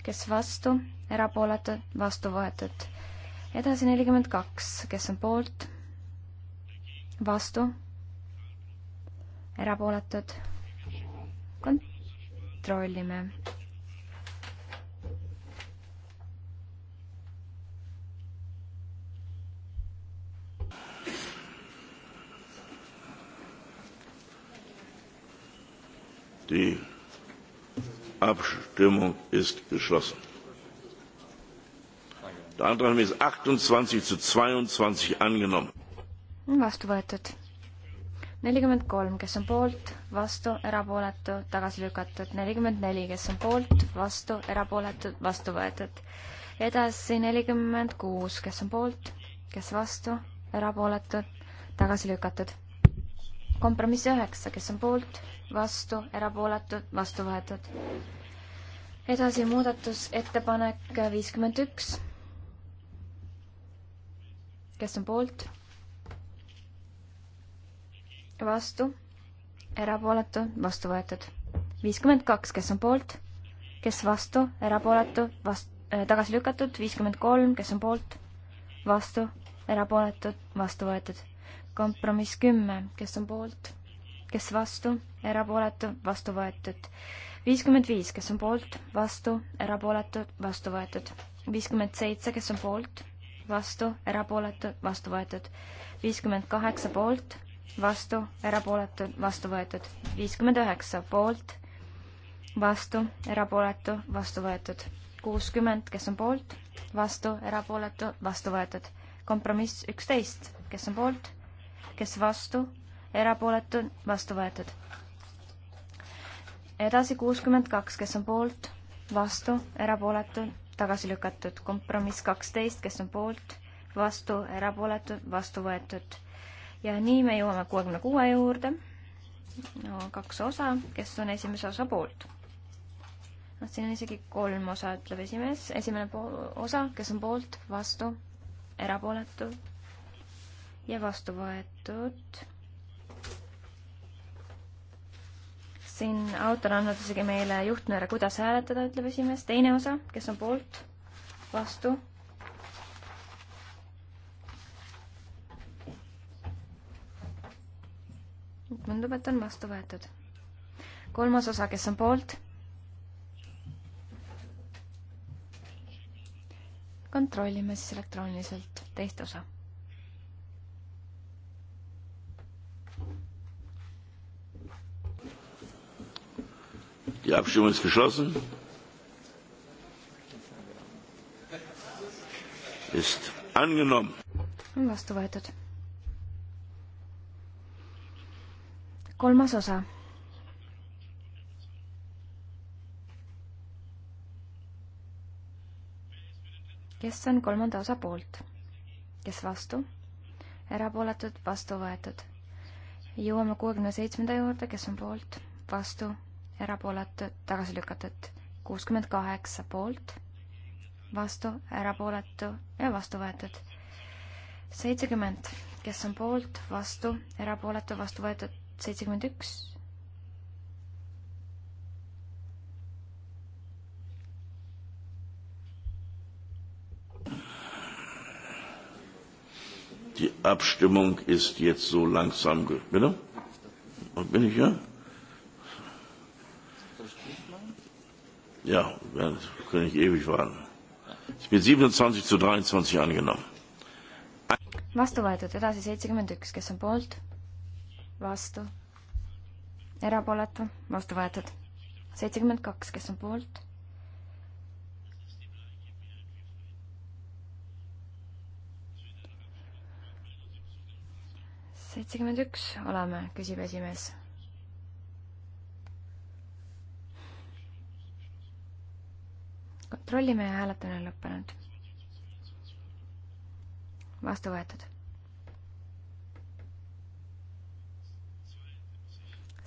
kes vastu? erapooletu? vastu võetud. edasi nelikümmend kaks, kes on poolt? vastu? erapooletud? kont-, kontrollime. Die Abstimmung ist geschlossen. Der Antrag ist 28 zu 22 angenommen. Vastu võetud nelikümmend kolm, kes on poolt, vastu, erapooletu, tagasi lükatud. nelikümmend neli, kes on poolt, vastu, erapooletu, vastu võetud. edasi nelikümmend kuus, kes on poolt, kes vastu, erapooletu, tagasi lükatud. kompromiss üheksa, kes on poolt, vastu, erapooletu, vastu võetud. edasi muudatusettepanek viiskümmend üks. kes on poolt? vastu, erapooletu, vastu võetud. viiskümmend kaks, kes on poolt, kes vastu, erapooletu, vast- äh,, tagasi lükatud, viiskümmend kolm, kes on poolt, vastu, erapooletud, vastu võetud. kompromiss kümme, kes on poolt, kes vastu, erapooletu, vastu võetud. viiskümmend viis, kes on poolt, vastu, erapooletu, vastu võetud. viiskümmend seitse, kes on poolt, vastu, erapooletu, vastu võetud. viiskümmend kaheksa poolt, vastu, erapooletu, vastu võetud. viiskümmend üheksa poolt, vastu, erapooletu, vastu võetud. kuuskümmend, kes on poolt, vastu, erapooletu, vastu võetud. kompromiss üksteist, kes on poolt, kes vastu, erapooletu, vastu võetud. edasi kuuskümmend kaks, kes on poolt, vastu, erapooletu, tagasi lükatud. kompromiss kaksteist, kes on poolt, vastu, erapooletu, vastu võetud ja nii me jõuame kuuekümne kuue juurde no,. kaks osa, kes on esimese osa poolt? noh, siin on isegi kolm osa, ütleb esimees. esimene osa, kes on poolt, vastu, erapooletu ja vastu võetud. siin autor on andnud isegi meile juhtnööre, kuidas hääletada, ütleb esimees. teine osa, kes on poolt, vastu tundub, et on vastu võetud. kolmas osa, kes on poolt? kontrollime siis elektrooniliselt teist osa. Die Abstimmung ist geschlossen. Ist angenommen. Vastu võetud. kolmas osa. kes on kolmanda osa poolt? kes vastu? erapooletud, vastu võetud. jõuame kuuekümne seitsmenda juurde, kes on poolt, vastu, erapooletud, tagasi lükatud. kuuskümmend kaheksa poolt, vastu, erapooletu ja vastu võetud. seitsekümmend, kes on poolt, vastu, erapooletu, vastu võetud seitsekümmend üks. Die Abstimmung ist jetzt so langsam. Bitte? Bin ich ja? Ja, das kann ich ewig warten. Ich bin 27 zu 23 angenommen. vastu võetud, edasi seitsekümmend üks, kes on poolt? vastu, erapooletu, vastu võetud. seitsekümmend kaks, kes on poolt? seitsekümmend üks oleme, küsib esimees kontrollime ja hääletamine on lõppenud. vastu võetud.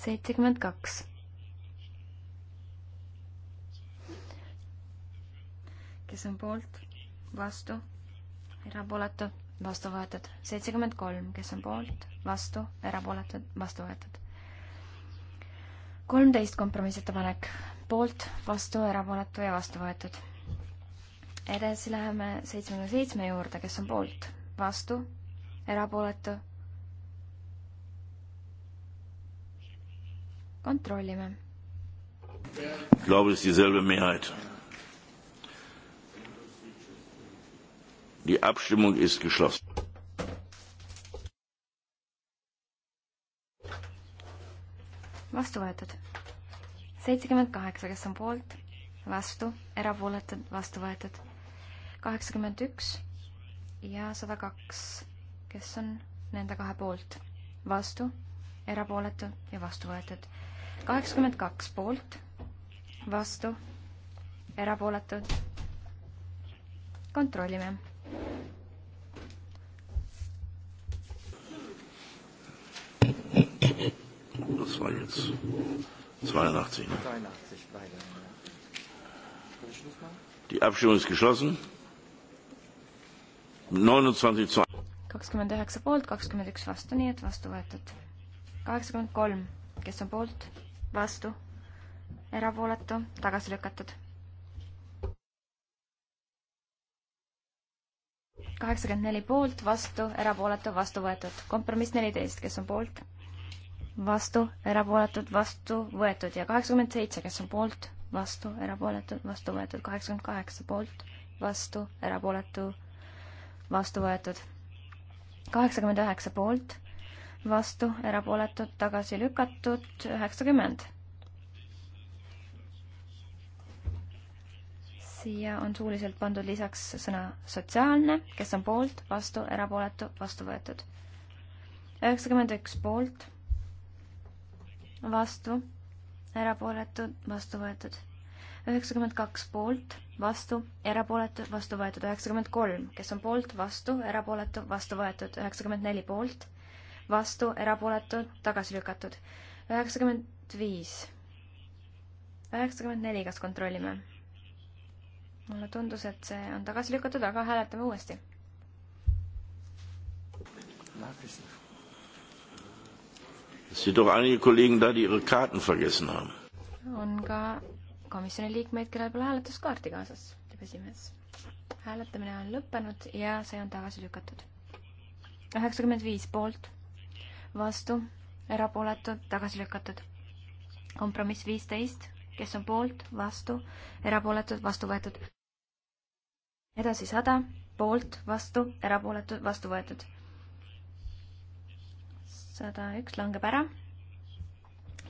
seitsekümmend kaks. kes on poolt, vastu, erapooletu, vastu võetud, seitsekümmend kolm, kes on poolt, vastu, erapooletud, vastu võetud. kolmteist kompromissettepanek, poolt, vastu, erapooletu ja vastu võetud. edasi läheme seitsmekümne seitsme juurde, kes on poolt, vastu, erapooletu kontrollime. Die Abstimmung ist geschlossen. vastu võetud. seitsekümmend kaheksa, kes on poolt, vastu, erapooletud, vastu võetud. kaheksakümmend üks ja sada kaks, kes on nende kahe poolt, vastu, erapooletu ja vastu võetud kaheksakümmend kaks poolt, vastu, erapooletud. kontrollime. Das war jetzt 82. Die Abstimmung ist geschlossen. 29 zu kakskümmend üheksa poolt, kakskümmend üks vastu, nii et vastu võetud. kaheksakümmend kolm, kes on poolt, vastu, erapooletu, tagasi lükatud. kaheksakümmend neli poolt, vastu, erapooletu, vastu võetud. kompromiss neliteist, kes on poolt? vastu, erapooletud, vastu võetud ja kaheksakümmend seitse, kes on poolt, vastu, erapooletud, vastu võetud, kaheksakümmend kaheksa poolt, vastu, erapooletu, vastu võetud. kaheksakümmend üheksa poolt vastu, erapooletud, tagasi lükatud, üheksakümmend. siia on suuliselt pandud lisaks sõna sotsiaalne, kes on poolt, vastu, erapooletu, vastu võetud. üheksakümmend üks poolt, vastu, erapooletud, vastu võetud üheksakümmend kaks poolt, vastu, erapooletu, vastu võetud üheksakümmend kolm, kes on poolt, vastu, erapooletu, vastu võetud üheksakümmend neli poolt, vastu, erapooletud, tagasi lükatud. üheksakümmend viis, üheksakümmend neli, kas kontrollime? mulle tundus, et see on tagasi lükatud, aga hääletame uuesti. on ka komisjoni liikmeid, kellel pole hääletuskaarti kaasas, ütleb esimees. hääletamine on lõppenud ja see on tagasi lükatud. üheksakümmend viis poolt vastu, erapooletud, tagasi lükatud. kompromiss viisteist, kes on poolt, vastu, erapooletud, vastu võetud. edasi sada, poolt, vastu, erapooletud, vastu võetud. sada üks langeb ära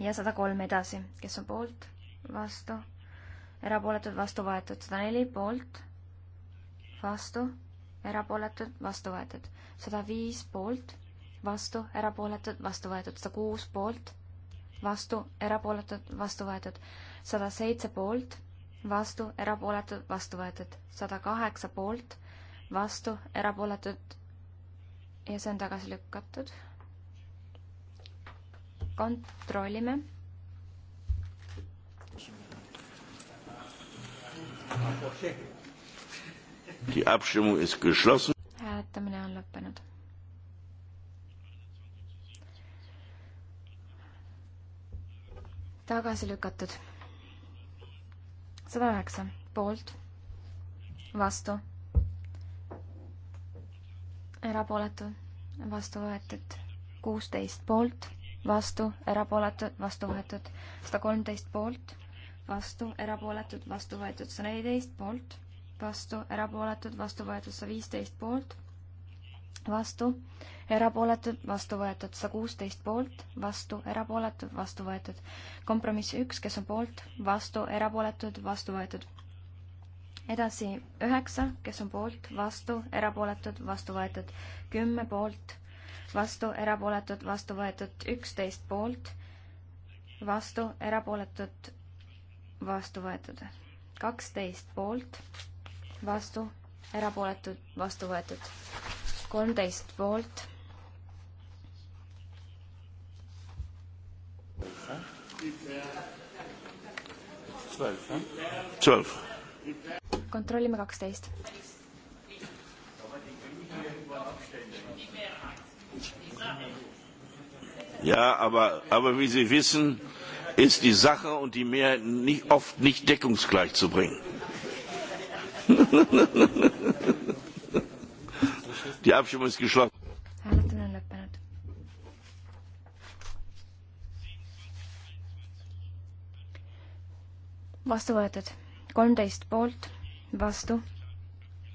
ja sada kolm edasi, kes on poolt, vastu, erapooletud, vastu võetud, sada neli poolt, vastu, erapooletud, vastu võetud, sada viis poolt vastu, erapooletud, vastu võetud, sada kuus poolt, vastu, erapooletud, vastu võetud, sada seitse poolt, vastu, erapooletud, vastu võetud, sada kaheksa poolt, vastu, erapooletud ja see on tagasi lükatud. kontrollime Die Abstimmung ist geschlossen. tagasi lükatud. sada üheksa poolt, vastu, erapooletu, vastu võetud, kuusteist poolt, vastu, erapooletud, vastu võetud, sada kolmteist poolt, vastu, erapooletud, vastu võetud, sada neliteist poolt, vastu, erapooletud, vastu võetud, sada viisteist poolt, vastu erapooletud, vastu võetud, sada kuusteist poolt, vastu, erapooletud, vastu võetud. kompromiss üks, kes on poolt, vastu, erapooletud, vastu võetud. edasi üheksa, kes on poolt, vastu, erapooletud, vastu võetud. kümme poolt, vastu, erapooletud, vastu võetud. üksteist poolt, vastu, erapooletud, vastu võetud. kaksteist poolt, vastu, erapooletud, vastu võetud kolmteist poolt, kontrollime kaksteist. Ja, aber, aber wie Sie wissen, ist die Sache und die Mehrheit nicht, oft nicht deckungsgleich zu bringen. die Abstimmung ist geschlossen. vastu võetud. kolmteist poolt, vastu,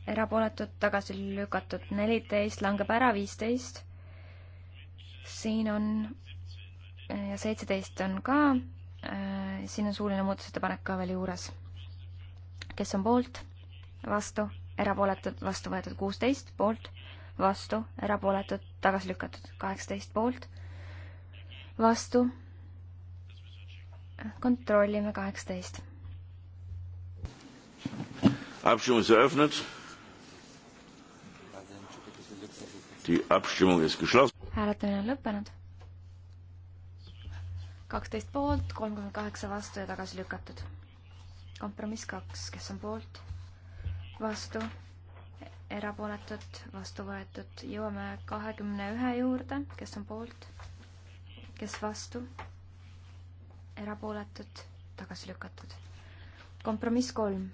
erapooletud, tagasi lükatud. neliteist langeb ära, viisteist. siin on ja seitseteist on ka, äh, siin on suuline muudatusettepanek ka veel juures. kes on poolt, vastu, erapooletud, vastu võetud kuusteist, poolt, vastu, erapooletud, tagasi lükatud kaheksateist poolt, vastu, kontrollime kaheksateist Abstimmung ist eröffnet. Die Abstimmung ist geschlossen. hääletamine on lõppenud. kaksteist poolt, kolmkümmend kaheksa vastu ja tagasi lükatud. kompromiss kaks, kes on poolt, vastu, erapooletud, vastu võetud. jõuame kahekümne ühe juurde, kes on poolt, kes vastu, erapooletud, tagasi lükatud. kompromiss kolm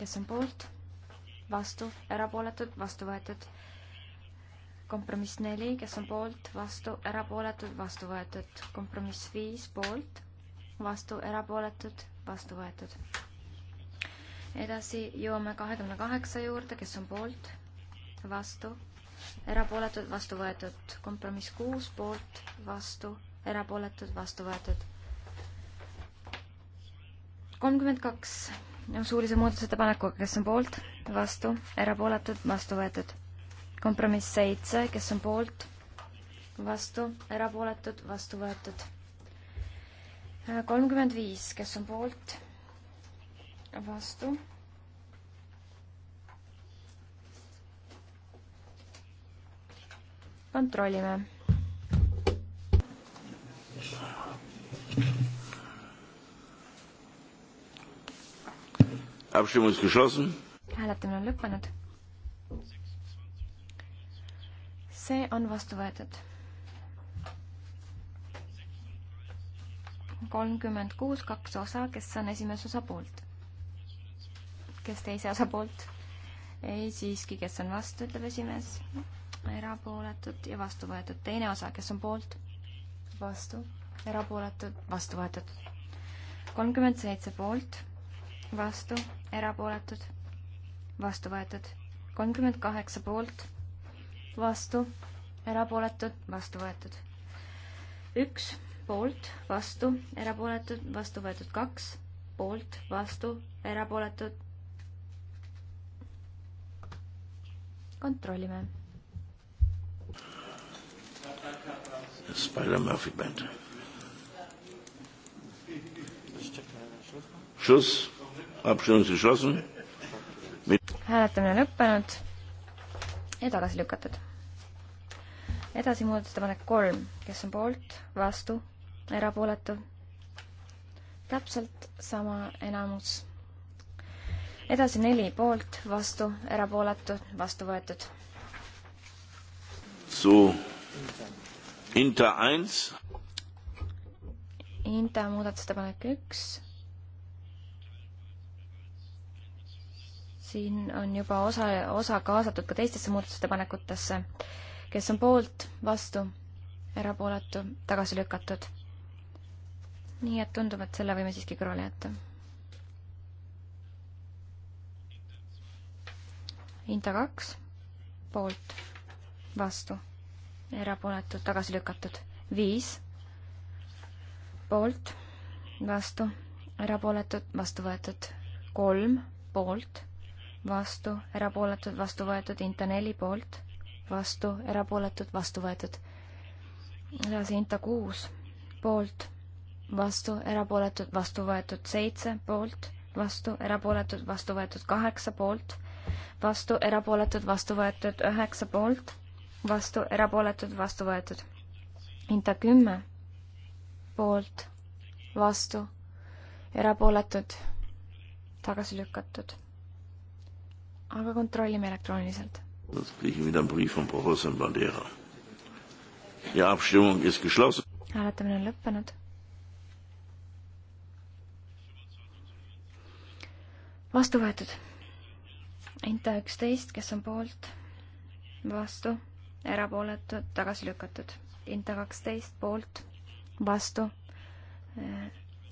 kes on poolt, vastu, erapooletud, vastu võetud. kompromiss neli, kes on poolt, vastu, erapooletud, vastu võetud. kompromiss viis, poolt, vastu, erapooletud, vastu võetud. edasi jõuame kahekümne kaheksa juurde, kes on poolt, vastu, erapooletud, vastu võetud. kompromiss kuus, poolt, vastu, erapooletud, vastu võetud. kolmkümmend kaks suulise muudatusettepanekuga, kes on poolt, vastu, erapooletud, vastu võetud. kompromiss seitse, kes on poolt, vastu, erapooletud, vastu võetud. kolmkümmend viis, kes on poolt, vastu. kontrollime. hääletamine on lõppenud. see on vastu võetud. kolmkümmend kuus, kaks osa, kes on esimese osa poolt? kes teise osa poolt? ei, siiski, kes on vastu, ütleb esimees. erapooletud ja vastu võetud. teine osa, kes on poolt? vastu, erapooletud, vastu võetud. kolmkümmend seitse poolt vastu, erapooletud, vastu võetud. kolmkümmend kaheksa poolt, vastu, erapooletud, vastu võetud. üks poolt, vastu, erapooletud, vastu võetud kaks, poolt, vastu, erapooletud. kontrollime. Spider-Murphy Band. Schuss hääletamine lõppenud ja tagasi lükatud. edasi muudatusettepanek kolm, kes on poolt, vastu, erapooletu. täpselt sama enamus. edasi neli poolt, vastu, erapooletu, vastu võetud. Zu Inter eins. Inter muudatusettepanek üks siin on juba osa, osa kaasatud ka teistesse muudatusettepanekutesse. kes on poolt, vastu, erapooletu, tagasi lükatud. nii et tundub, et selle võime siiski kõrvale jätta. Inta kaks, poolt, vastu, erapooletud, tagasi lükatud. viis, poolt, vastu, erapooletud, vastu võetud. kolm, poolt vastu, erapooletud, vastu võetud, Inta neli poolt, vastu, erapooletud, vastu võetud. edasi Inta kuus poolt, vastu, erapooletud, vastu võetud, seitse poolt, vastu, erapooletud, vastu võetud, kaheksa poolt, vastu, erapooletud, vastu võetud, üheksa poolt, vastu, erapooletud, vastu võetud. Inta kümme poolt, vastu, erapooletud, tagasi lükatud aga kontrollime elektrooniliselt. hääletamine on lõppenud. vastu võetud. Inta üksteist, kes on poolt, vastu, erapooletud, tagasi lükatud. Inta kaksteist poolt, vastu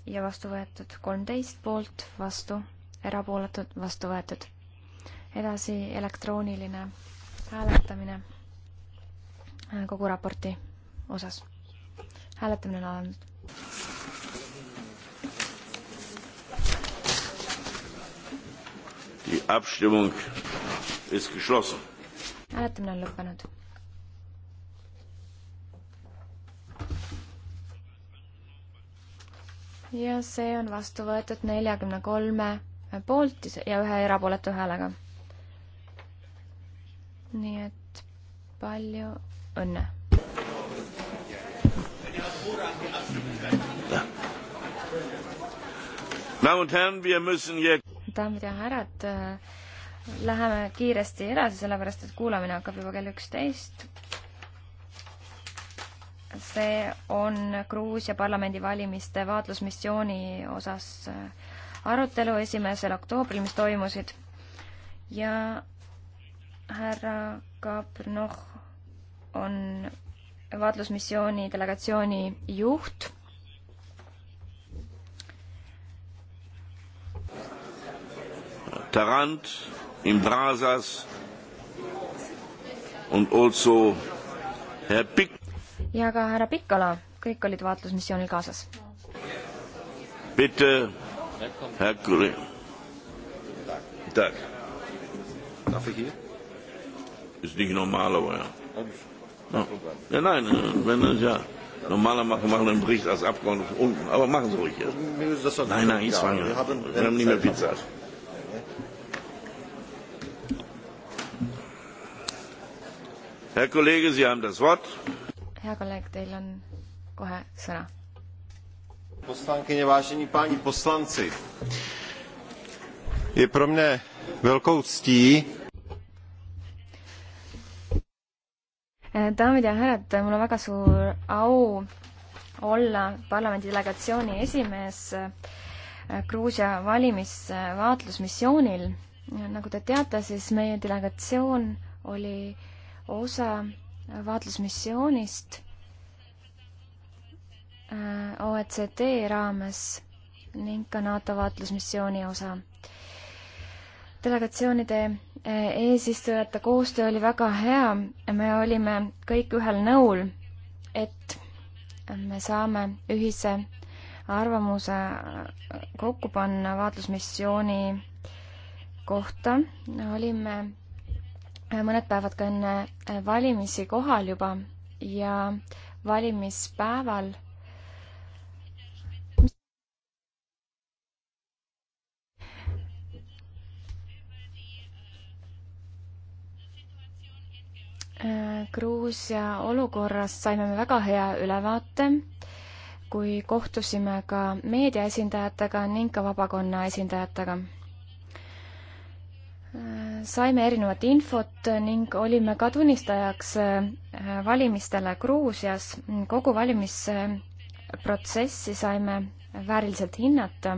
ja vastu võetud. kolmteist poolt, vastu, erapooletud, vastu võetud edasi elektrooniline hääletamine kogu raporti osas. hääletamine on alanud. hääletamine on lõppenud. ja see on vastu võetud neljakümne kolme poolt ja ühe erapooletu häälega nii et palju õnne! daamid ja härrad, äh, läheme kiiresti edasi, sellepärast et kuulamine hakkab juba kell üksteist. see on Gruusia parlamendivalimiste vaatlusmissiooni osas äh, arutelu esimesel oktoobril, mis toimusid ja härra Kaprnoh on vaatlusmissiooni delegatsiooni juht. Tarant, Imbrasas and also Herr Pik-. ja ka härra Pikala, kõik olid vaatlusmissioonil kaasas. Bitte, Herr Kollege. Tag. Darf ich hier? Ist nicht normal, aber ja. No. Ja, nein, äh, wenn es ja. Normalerweise machen wir einen Bericht als Abgeordnete unten, aber machen Sie ruhig jetzt. Nein, nein, ich fange. Wir haben, wir haben nicht mehr Pizza. Herr Kollege, Sie haben das Wort. Herr Kollege, teil on kohe sõna. Poslankyně, vážení páni poslanci, je pro mne velkou ctí, Äh, daamid ja härrad, mul on väga suur au olla parlamendi delegatsiooni esimees äh, Gruusia valimisvaatlusmissioonil. nagu te teate, siis meie delegatsioon oli osa vaatlusmissioonist äh, OECD raames ning ka NATO vaatlusmissiooni osa. delegatsioonide eesistujate koostöö oli väga hea, me olime kõik ühel nõul, et me saame ühise arvamuse kokku panna vaatlusmissiooni kohta, olime mõned päevad ka enne valimisi kohal juba ja valimispäeval Gruusia olukorrast saime me väga hea ülevaate, kui kohtusime ka meedia esindajatega ning ka vabakonna esindajatega. saime erinevat infot ning olime ka tunnistajaks äh, valimistele Gruusias. kogu valimisprotsessi saime vääriliselt hinnata.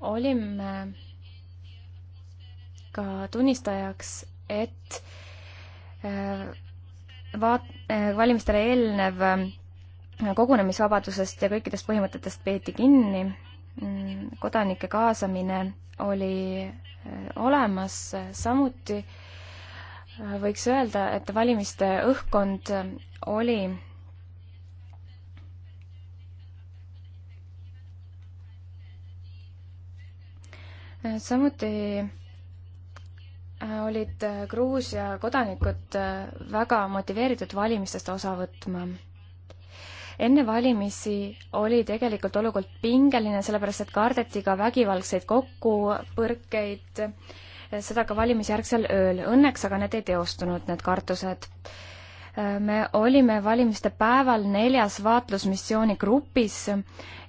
olime ka tunnistajaks, et äh, Äh, vaat-, äh, valimistele eelnev äh, kogunemisvabadusest ja kõikidest põhimõtetest peeti kinni, mm, kodanike kaasamine oli olemas, samuti võiks öelda, et valimiste õhkkond oli samuti Äh, olid äh, Gruusia kodanikud äh, väga motiveeritud valimistest osa võtma. enne valimisi oli tegelikult olukord pingeline, sellepärast et kardeti ka vägivaldseid kokkupõrkeid, seda ka valimisjärgsel ööl. Õnneks aga need ei teostunud, need kartused. me olime valimiste päeval neljas vaatlusmissiooni grupis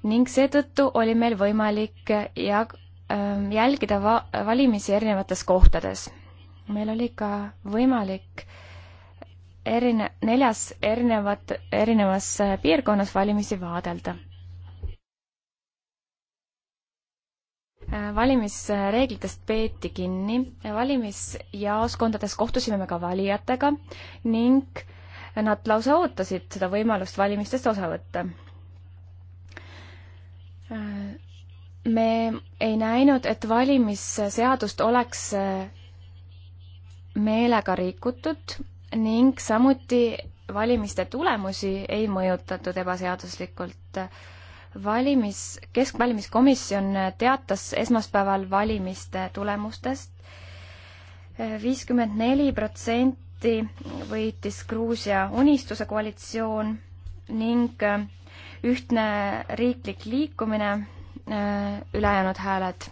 ning seetõttu oli meil võimalik ja jälgida va-, valimisi erinevates kohtades meil oli ka võimalik erine-, neljas erinevat, erinevas äh, piirkonnas valimisi vaadelda. Äh, valimisreeglitest peeti kinni, valimisjaoskondades kohtusime me ka valijatega ning nad lausa ootasid seda võimalust valimistest osa võtta äh, me ei näinud, et valimisseadust oleks meelega rikutud ning samuti valimiste tulemusi ei mõjutatud ebaseaduslikult. valimis, Keskvalimiskomisjon teatas esmaspäeval valimiste tulemustest. viiskümmend neli protsenti võitis Gruusia Unistuse koalitsioon ning ühtne riiklik liikumine, äh, ülejäänud hääled.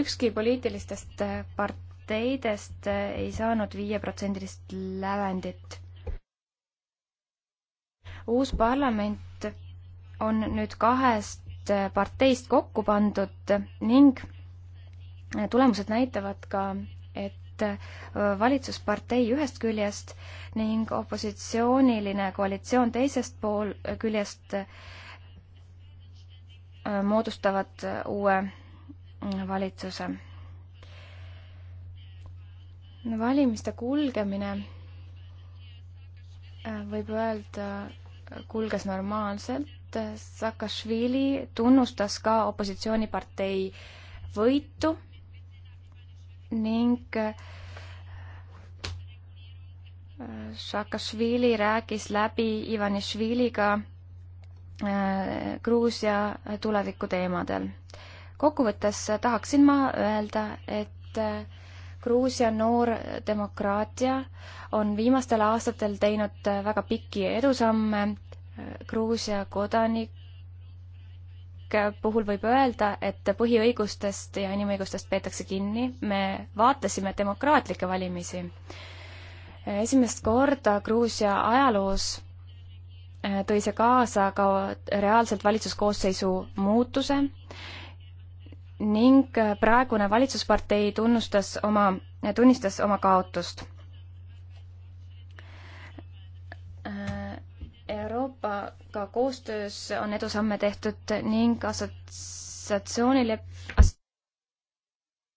ükski poliitilistest part-, teidest äh, ei saanud viieprotsendilist lävendit. uus parlament on nüüd kahest äh, parteist kokku pandud ning äh, tulemused näitavad ka, et valitsuspartei ühest küljest ning opositsiooniline koalitsioon teisest pool küljest moodustavad uue mm, valitsuse valimiste kulgemine äh, võib öelda, kulges normaalselt. Saakašvili tunnustas ka opositsioonipartei võitu ning äh, Saakašvili rääkis läbi Ivanišviliga äh, Gruusia tuleviku teemadel. kokkuvõttes tahaksin ma öelda, et Gruusia noor demokraatia on viimastel aastatel teinud äh, väga pikki edusamme. Äh, Gruusia kodanike puhul võib öelda, et põhiõigustest ja inimõigustest peetakse kinni. me vaatasime demokraatlikke valimisi. Äh, esimest korda Gruusia ajaloos tõi see kaasa ka reaalselt valitsuskoosseisu muutuse ning praegune valitsuspartei tunnustas oma, tunnistas oma kaotust. Euroopaga koostöös on edusamme tehtud ning assotsiatsioonilep-,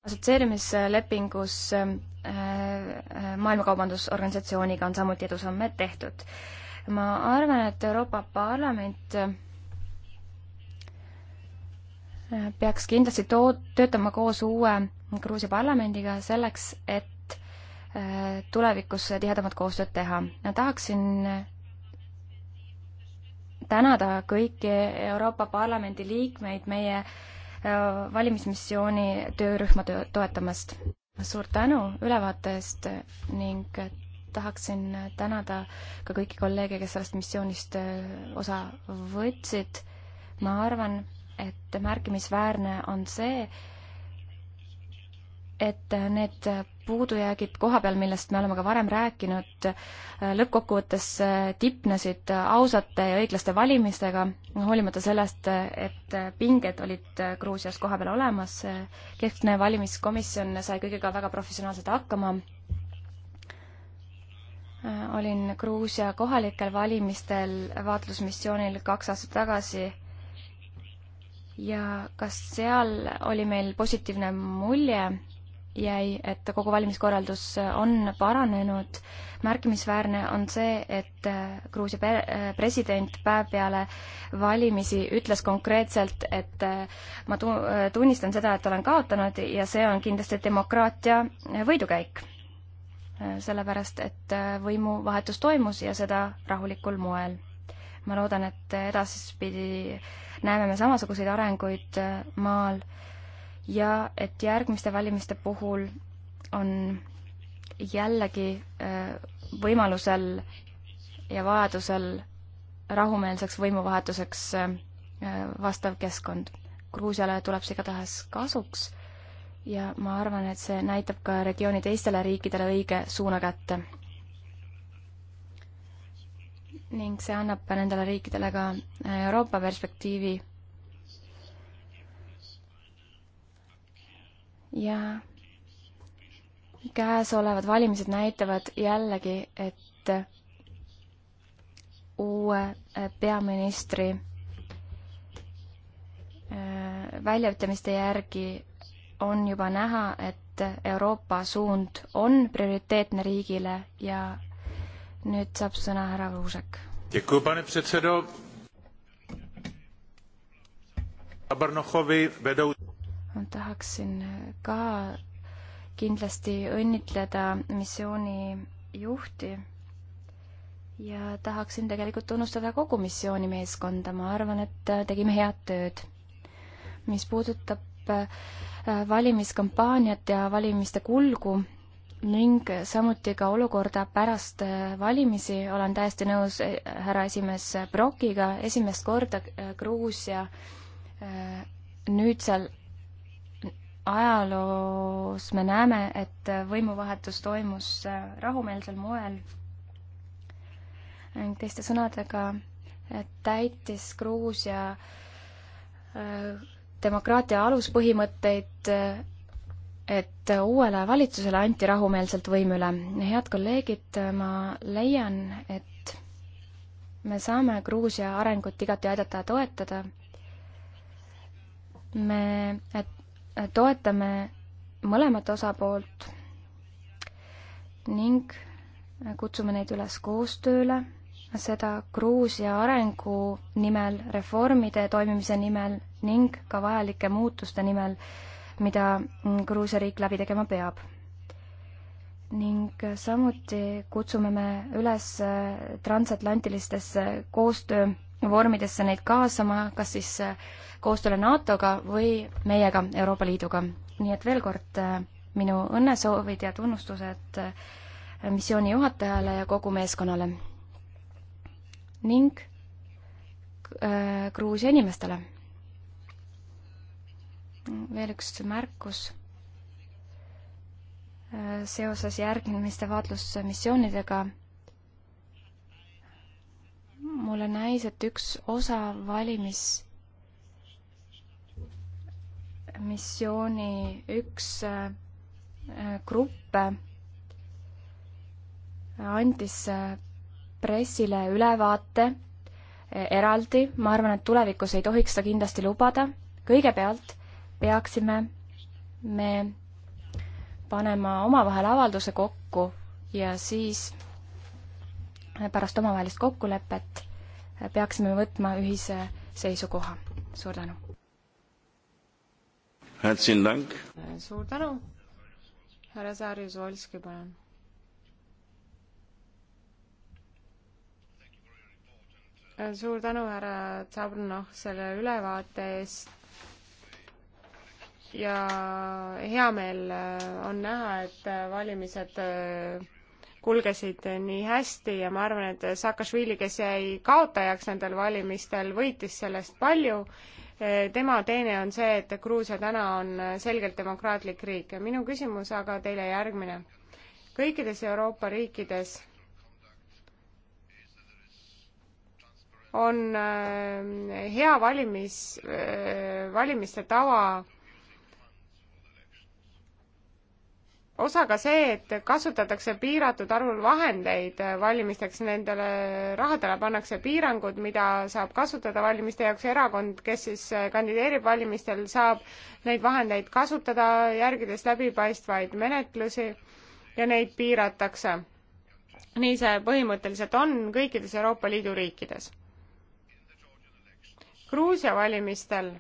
assotsieerimislepingus äh, äh, Maailmakaubandusorganisatsiooniga on samuti edusamme tehtud. ma arvan, et Euroopa Parlament peaks kindlasti too-, töötama koos uue Gruusia parlamendiga selleks, et äh, tulevikus tihedamat koostööd teha. tahaksin tänada kõiki Euroopa Parlamendi liikmeid meie äh, valimismissiooni töörühma töö, toetamast. suur tänu ülevaate eest ning tahaksin tänada ka kõiki kolleege, kes sellest missioonist äh, osa võtsid. ma arvan, et märkimisväärne on see, et need puudujäägid koha peal, millest me oleme ka varem rääkinud, lõppkokkuvõttes tipnesid ausate ja õiglaste valimistega, hoolimata sellest, et pinged olid Gruusias koha peal olemas, keskne valimiskomisjon sai kõigega väga professionaalselt hakkama, olin Gruusia kohalikel valimistel vaatlusmissioonil kaks aastat tagasi ja kas seal oli meil positiivne mulje, jäi, et kogu valimiskorraldus äh, on paranenud. märkimisväärne on see, et äh, Gruusia äh, president päev peale valimisi ütles konkreetselt, et ma tu-, tunnistan seda, et olen kaotanud ja see on kindlasti demokraatia võidukäik. sellepärast, et võimuvahetus toimus ja seda rahulikul moel. ma loodan, et edaspidi äh, näeme me samasuguseid arenguid äh, maal ja et järgmiste valimiste puhul on jällegi äh, võimalusel ja vajadusel rahumeelseks võimuvahetuseks äh, vastav keskkond. Gruusiale tuleb see igatahes kasuks ja ma arvan, et see näitab ka regiooni teistele riikidele õige suuna kätte ning see annab nendele riikidele ka äh, Euroopa perspektiivi. ja käesolevad valimised näitavad jällegi, et uue äh, peaministri äh, väljaütlemiste järgi on juba näha, et Euroopa suund on prioriteetne riigile ja nüüd saab sõna härra Luusek. ma tahaksin ka kindlasti õnnitleda missiooni juhti ja tahaksin tegelikult tunnustada kogu missioonimeeskonda, ma arvan, et tegime head tööd. mis puudutab äh, valimiskampaaniat ja valimiste kulgu, ning samuti ka olukorda pärast äh, valimisi olen täiesti nõus äh, härra esimees Brokiga, esimest korda äh, Gruusia nüüdsel ajaloos me näeme, et võimuvahetus toimus rahumeelsel moel. teiste sõnadega täitis Gruusia demokraatia aluspõhimõtteid et uuele valitsusele anti rahumeelselt võim üle. head kolleegid, ma leian, et me saame Gruusia arengut igati aidata ja toetada. me toetame mõlemat osapoolt ning kutsume neid üles koostööle, seda Gruusia arengu nimel, reformide toimimise nimel ning ka vajalike muutuste nimel mida mm, Gruusia riik läbi tegema peab. ning samuti kutsume me üles äh, transatlantilistesse koostöövormidesse neid kaasama, kas siis äh, koostööle NATO-ga või meiega, Euroopa Liiduga. nii et veel kord äh, minu õnnesoovid ja tunnustused missiooni juhatajale ja kogu meeskonnale ning Gruusia inimestele veel üks märkus äh, seoses järgmiste vaatlusmissioonidega. mulle näis, et üks osa valimismissiooni üks äh, gruppe äh, andis pressile ülevaate eraldi, ma arvan, et tulevikus ei tohiks seda kindlasti lubada. kõigepealt peaksime me panema omavahel avalduse kokku ja siis pärast omavahelist kokkulepet peaksime võtma ühise seisukoha. suur tänu! suur tänu! härra Saarjus-Volski, palun! suur tänu, härra Tsabrnov, selle ülevaate eest ja hea meel äh, on näha, et äh, valimised äh, kulgesid nii hästi ja ma arvan, et Saakašvili, kes jäi kaotajaks nendel valimistel, võitis sellest palju. tema teene on see, et Gruusia täna on selgelt demokraatlik riik ja minu küsimus aga teile järgmine. kõikides Euroopa riikides on hea valimis, valimiste tava osa ka see, et kasutatakse piiratud arvul vahendeid äh, valimisteks, nendele rahadele pannakse piirangud, mida saab kasutada valimiste jaoks, erakond, kes siis äh, kandideerib valimistel, saab neid vahendeid kasutada, järgides läbipaistvaid menetlusi ja neid piiratakse. nii see põhimõtteliselt on kõikides Euroopa Liidu riikides. Gruusia valimistel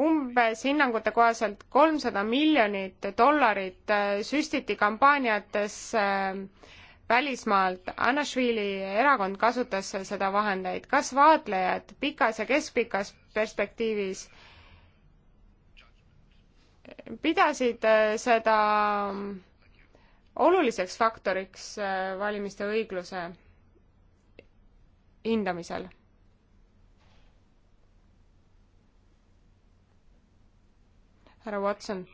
umbes hinnangute kohaselt kolmsada miljonit dollarit äh, süstiti kampaaniatesse äh, välismaalt. Anashvili erakond kasutas seda vahendeid. kas vaatlejad pikas ja keskpikas perspektiivis pidasid äh, seda mm, oluliseks faktoriks valimiste õigluse hindamisel? härra Watson.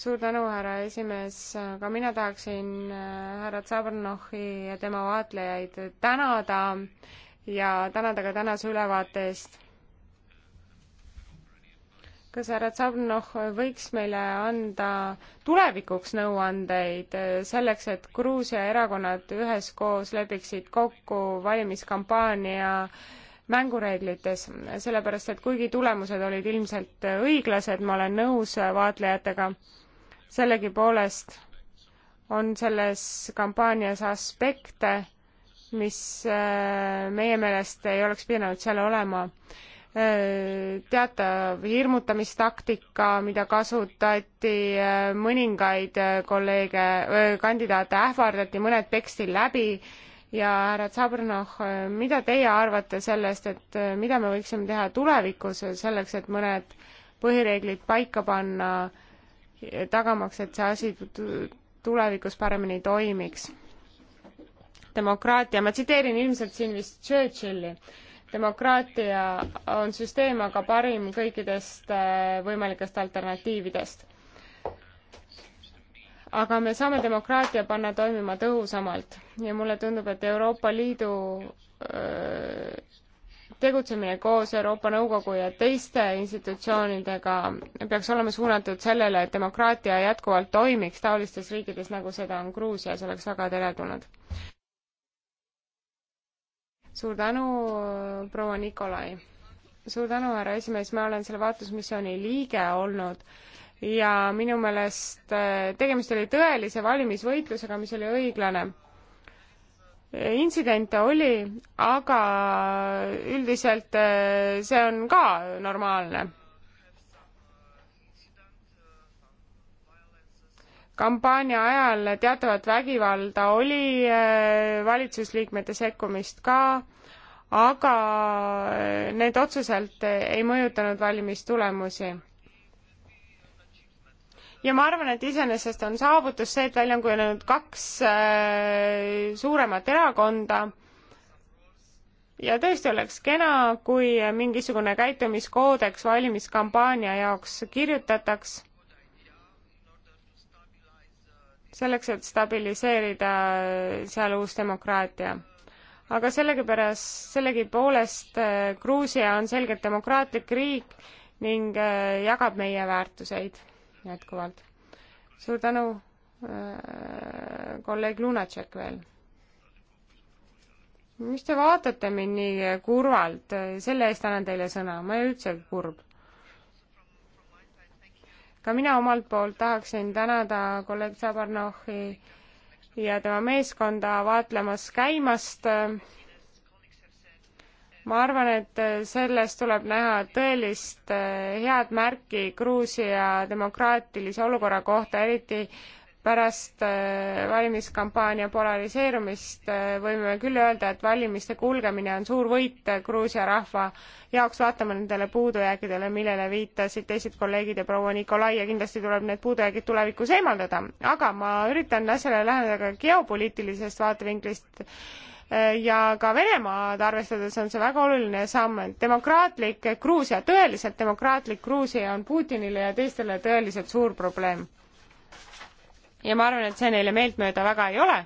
suur tänu, härra esimees, aga mina tahaksin äh, härra Tsabrnohhi ja tema vaatlejaid tänada ja tänada ka tänase ülevaate eest. kas härra Tsabrnoh võiks meile anda tulevikuks nõuandeid äh, selleks, et Gruusia erakonnad üheskoos lepiksid kokku valimiskampaania äh, mängureeglites, sellepärast et kuigi tulemused olid ilmselt õiglased, ma olen nõus vaatlejatega, sellegipoolest on selles kampaanias aspekte, mis äh, meie meelest ei oleks pidanud seal olema. Äh, teatav hirmutamistaktika, mida kasutati, äh, mõningaid kolleege, kandidaate ähvardati, mõned peksti läbi ja härra Tsabrnov, mida teie arvate sellest, et äh, mida me võiksime teha tulevikus selleks, et mõned põhireeglid paika panna, tagamaks, et see asi tulevikus paremini toimiks? demokraatia, ma tsiteerin ilmselt siin vist Churchilli, demokraatia on süsteem aga parim kõikidest äh, võimalikest alternatiividest aga me saame demokraatia panna toimima tõhusamalt ja mulle tundub, et Euroopa Liidu öö, tegutsemine koos Euroopa Nõukogu ja teiste institutsioonidega peaks olema suunatud sellele, et demokraatia jätkuvalt toimiks taolistes riikides, nagu seda on Gruusias, oleks väga teretulnud. suur tänu, proua Nikolai! suur tänu, härra esimees, ma olen selle vaatlusmissiooni liige olnud ja minu meelest äh, tegemist oli tõelise valimisvõitlusega, mis oli õiglane. intsidente oli, aga üldiselt äh, see on ka normaalne. kampaania ajal teatavat vägivalda oli, äh, valitsusliikmete sekkumist ka, aga need otseselt ei mõjutanud valimistulemusi ja ma arvan, et iseenesest on saavutus see, et välja on kujunenud kaks äh, suuremat erakonda ja tõesti oleks kena, kui mingisugune käitumiskoodeks valimiskampaania jaoks kirjutataks, selleks, et stabiliseerida seal uus demokraatia. aga sellegipärast, sellegipoolest äh, Gruusia on selgelt demokraatlik riik ning äh, jagab meie väärtuseid jätkuvalt. suur tänu, äh, kolleeg Lunatšek veel. miks te vaatate mind nii kurvalt, selle eest annan teile sõna, ma ei ole üldse kurb. ka mina omalt poolt tahaksin tänada kolleeg Zabarnohhi ja tema meeskonda vaatlemas käimast äh, ma arvan, et äh, selles tuleb näha tõelist äh, head märki Gruusia demokraatilise olukorra kohta, eriti pärast äh, valimiskampaania polariseerumist võime küll öelda, et valimiste kulgemine on suur võit Gruusia rahva jaoks, vaatame nendele puudujääkidele, millele viitasid teised kolleegid ja proua Nikolai ja kindlasti tuleb need puudujäägid tulevikus eemaldada. aga ma üritan asjale läheneda ka geopoliitilisest vaatevinklist Eh, ja ka Venemaad arvestades on see väga oluline samm, et demokraatlik Gruusia, tõeliselt demokraatlik Gruusia on Putinile ja teistele tõeliselt suur probleem. ja ma arvan, et see neile meeltmööda väga ei ole.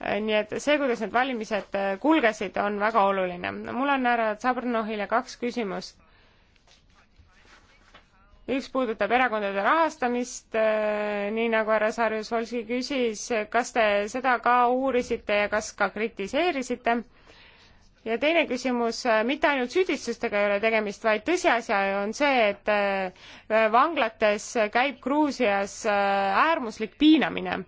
Eh, nii et see, kuidas need valimised eh, kulgesid, on väga oluline. mul on härra Tsabrnovile kaks küsimust üks puudutab erakondade rahastamist, äh, nii nagu härra Sarjus-Volski küsis, kas te seda ka uurisite ja kas ka kritiseerisite? ja teine küsimus, äh, mitte ainult süüdistustega ei ole tegemist, vaid tõsiasi on see, et äh, vanglates käib Gruusias äärmuslik piinamine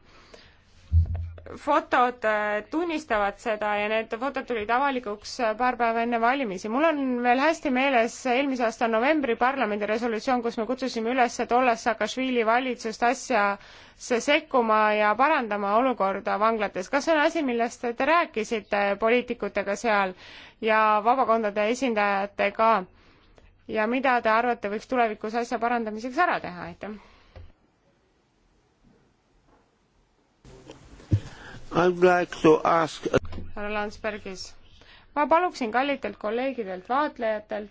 fotod äh, tunnistavad seda ja need fotod tulid avalikuks äh, paar päeva enne valimisi. mul on veel hästi meeles eelmise aasta novembri parlamendi resolutsioon, kus me kutsusime üles tollast Saakašvili valitsust asjasse sekkuma ja parandama olukorda vanglates. kas see on asi, millest te rääkisite poliitikutega seal ja vabakondade esindajatega ja mida te arvate, võiks tulevikus asja parandamiseks ära teha, aitäh? härra Landsbergis, ma paluksin kallitelt kolleegidelt, vaatlejatelt,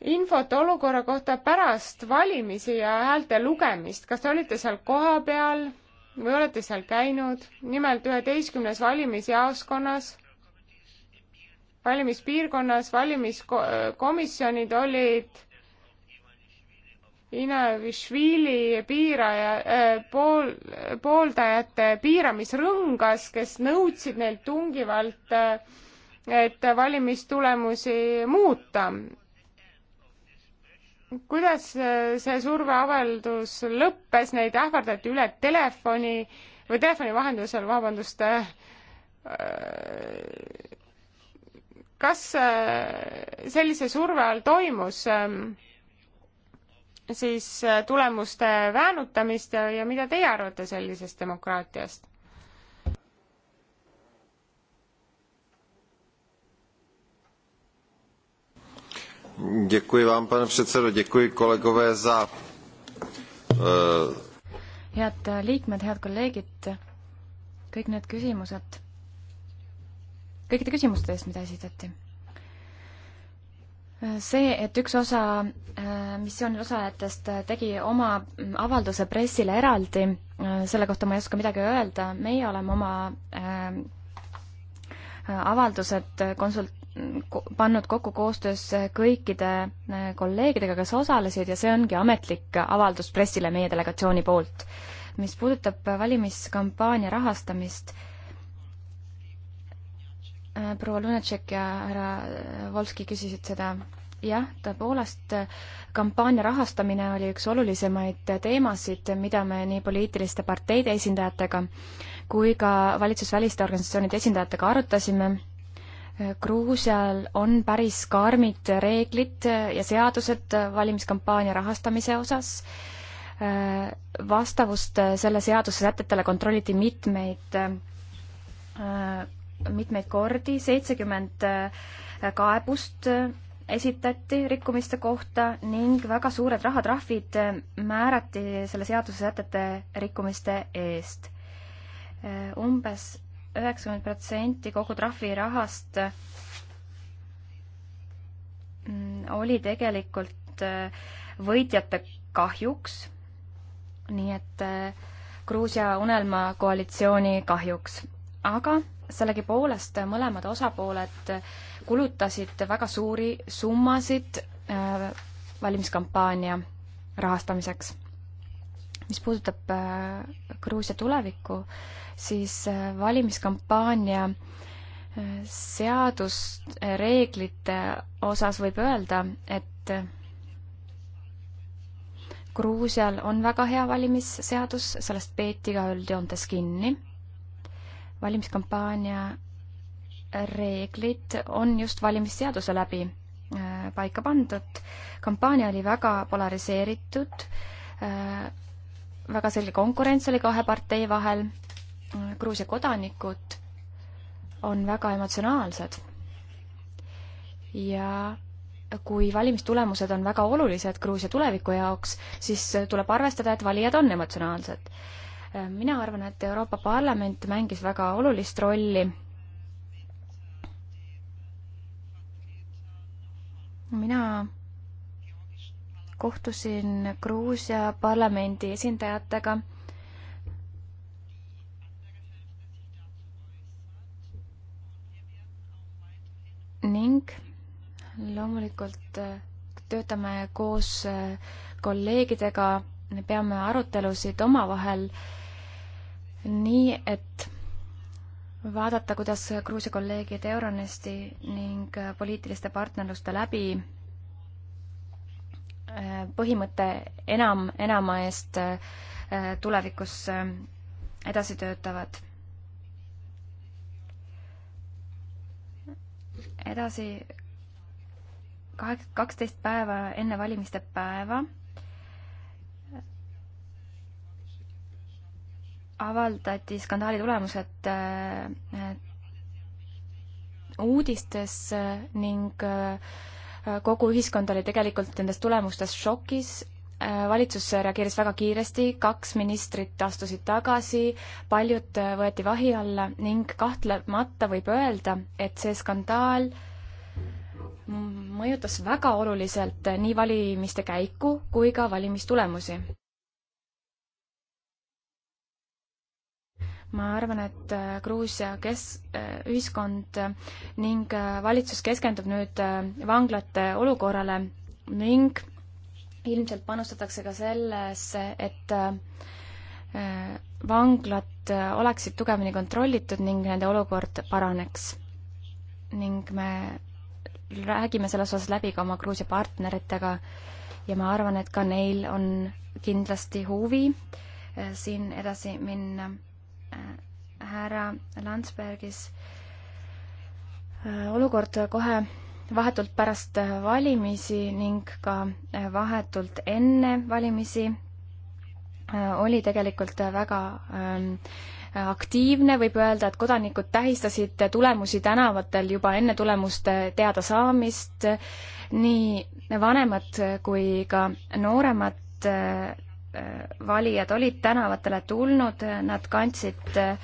infot olukorra kohta pärast valimisi ja häälte lugemist, kas te olite seal kohapeal või olete seal käinud, nimelt üheteistkümnes valimisjaoskonnas, valimispiirkonnas valimiskomisjonid olid Inavišvili piiraja äh,, pool, pooldajate piiramisrõngas, kes nõudsid neilt tungivalt, äh, et valimistulemusi muuta. kuidas äh, see surveavaldus lõppes, neid ähvardati üle telefoni või telefoni vahendusel, vabandust äh,, äh kas sellise surve all toimus äh, siis äh, tulemuste väänutamist ja, ja mida teie arvate sellisest demokraatiast? Děkuji vám, pane předsedo, děkuji kolegové za... Uh... Head liikmed, head kolleegid, kõik need küsimused, kõikide küsimuste eest, mida esitati see, et üks osa äh, missioonil osalejatest tegi oma mm, avalduse pressile eraldi, äh, selle kohta ma ei oska midagi öelda, meie oleme oma äh, avaldused konsult-, pannud kokku koostöös kõikide kolleegidega, kes osalesid ja see ongi ametlik avaldus pressile meie delegatsiooni poolt. mis puudutab valimiskampaania rahastamist, Äh, proua Lunatšek ja härra äh, Volski küsisid seda. jah, tõepoolest, äh, kampaania rahastamine oli üks olulisemaid teemasid, mida me nii poliitiliste parteide esindajatega kui ka valitsusväliste organisatsioonide esindajatega arutasime Gruusial on päris karmid reeglid ja seadused valimiskampaania rahastamise osas. Vastavust selle seaduse sätetele kontrolliti mitmeid mitmeid kordi, seitsekümmend äh, kaebust äh, esitati rikkumiste kohta ning väga suured rahatrahvid äh, määrati selle seaduse sätete rikkumiste eest. umbes üheksakümmend protsenti kogu trahvirahast mm, oli tegelikult võitjate kahjuks, nii et Gruusia unelma koalitsiooni kahjuks, aga sellegipoolest mõlemad osapooled kulutasid väga suuri summasid äh, valimiskampaania rahastamiseks. mis puudutab äh, Gruusia tulevikku, siis äh, valimiskampaania seadusreeglite osas võib öelda, et Gruusial on väga hea valimisseadus, sellest peeti ka üldjoontes kinni valimiskampaania reeglid on just valimisseaduse läbi äh, paika pandud. kampaania oli väga polariseeritud, äh, väga selge konkurents oli kahe partei vahel. Gruusia kodanikud on väga emotsionaalsed. ja kui valimistulemused on väga olulised Gruusia tuleviku jaoks, siis tuleb arvestada, et valijad on emotsionaalsed mina arvan, et Euroopa Parlament mängis väga olulist rolli mina kohtusin Gruusia parlamendi esindajatega. ning loomulikult äh, töötame koos äh, kolleegidega, me peame arutelusid omavahel äh, nii et vaadata, kuidas Gruusia kolleegid Euronesti ning äh, poliitiliste partnerluste läbi äh, põhimõte enam enama eest äh, tulevikus edasi töötavad. edasi kaheksa, kaksteist päeva enne valimiste päeva avaldati skandaali tulemused äh, uudistes äh, ning äh, kogu ühiskond oli tegelikult nendest tulemustest šokis. valitsus reageeris väga kiiresti, kaks ministrit astusid tagasi, paljud võeti vahi alla ning kahtlemata võib öelda, et see skandaal mõjutas väga oluliselt nii valimiste käiku kui ka valimistulemusi. ma arvan, et äh, Gruusia kes-, äh, ühiskond äh, ning valitsus keskendub nüüd vanglate olukorrale ning ilmselt panustatakse ka sellesse, et vanglad oleksid tugevamini kontrollitud ning nende olukord paraneks. ning me räägime selles osas läbi ka oma Gruusia partneritega ja ma arvan, et ka neil on kindlasti huvi siin edasi minna härra Landsbergis. Äh, olukord kohe vahetult pärast valimisi ning ka äh, vahetult enne valimisi äh, oli tegelikult väga ähm, aktiivne, võib öelda, et kodanikud tähistasid tulemusi tänavatel juba enne tulemuste teadasaamist, nii vanemad kui ka nooremad Äh, valijad olid tänavatele tulnud, nad kandsid äh,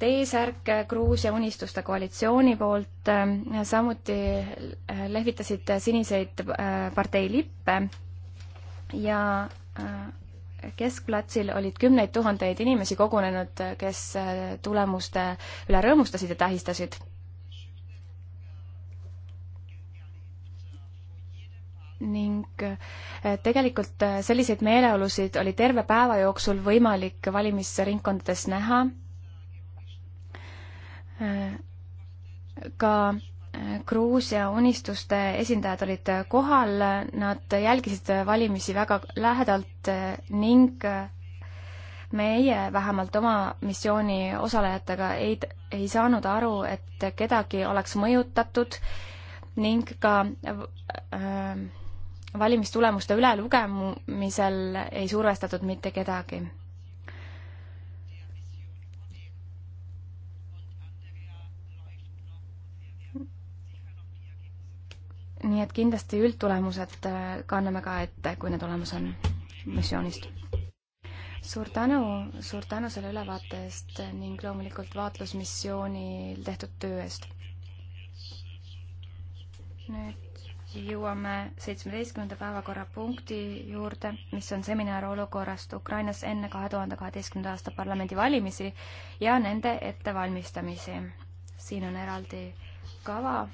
T-särke Gruusia Unistuste koalitsiooni poolt, äh, samuti lehvitasid siniseid partei lippe ja keskplatsil olid kümneid tuhandeid inimesi kogunenud, kes tulemuste üle rõõmustasid ja tähistasid ning eh, tegelikult eh, selliseid meeleolusid oli terve päeva jooksul võimalik valimisringkondades näha. Eh, ka Gruusia unistuste esindajad olid kohal, nad jälgisid valimisi väga lähedalt ning meie vähemalt oma missiooni osalejatega ei, ei saanud aru, et kedagi oleks mõjutatud ning ka äh, valimistulemuste ülelugemisel ei survestatud mitte kedagi. nii et kindlasti üldtulemused äh, kanname ka ette, kui need olemas on missioonist. suur tänu, suur tänu selle ülevaate eest ning loomulikult vaatlusmissioonil tehtud töö eest. nüüd jõuame seitsmeteistkümnenda päevakorrapunkti juurde, mis on seminar olukorrast Ukrainas enne kahe tuhande kaheteistkümnenda aasta parlamendivalimisi ja nende ettevalmistamisi. siin on eraldi kava.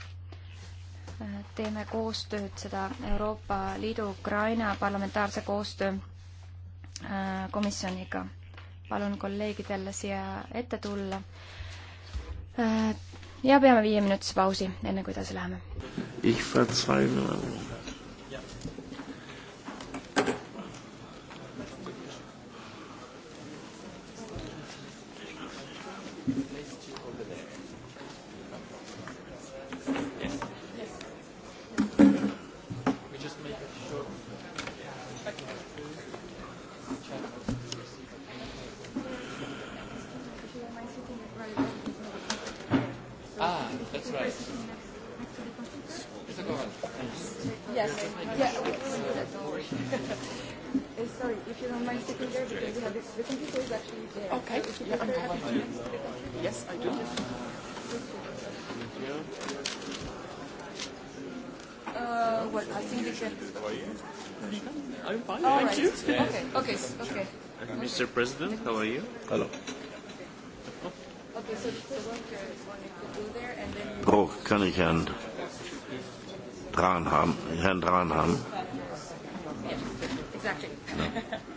teeme koostööd seda Euroopa Liidu Ukraina parlamentaarse koostöö äh, komisjoniga. palun kolleegidel siia ette tulla äh, ja peame viieminutise pausi, enne kui edasi läheme. Mr. President, how are you? Hello. Okay, so the worker is wanting to go there and then... Oh, kann ich Herrn Dranham, Herrn Dranham? Yes, exactly. No.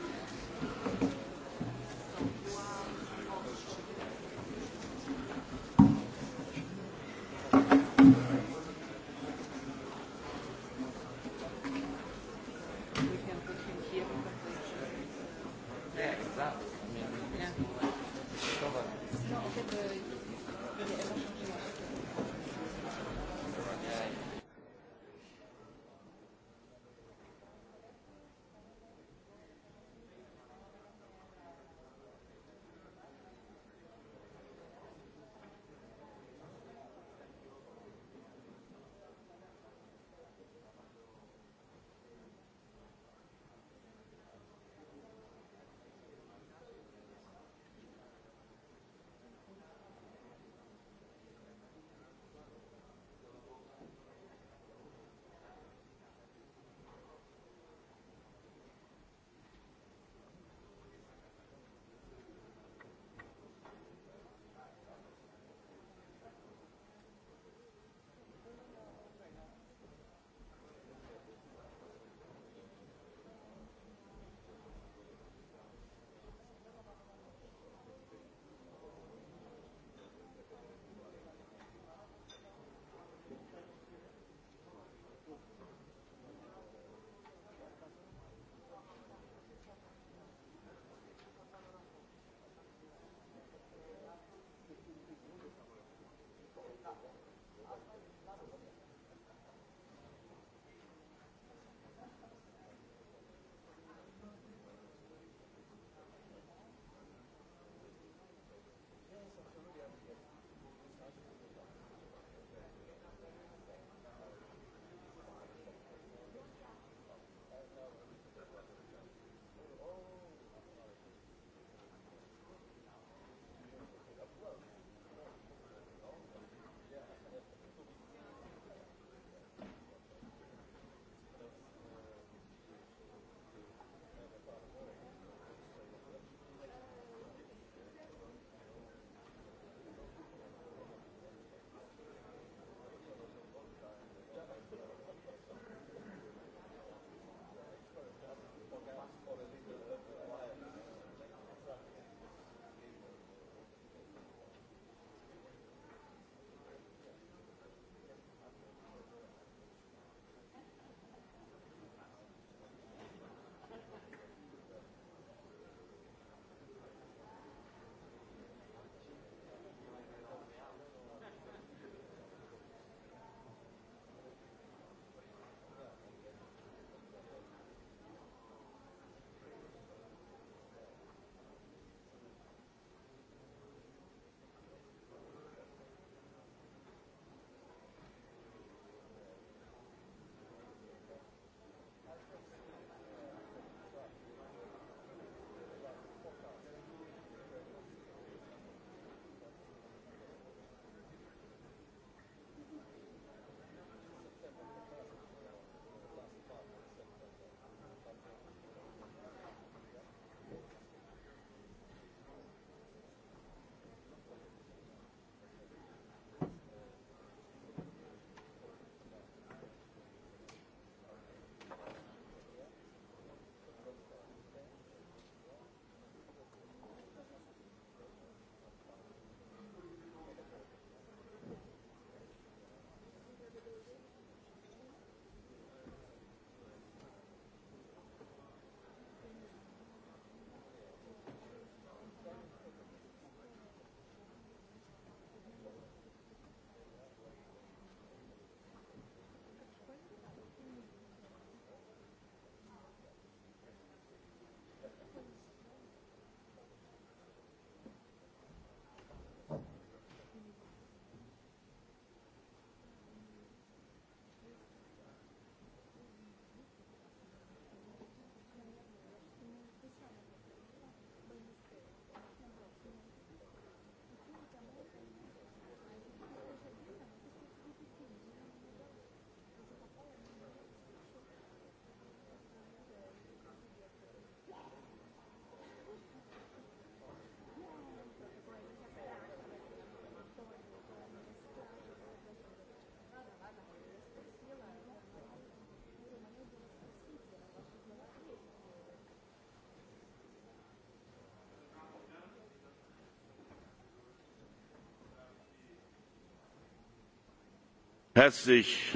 herzlich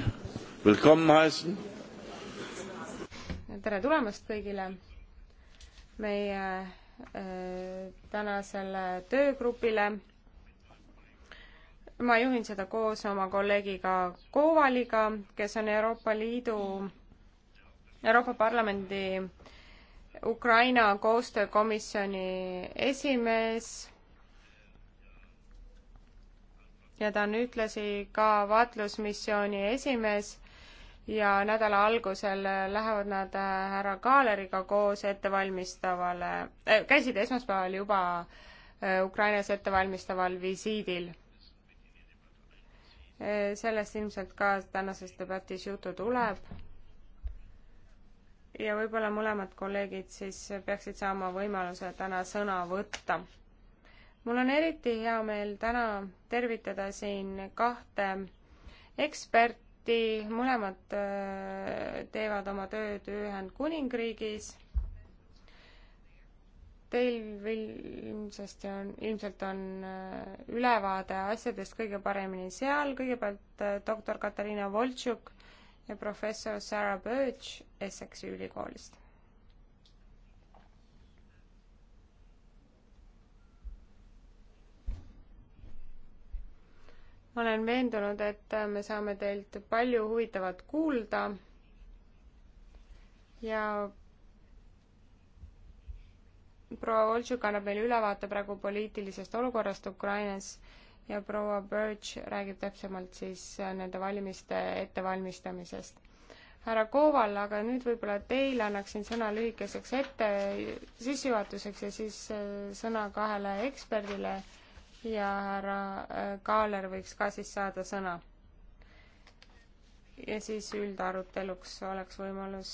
willkommen heißen. tere tulemast kõigile meie äh, tänasele töögrupile. ma juhin seda koos oma kolleegiga Kovaliga, kes on Euroopa Liidu, Euroopa Parlamendi Ukraina koostöökomisjoni esimees ja ta on ühtlasi ka vaatlusmissiooni esimees ja nädala algusel lähevad nad äh, härra Kaaleriga koos ettevalmistavale äh,, käisid esmaspäeval juba äh, Ukrainas ettevalmistaval visiidil äh,. sellest ilmselt ka tänases debatis juttu tuleb. ja võib-olla mõlemad kolleegid siis peaksid saama võimaluse täna sõna võtta mul on eriti hea meel täna tervitada siin kahte eksperti, mõlemad äh, teevad oma tööd Ühendkuningriigis. Teil ilmsesti on, ilmselt on äh, ülevaade asjadest kõige paremini seal, kõigepealt äh, doktor Katariina Voltšuk ja professor Sarah Birch Essexi ülikoolist ma olen veendunud, et me saame teilt palju huvitavat kuulda ja proua Oltšuk annab meile ülevaate praegu poliitilisest olukorrast Ukrainas ja proua Birch räägib täpsemalt siis nende valimiste ettevalmistamisest. härra Koval, aga nüüd võib-olla teile annaksin sõna lühikeseks ette sissejuhatuseks ja siis äh, sõna kahele eksperdile ja härra äh, Kaaler võiks ka siis saada sõna. ja siis üldaruteluks oleks võimalus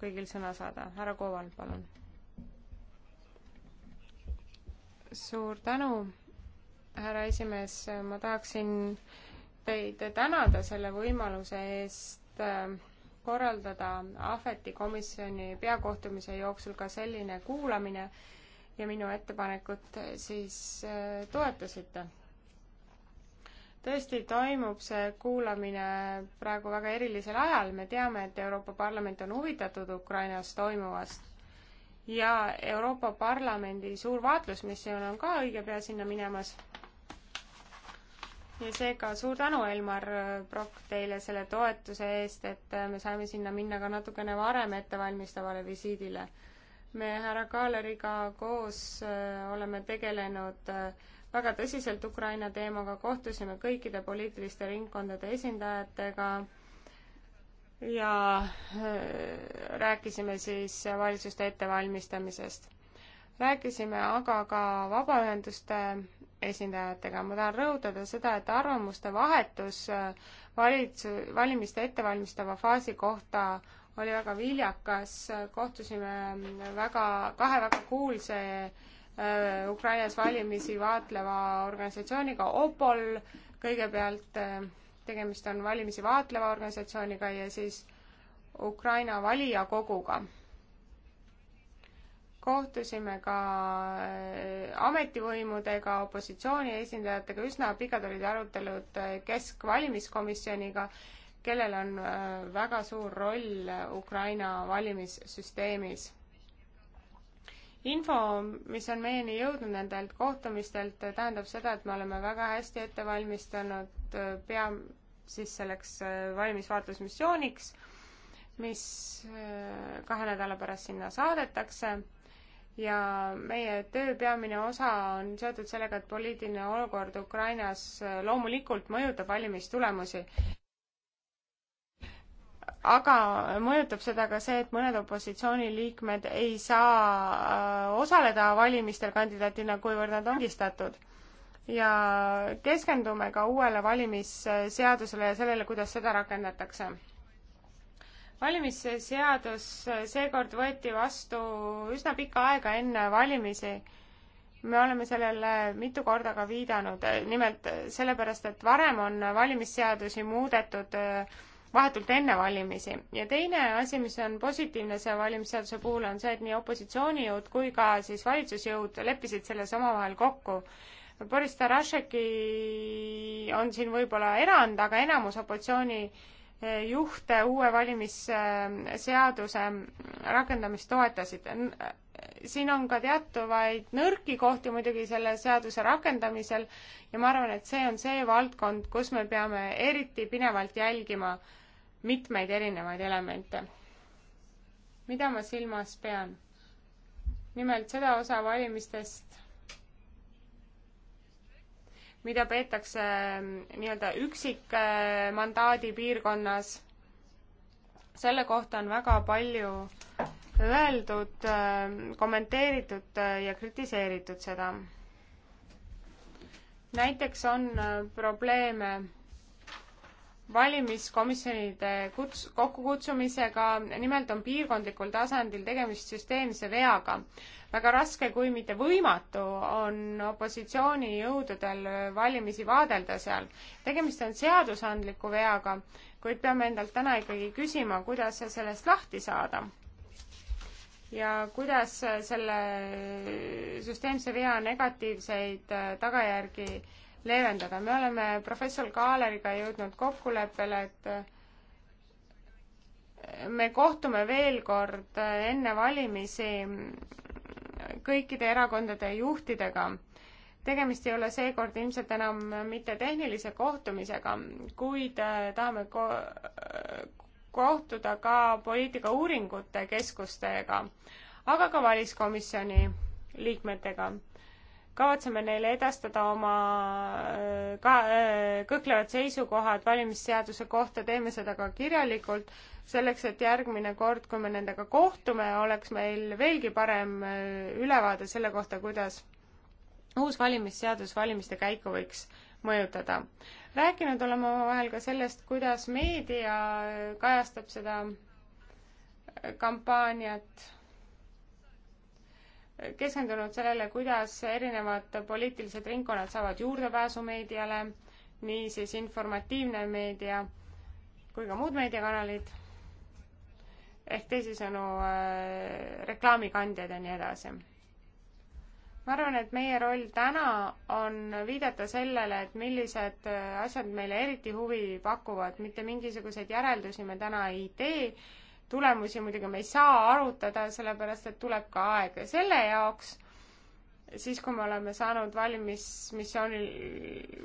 kõigil sõna saada. härra Koval, palun. suur tänu, härra esimees, ma tahaksin teid tänada selle võimaluse eest äh, korraldada Ahveti komisjoni peakohtumise jooksul ka selline kuulamine ja minu ettepanekut eh, siis eh, toetasite. tõesti toimub see kuulamine praegu väga erilisel ajal, me teame, et Euroopa Parlament on huvitatud Ukrainas toimuvast ja Euroopa Parlamendi suur vaatlusmissioon on ka õige pea sinna minemas. ja seega suur tänu, Elmar Brock, teile selle toetuse eest, et eh, me saime sinna minna ka natukene varem ettevalmistavale visiidile me härra Kaaleriga koos äh, oleme tegelenud äh, väga tõsiselt Ukraina teemaga, kohtusime kõikide poliitiliste ringkondade esindajatega ja äh, rääkisime siis valitsuste ettevalmistamisest. rääkisime aga ka vabaühenduste esindajatega. ma tahan rõhutada seda, et arvamuste vahetus valitsu-, valimiste ettevalmistava faasi kohta oli väga viljakas, kohtusime väga, kahe väga kuulse äh, Ukrainas valimisi vaatleva organisatsiooniga, Opol kõigepealt, äh, tegemist on valimisi vaatleva organisatsiooniga ja siis Ukraina valijakoguga. kohtusime ka äh, ametivõimudega, opositsiooni esindajatega, üsna pikad olid arutelud keskvalimiskomisjoniga kellel on äh, väga suur roll Ukraina valimissüsteemis. info, mis on meieni jõudnud nendelt kohtumistelt, tähendab seda, et me oleme väga hästi ette valmistanud äh, pea, siis selleks äh, valimisvaatlusmissiooniks, mis kahe nädala pärast sinna saadetakse ja meie töö peamine osa on seotud sellega, et poliitiline olukord Ukrainas loomulikult mõjutab valimistulemusi aga mõjutab seda ka see, et mõned opositsiooniliikmed ei saa äh, osaleda valimistel kandidaadina, kuivõrd nad on vangistatud. ja keskendume ka uuele valimisseadusele ja sellele, kuidas seda rakendatakse valimisseadus seekord võeti vastu üsna pikka aega enne valimisi. me oleme sellele mitu korda ka viidanud, nimelt sellepärast, et varem on valimisseadusi muudetud äh, vahetult enne valimisi. ja teine asi, mis on positiivne selle valimisseaduse puhul, on see, et nii opositsioonijõud kui ka siis valitsusjõud leppisid selles omavahel kokku. Boris Tarašeki on siin võib-olla erand, aga enamus opositsiooni eh, juhte uue valimisseaduse eh, rakendamist toetasid. Eh, siin on ka teatavaid nõrki kohti muidugi selle seaduse rakendamisel ja ma arvan, et see on see valdkond, kus me peame eriti pinevalt jälgima mitmeid erinevaid elemente. mida ma silmas pean? nimelt seda osa valimistest, mida peetakse mm, nii-öelda üksikmandaadi äh, piirkonnas. selle kohta on väga palju öeldud, äh, kommenteeritud äh, ja kritiseeritud seda näiteks on äh, probleeme valimiskomisjonide kuts-, kokkukutsumisega, nimelt on piirkondlikul tasandil tegemist süsteemse veaga. väga raske, kui mitte võimatu, on opositsioonijõududel valimisi vaadelda seal. tegemist on seadusandliku veaga, kuid peame endalt täna ikkagi küsima, kuidas sellest lahti saada ja kuidas selle süsteemse vea negatiivseid äh, tagajärgi leevendada. me oleme professor Kaaleriga jõudnud kokkuleppele, et äh, me kohtume veel kord äh, enne valimisi kõikide erakondade juhtidega. tegemist ei ole seekord ilmselt enam mitte tehnilise kohtumisega, kuid tahame ko-, kohtuda ka poliitikauuringute keskustega, aga ka valiskomisjoni liikmetega. kavatseme neile edastada oma äh, ka, äh, kõhklevad seisukohad valimisseaduse kohta, teeme seda ka kirjalikult, selleks et järgmine kord, kui me nendega kohtume, oleks meil veelgi parem äh, ülevaade selle kohta, kuidas uus valimisseadus valimiste käiku võiks mõjutada rääkinud oleme omavahel ka sellest, kuidas meedia kajastab seda kampaaniat, keskendunud sellele, kuidas erinevad poliitilised ringkonnad saavad juurdepääsu meediale, niisiis informatiivne meedia kui ka muud meediakanalid, ehk teisisõnu äh, reklaamikandjad ja nii edasi ma arvan, et meie roll täna on viidata sellele, et millised äh, asjad meile eriti huvi pakuvad, mitte mingisuguseid järeldusi me täna ei tee, tulemusi muidugi me ei saa arutada, sellepärast et tuleb ka aega selle jaoks, siis kui me oleme saanud valimismissioonil,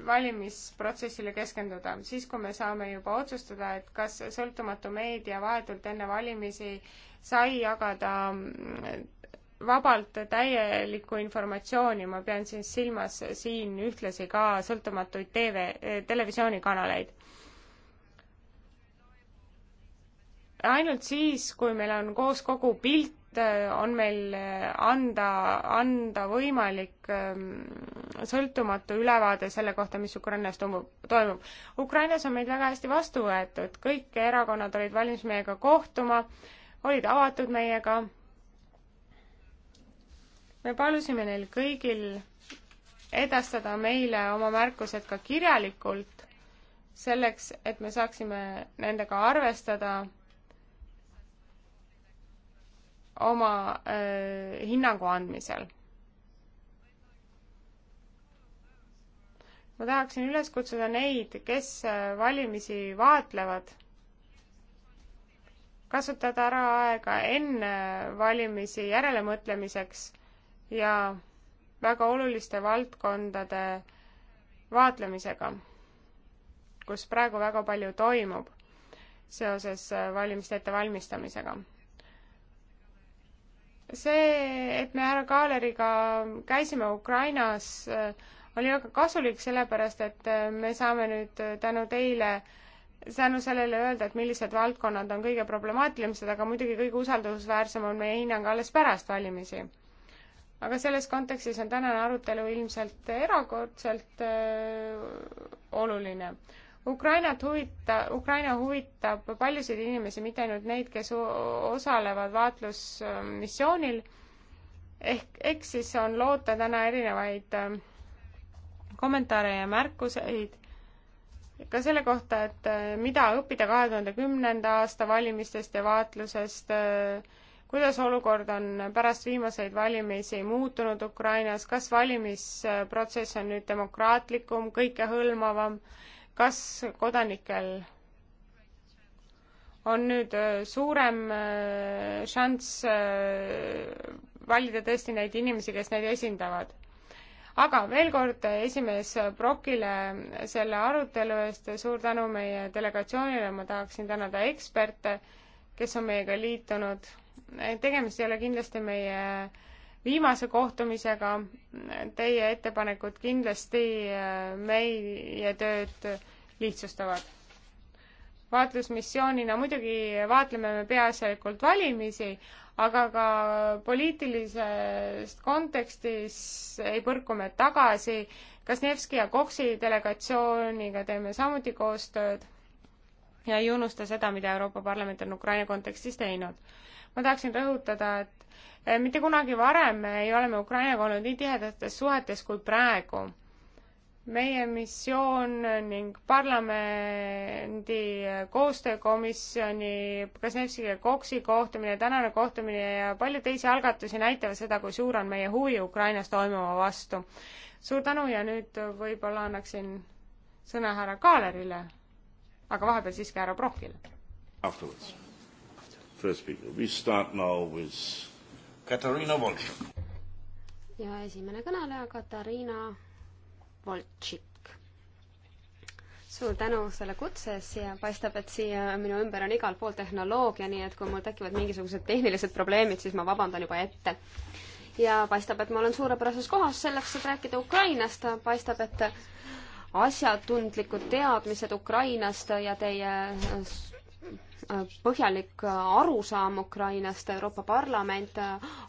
valimisprotsessile keskenduda, siis kui me saame juba otsustada, et kas sõltumatu meedia vahetult enne valimisi sai jagada mm, vabalt täielikku informatsiooni, ma pean siis silmas siin ühtlasi ka sõltumatuid TV, televisioonikanaleid. ainult siis, kui meil on koos kogu pilt, on meil anda, anda võimalik ähm, sõltumatu ülevaade selle kohta, mis Ukrainas toimub. Ukrainas on meid väga hästi vastu võetud, kõik erakonnad olid valmis meiega kohtuma, olid avatud meiega me palusime neil kõigil edastada meile oma märkused ka kirjalikult, selleks et me saaksime nendega arvestada oma öö, äh, hinnangu andmisel. ma tahaksin üles kutsuda neid, kes äh, valimisi vaatlevad, kasutada ära aega enne valimisi järelemõtlemiseks ja väga oluliste valdkondade vaatlemisega, kus praegu väga palju toimub seoses valimiste ettevalmistamisega. see, et me härra Kaaleriga käisime Ukrainas, oli väga kasulik, sellepärast et me saame nüüd tänu teile tänu sellele öelda, et millised valdkonnad on kõige problemaatilisemad, aga muidugi kõige usaldusväärsem on meie hinnang alles pärast valimisi aga selles kontekstis on tänane arutelu ilmselt erakordselt öö, äh, oluline. Ukrainat huvita, Ukraina huvitab paljusid inimesi, mitte ainult neid, kes osalevad vaatlusmissioonil, ehk, eks siis on loota täna erinevaid öö, äh, kommentaare ja märkuseid ka selle kohta, et äh, mida õppida kahe tuhande kümnenda aasta valimistest ja vaatlusest öö, kuidas olukord on pärast viimaseid valimisi muutunud Ukrainas, kas valimisprotsess on nüüd demokraatlikum, kõikehõlmavam, kas kodanikel on nüüd äh, suurem äh, šanss äh, valida tõesti neid inimesi, kes neid esindavad? aga veel kord esimees Brokile selle arutelu eest, suur tänu meie delegatsioonile, ma tahaksin tänada eksperte, kes on meiega liitunud tegemist ei ole kindlasti meie viimase kohtumisega, teie ettepanekud kindlasti äh, meie tööd lihtsustavad. vaatlusmissioonina muidugi vaatleme me peaasjalikult valimisi, aga ka poliitilisest kontekstis ei põrku me tagasi. Kasnevski ja Koksi delegatsiooniga teeme samuti koostööd ja ei unusta seda, mida Euroopa Parlament on Ukraina kontekstis teinud ma tahaksin rõhutada, et eh, mitte kunagi varem ei ole me Ukrainaga olnud nii tihedates suhetes kui praegu. meie missioon ning parlamendi eh, koostöökomisjoni Kasnevskiga KOKS-i kohtumine, tänane kohtumine ja palju teisi algatusi näitavad seda, kui suur on meie huvi Ukrainas toimuva vastu. suur tänu ja nüüd võib-olla annaksin sõna härra Kaalerile, aga vahepeal siiski härra Brochile. afterwards First speaker. We start now with Katariina Voltšik. ja esimene kõneleja Katariina Voltšik. suur tänu selle kutse eest siia, paistab, et siia minu ümber on igal pool tehnoloogia, nii et kui mul tekivad mingisugused tehnilised probleemid, siis ma vabandan juba ette. ja paistab, et ma olen suurepärases kohas selleks, et rääkida Ukrainast, paistab, et asjatundlikud teadmised Ukrainast ja teie põhjalik arusaam Ukrainast, Euroopa Parlament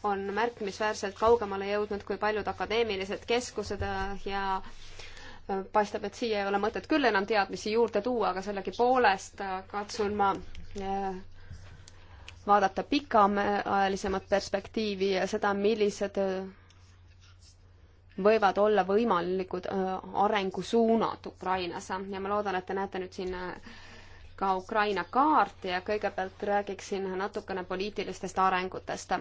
on märkimisväärselt kaugemale jõudnud kui paljud akadeemilised keskused ja paistab, et siia ei ole mõtet küll enam teadmisi juurde tuua, aga sellegipoolest katsun ma eh, vaadata pikaajalisemat perspektiivi ja seda, millised võivad olla võimalikud eh, arengusuunad Ukrainas ja ma loodan, et te näete nüüd siin eh, ka Ukraina kaarti ja kõigepealt räägiksin natukene poliitilistest arengutest.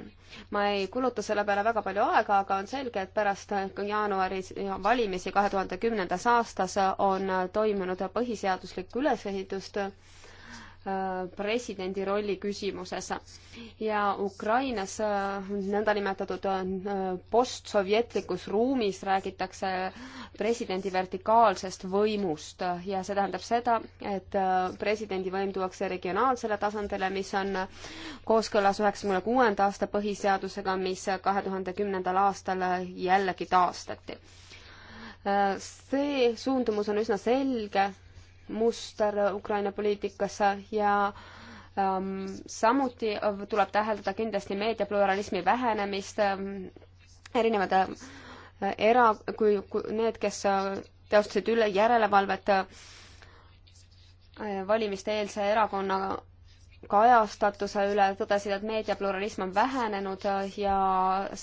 ma ei kuluta selle peale väga palju aega, aga on selge, et pärast jaanuari valimisi kahe tuhande kümnendas aastas on toimunud põhiseaduslikku ülesehitust Äh, presidendi rolli küsimuses. ja Ukrainas äh, nõndanimetatud äh, postsovjetlikus ruumis räägitakse presidendi vertikaalsest võimust ja see tähendab seda, et presidendi võim tuuakse regionaalsele tasandile, mis on kooskõlas üheksakümne kuuenda aasta põhiseadusega, mis kahe tuhande kümnendal aastal jällegi taastati see suundumus on üsna selge muster Ukraina poliitikasse ja ähm, samuti tuleb täheldada kindlasti meediapluralismi vähenemist ähm,, erinevad äh, era-, kui, kui need, kes äh, teostasid üle järelevalvet äh, valimiste-eelse erakonna kajastatuse üle, tõdesid, et meediapluralism on vähenenud ja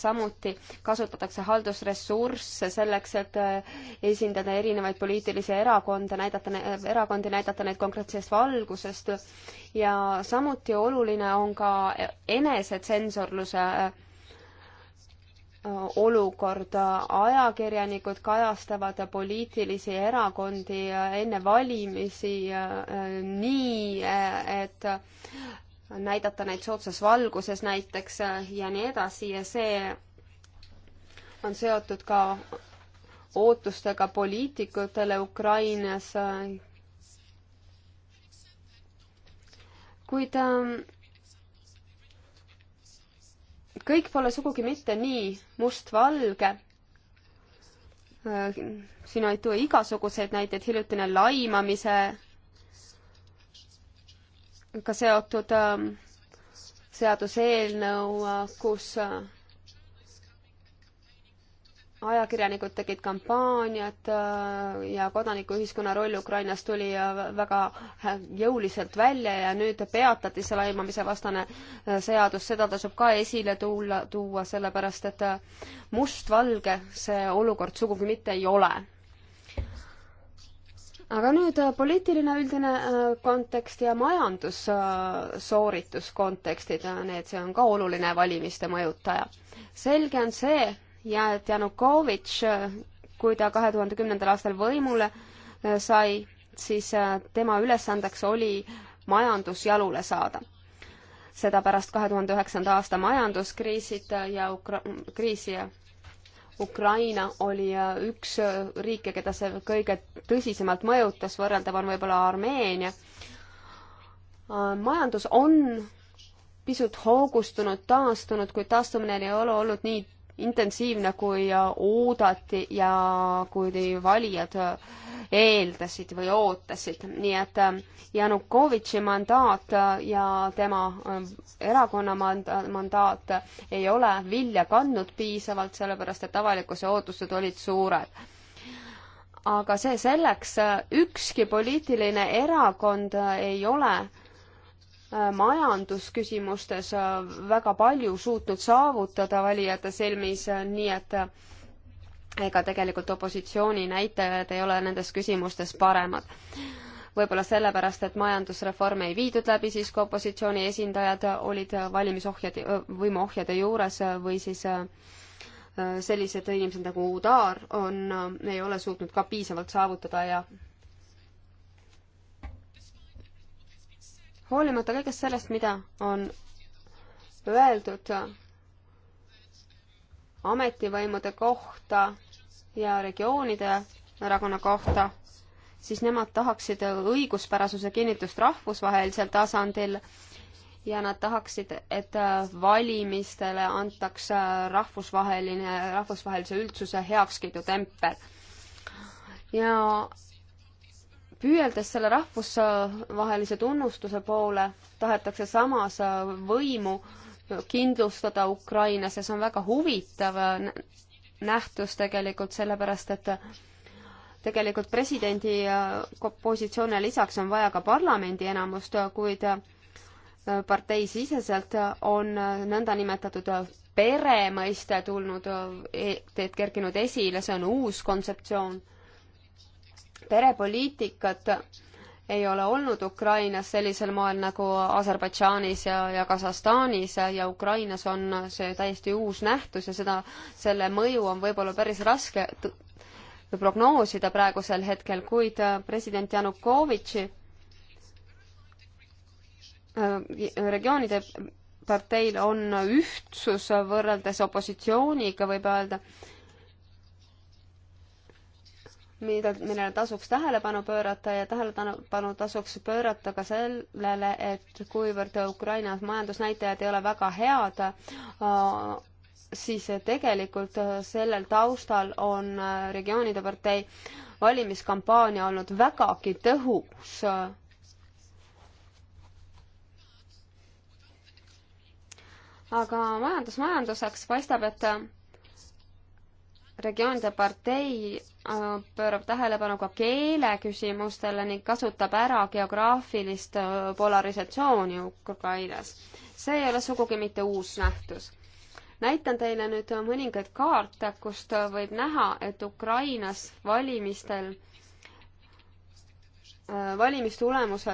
samuti kasutatakse haldusressursse selleks, et esindada erinevaid poliitilisi erakonda, näidata, erakondi, näidata neid konkreetsest valgusest ja samuti oluline on ka enesetsensorluse olukord, ajakirjanikud kajastavad poliitilisi erakondi enne valimisi äh, nii, äh, et näidata neid soodsas valguses näiteks äh, ja nii edasi ja see on seotud ka ootustega poliitikutele Ukrainas. kuid ähm, kõik pole sugugi mitte nii mustvalge. siin oli tuua igasuguseid näiteid, hiljutine laimamisega seotud ähm, seaduseelnõu, äh, kus äh, ajakirjanikud tegid kampaaniat äh, ja kodanikuühiskonna roll Ukrainas tuli äh, väga äh, jõuliselt välja ja nüüd peatati see laimamise vastane seadus, seda tasub ka esile tulla, tuua, sellepärast et mustvalge see olukord sugugi mitte ei ole. aga nüüd poliitiline üldine kontekst ja majandussoorituskontekstid, need, see on ka oluline valimiste mõjutaja. selge on see, ja Janukovitš, kui ta kahe tuhande kümnendal aastal võimule äh, sai, siis äh, tema ülesandeks oli majandus jalule saada. seda pärast kahe tuhande üheksanda aasta majanduskriisid äh, ja Ukra-, kriisi ja Ukraina oli üks riike, keda see kõige tõsisemalt mõjutas, võrreldav on võib-olla Armeenia. majandus on pisut hoogustunud, taastunud, kuid taastumine ei ole olnud nii intensiivne, kui oodati ja kui valijad eeldasid või ootasid. nii et äh, Janukovitši mandaat äh, ja tema äh, erakonna mandaat ei ole vilja kandnud piisavalt, sellepärast et avalikkuse ootused olid suured aga see selleks, ükski poliitiline erakond ei ole Äh, majandusküsimustes äh, väga palju suutnud saavutada valijate silmis, äh, nii et ega tegelikult opositsiooni näitajad ei ole nendes küsimustes paremad. võib-olla sellepärast, et majandusreforme ei viidud läbi siis, kui opositsiooni esindajad olid valimisohjad, võimuohjade juures või siis sellised inimesed nagu Udar on, ei ole suutnud ka piisavalt saavutada ja hoolimata kõigest sellest, mida on öeldud ametivõimude kohta ja regioonide erakonna kohta, siis nemad tahaksid õiguspärasuse kinnitust rahvusvahelisel tasandil ja nad tahaksid, et valimistele antaks rahvusvaheline, rahvusvahelise üldsuse heakskiidutempel. ja püüeldes selle rahvusvahelise tunnustuse poole, tahetakse samas äh, võimu kindlustada Ukrainas ja see on väga huvitav äh, nähtus tegelikult, sellepärast et äh, tegelikult presidendi positsioone lisaks on vaja ka parlamendi enamust, kuid parteisiseselt on nõndanimetatud pere mõiste tulnud, e-, kerkinud esile, see on uus kontseptsioon perepoliitikat ei ole olnud Ukrainas sellisel moel nagu Aserbaidžaanis ja, ja Kasahstanis ja Ukrainas on see täiesti uus nähtus ja seda, selle mõju on võib-olla päris raske prognoosida praegusel hetkel, kuid äh, president Janukovitši äh, regioonide parteil on ühtsus võrreldes opositsiooniga, võib öelda, mida, millele tasuks tähelepanu pöörata ja tähelepanu tasuks pöörata ka sellele, et kuivõrd Ukraina majandusnäitajad ei ole väga head, äh, siis tegelikult sellel taustal on äh, regioonide partei valimiskampaania olnud vägagi tõhus. aga majandus majanduseks paistab, et regioonide partei pöörab tähelepanu ka keele küsimustele ning kasutab ära geograafilist äh, polarisatsiooni Ukrainas. see ei ole sugugi mitte uus nähtus. näitan teile nüüd mõningaid kaarte, kust võib näha, et Ukrainas valimistel valimistulemused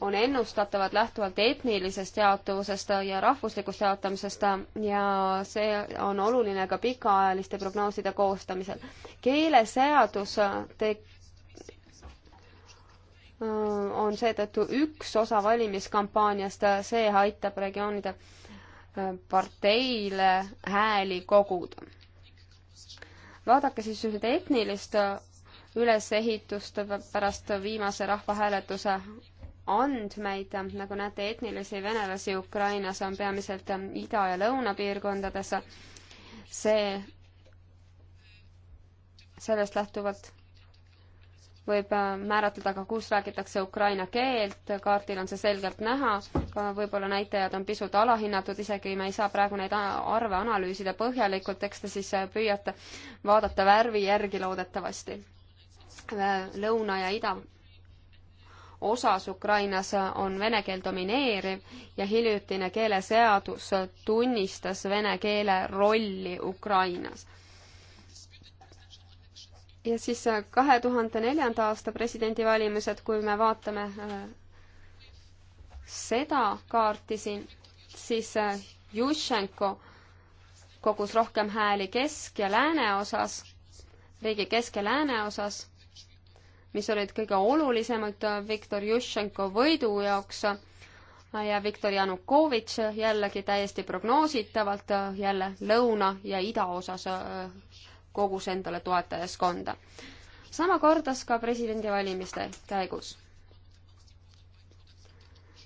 on ennustatavad lähtuvalt etnilisest jaotuvusest ja rahvuslikust jaotamisest ja see on oluline ka pikaajaliste prognooside koostamisel. keeleseadus te-, on seetõttu üks osa valimiskampaaniast, see aitab regioonide parteile hääli koguda. vaadake siis nüüd etnilist ülesehitust pärast viimase rahvahääletuse andmeid, nagu näete, etnilisi venelasi Ukrainas on peamiselt ida- ja lõunapiirkondades. see, sellest lähtuvalt võib äh, määratleda ka, kus räägitakse ukraina keelt, kaardil on see selgelt näha, ka võib-olla näitajad on pisut alahinnatud, isegi me ei saa praegu neid arve analüüsida põhjalikult, eks te siis äh, püüate vaadata värvi järgi loodetavasti Äh, lõuna ja ida osas Ukrainas on vene keel domineeriv ja hiljutine keeleseadus tunnistas vene keele rolli Ukrainas. ja siis äh, kahe tuhande neljanda aasta presidendivalimised, kui me vaatame äh, seda kaarti siin, siis Jušenko kogus rohkem hääli kesk- ja lääne osas, riigi kesk- ja lääne osas mis olid kõige olulisemad äh, Viktor Jušenko võidu jaoks äh, ja Viktor Janukovitš äh, jällegi täiesti prognoositavalt jälle lõuna ja ida osas kogus endale toetajaskonda. sama kordas ka presidendivalimiste käigus.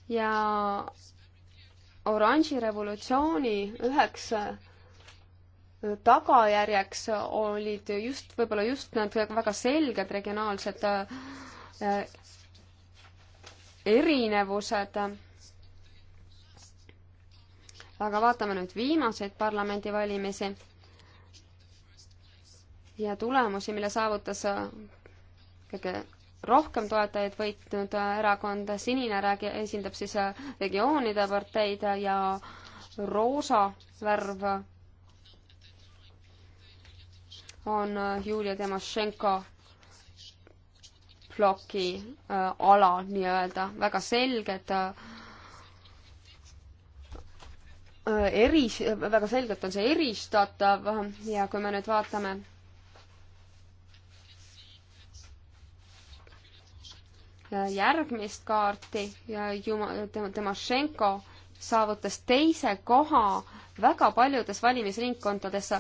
ja oranži revolutsiooni üheks tagajärjeks olid just, võib-olla just need väga selged regionaalsed äh, erinevused. aga vaatame nüüd viimaseid parlamendivalimisi ja tulemusi, mille saavutas äh, kõige rohkem toetajaid võitnud äh, erakond, Sinine räägi-, esindab siis regioonide parteid ja roosa värv on äh, Julia Timošenko ploki äh, ala nii-öelda, väga selged äh, äh, eris, väga selgelt on see eristatav ja kui me nüüd vaatame järgmist kaarti ja Juma-, Timošenko saavutas teise koha väga paljudes valimisringkondades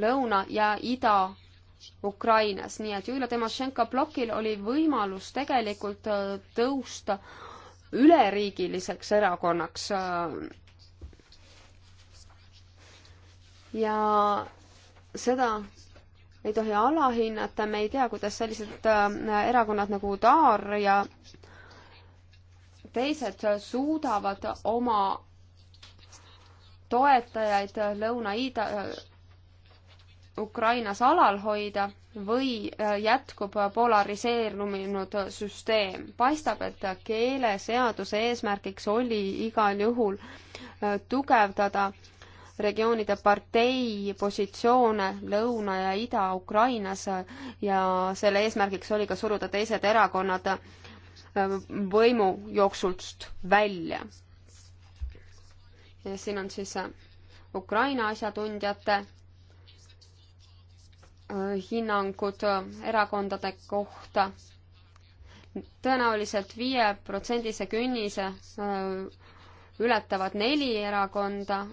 Lõuna- ja Ida-Ukrainas, nii et Julia Timošenko plokil oli võimalus tegelikult äh, tõusta üleriigiliseks erakonnaks. Äh. ja seda ei tohi alahinnata, me ei tea, kuidas sellised äh, erakonnad nagu Daar ja teised suudavad oma toetajaid Lõuna-Ida Ukrainas alal hoida või äh, jätkub polariseerunud süsteem. paistab, et keeleseaduse eesmärgiks oli igal juhul äh, tugevdada regioonide partei positsioone Lõuna- ja Ida-Ukrainas äh, ja selle eesmärgiks oli ka suruda teised erakonnad võimu jooksult välja. ja siin on siis Ukraina asjatundjate hinnangud äh, erakondade kohta. tõenäoliselt viieprotsendise künnise äh, ületavad neli erakonda, äh,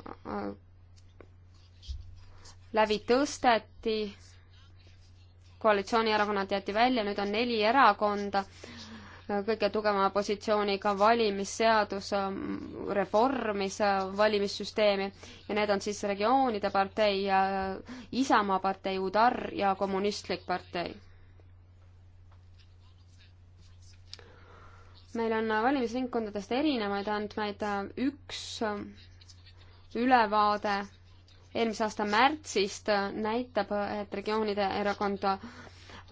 läbi tõsteti, koalitsioonierakonnad jäeti välja, nüüd on neli erakonda kõige tugevama positsiooniga valimisseadus reformis valimissüsteemi ja need on siis regioonide partei, Isamaa partei, Udar ja Kommunistlik partei. meil on valimisringkondadest erinevaid andmeid, üks ülevaade eelmise aasta märtsist näitab, et regioonide erakond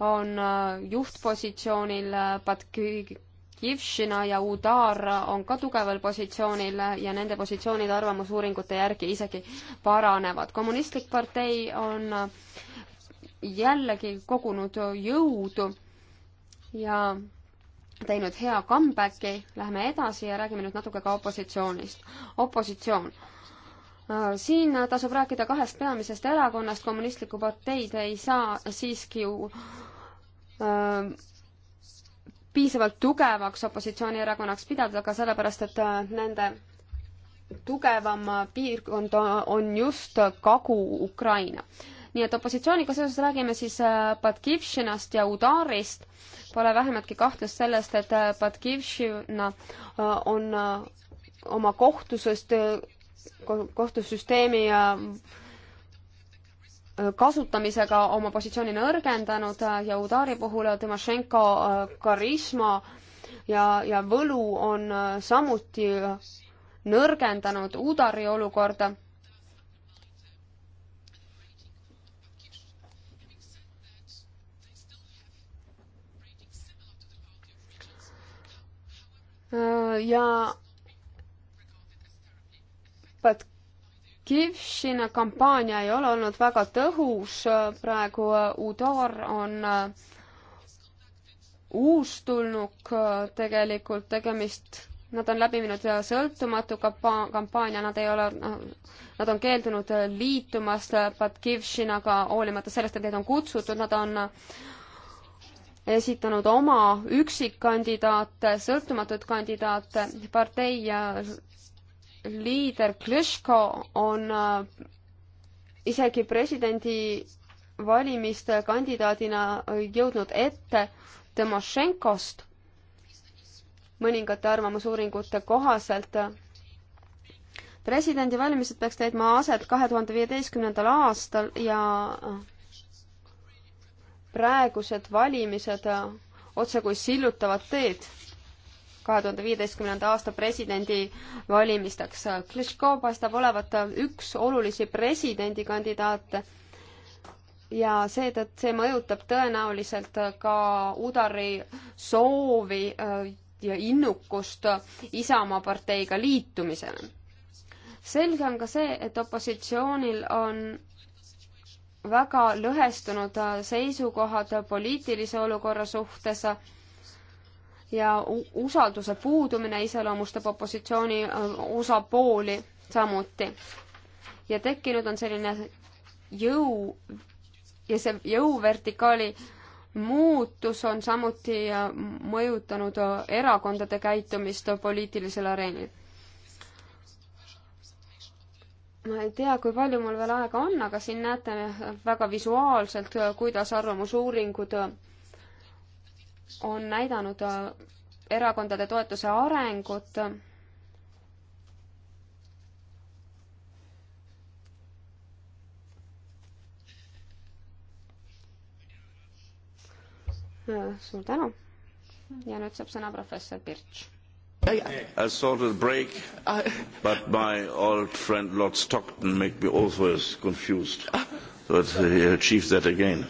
on äh, juhtpositsioonil, äh, Batkivšina ja Udar on ka tugeval positsioonil ja nende positsioonid arvamusuuringute järgi isegi paranevad. kommunistlik partei on äh, jällegi kogunud jõudu ja teinud hea comeback'i, lähme edasi ja räägime nüüd natuke ka opositsioonist. opositsioon. siin tasub rääkida kahest peamisest erakonnast, kommunistlikku parteid ei saa siiski ju Äh, piisavalt tugevaks opositsioonierakonnaks pidada, aga sellepärast, et äh, nende tugevam piirkond on just Kagu-Ukraina. nii et opositsiooniga seoses räägime siis Batkivšinast äh, ja Udarist. Pole vähematki kahtlust sellest, et Batkivšina on oma kohtusüst-, kohtusüsteemi kasutamisega oma positsiooni nõrgendanud äh, ja Udari puhul Timošenko äh, karisma ja, ja võlu on äh, samuti nõrgendanud Udari olukorda. ja but Kivšina kampaania ei ole olnud väga tõhus, praegu Udor on äh, uustulnuk äh, tegelikult, tegemist, nad on läbi viinud äh, sõltumatu kampa-, kampaania, nad ei ole, nad on keeldunud liitumast Batkivšinaga, hoolimata sellest, et neid on kutsutud, nad on esitanud oma üksikkandidaate, sõltumatuid kandidaate, partei liider Klõško on äh, isegi presidendivalimiste kandidaadina jõudnud ette Tõmošenkost. mõningate arvamusuuringute kohaselt presidendivalimised peaks leidma aset kahe tuhande viieteistkümnendal aastal ja praegused valimised otsekui sillutavad teed kahe tuhande viieteistkümnenda aasta presidendivalimisteks. Klitschko paistab olevat üks olulisi presidendikandidaate ja seetõttu see mõjutab tõenäoliselt ka Udari soovi äh, ja innukust Isamaa parteiga liitumisele. selge on ka see, et opositsioonil on väga lõhestunud seisukohad poliitilise olukorra suhtes ja usalduse puudumine iseloomustab opositsiooni äh, osapooli samuti. ja tekkinud on selline jõu ja see jõuvertikaali muutus on samuti äh, mõjutanud äh, erakondade käitumist poliitilisel areenil. ma ei tea, kui palju mul veel aega on, aga siin näete väga visuaalselt, kuidas arvamusuuringud on näidanud äh, erakondade toetuse arengut. Äh, suur tänu. ja nüüd saab sõna professor Birch. I thought a break, but my old friend Lord Stockton made me also as confused. Ah. But uh, he achieved that again.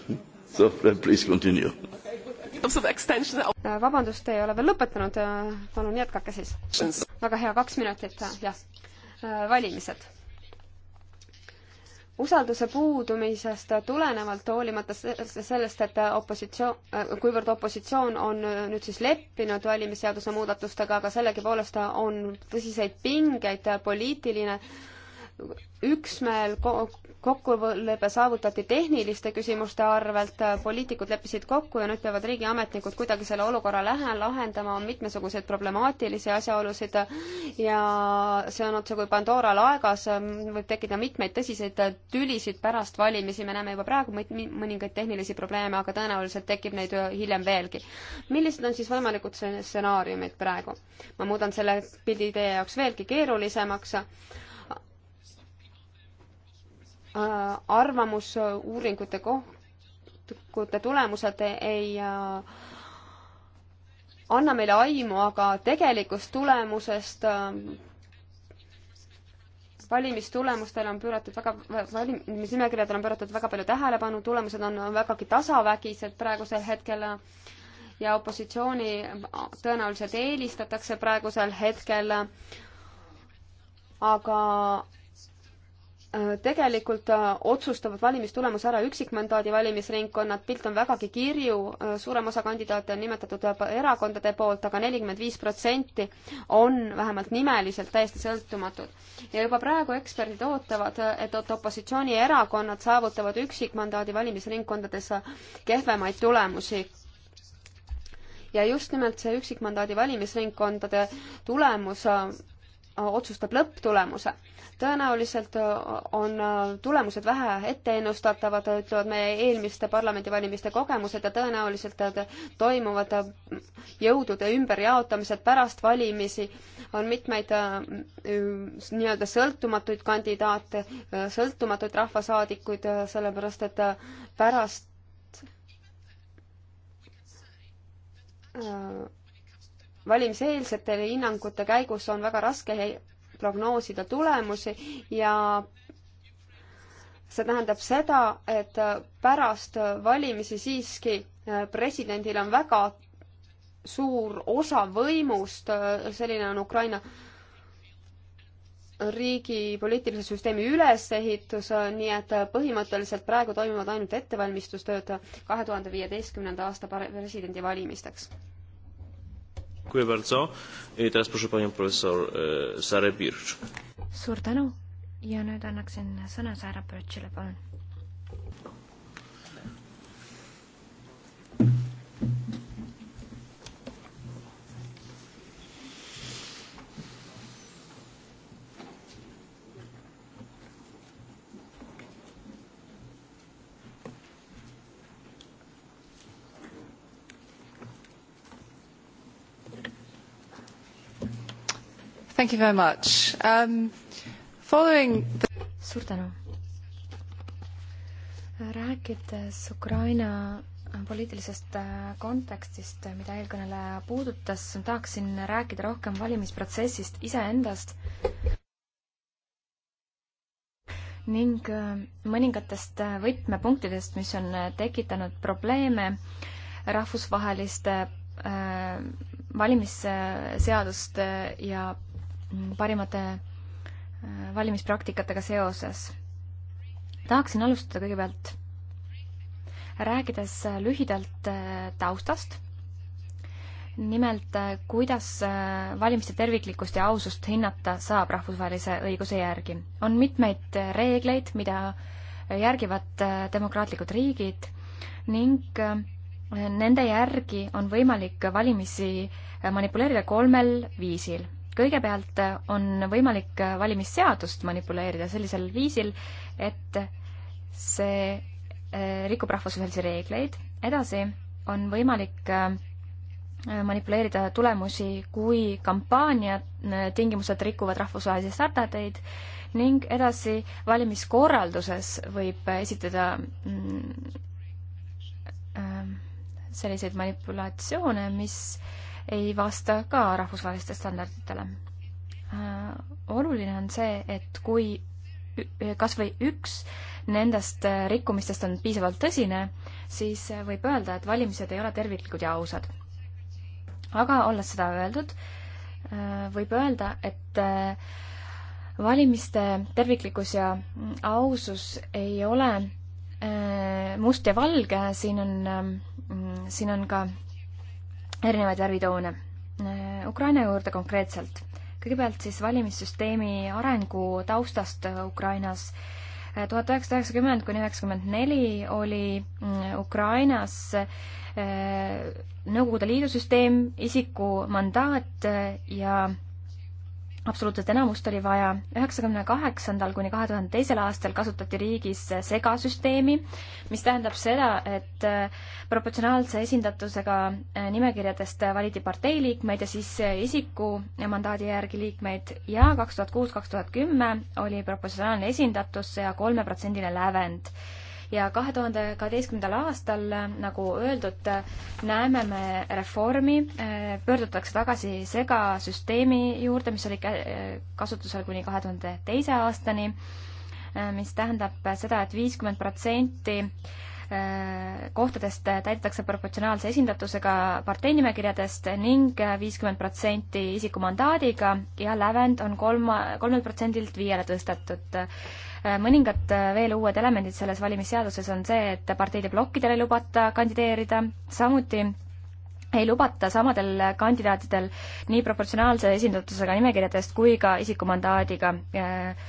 So uh, please continue. Äh, vabandust, ei ole veel lõpetanud, äh, palun jätkake siis. väga hea, kaks minutit, äh, jah. valimised usalduse puudumisest tulenevalt, hoolimata sellest, et opositsioon, kuivõrd opositsioon on nüüd siis leppinud valimisseaduse muudatustega, aga sellegipoolest on tõsiseid pingeid, poliitiline äh, üksmeel kokkulepe saavutati tehniliste küsimuste arvelt, poliitikud leppisid kokku ja nüüd peavad riigiametnikud kuidagi selle olukorra lähe-, lahendama, on mitmesuguseid problemaatilisi asjaolusid ja see on otsekui Pandora laegas, võib tekkida mitmeid tõsiseid tülisid pärast valimisi, me näeme juba praegu mõningaid tehnilisi probleeme, aga tõenäoliselt tekib neid hiljem veelgi. millised on siis võimalikud stsenaariumid praegu? ma muudan selle pildi teie jaoks veelgi keerulisemaks Äh, arvamusuuringute kohtute tulemused ei äh, anna meile aimu aga tegelikust tulemusest. Äh, valimistulemustel on pööratud väga, valimisnimekirjadel on pööratud väga palju tähelepanu, tulemused on vägagi tasavägised praegusel hetkel ja opositsiooni tõenäoliselt eelistatakse praegusel hetkel. aga Äh, tegelikult äh, otsustavad valimistulemuse ära üksikmandaadi valimisringkonnad, pilt on vägagi kirju, äh, suurem osa kandidaate on nimetatud erakondade poolt aga, aga nelikümmend viis protsenti on vähemalt nimeliselt täiesti sõltumatud. ja juba praegu eksperdid ootavad, et opositsioonierakonnad saavutavad üksikmandaadi valimisringkondades kehvemaid tulemusi ja just nimelt see üksikmandaadi valimisringkondade tulemus otsustab lõpptulemuse. tõenäoliselt äh, on äh, tulemused vähe etteennustatavad, ütlevad meie eelmiste parlamendivalimiste kogemused ja tõenäoliselt äh, toimuvad jõudude ümberjaotamised pärast valimisi, on mitmeid nii-öelda sõltumatuid kandidaate, sõltumatuid rahvasaadikuid, sellepärast et pärast valimiseelsete hinnangute käigus on väga raske prognoosida tulemusi ja see tähendab seda, et pärast valimisi siiski äh, presidendil on väga suur osa võimust, äh, selline on Ukraina riigi poliitilise süsteemi ülesehitus, äh, nii et põhimõtteliselt praegu toimuvad ainult ettevalmistustööd kahe tuhande viieteistkümnenda aasta presidendivalimisteks. Dziękuję bardzo. I e, teraz proszę panią profesor e, Sarę Bircz. Suur tänu ja nüüd annaksin sõna Saara Birchile, palun Thank you very much um,. Following the... suur tänu. rääkides Ukraina poliitilisest äh, kontekstist, äh, mida eelkõneleja puudutas, tahaksin rääkida rohkem valimisprotsessist iseendast ning äh, mõningatest võtmepunktidest, mis on tekitanud probleeme rahvusvaheliste valimisseaduste ja parimate äh, valimispraktikatega seoses. tahaksin alustada kõigepealt rääkides äh, lühidalt äh, taustast, nimelt kuidas valimiste terviklikkust ja ausust hinnata saab rahvusvahelise õiguse järgi. on mitmeid reegleid, mida järgivad demokraatlikud riigid ning nende järgi on võimalik valimisi manipuleerida kolmel viisil kõigepealt äh, on võimalik äh, valimisseadust manipuleerida sellisel viisil, et see äh, rikub rahvusvahelisi reegleid, edasi on võimalik manipuleerida tulemusi, kui kampaania tingimused rikuvad rahvusvahelisi säteteid ning edasi valimiskorralduses võib esitada mm, selliseid manipulatsioone, mis äh, ei vasta ka rahvusvahelistele standarditele. Äh, oluline on see, et kui kas või üks nendest äh, rikkumistest on piisavalt tõsine, siis äh, võib öelda, et valimised ei ole terviklikud ja ausad. aga olles seda öeldud, võib öelda, et valimiste terviklikkus ja mm, ausus ei ole must ja valge, siin on, mm, siin on ka erinevaid värvitoone. Ukraina juurde konkreetselt. kõigepealt siis valimissüsteemi arengu taustast Ukrainas. tuhat üheksasada üheksakümmend kuni üheksakümmend neli oli mm, Ukrainas äh, Nõukogude Liidu süsteem, isiku mandaat äh, ja absoluutset enamust oli vaja. üheksakümne kaheksandal kuni kahe tuhande teisel aastal kasutati riigis segasüsteemi, mis tähendab seda, et äh, proportsionaalse esindatusega äh, nimekirjadest valiti partei liikmeid ja siis äh, isiku mandaadi järgi liikmeid ja kaks tuhat kuus, kaks tuhat kümme oli proportsionaalne esindatus ja kolmeprotsendine lävend ja kahe tuhande kaheteistkümnendal aastal, nagu öeldud, näeme me reformi, eh, pöördutakse tagasi segasüsteemi juurde, mis oli eh, kasutusel kuni kahe tuhande teise aastani, eh, mis tähendab seda et, et viiskümmend protsenti kohtadest täidetakse proportsionaalse esindatusega parteinimekirjadest ning viiskümmend protsenti isiku mandaadiga ja lävend on kolma, kolmelt protsendilt viiele tõstetud. Äh, mõningad äh, veel uued elemendid selles valimisseaduses on see, et parteide plokkidel ei lubata kandideerida, samuti ei lubata samadel kandidaatidel nii proportsionaalse esindatusega nimekirjadest kui ka isikumandaadiga äh,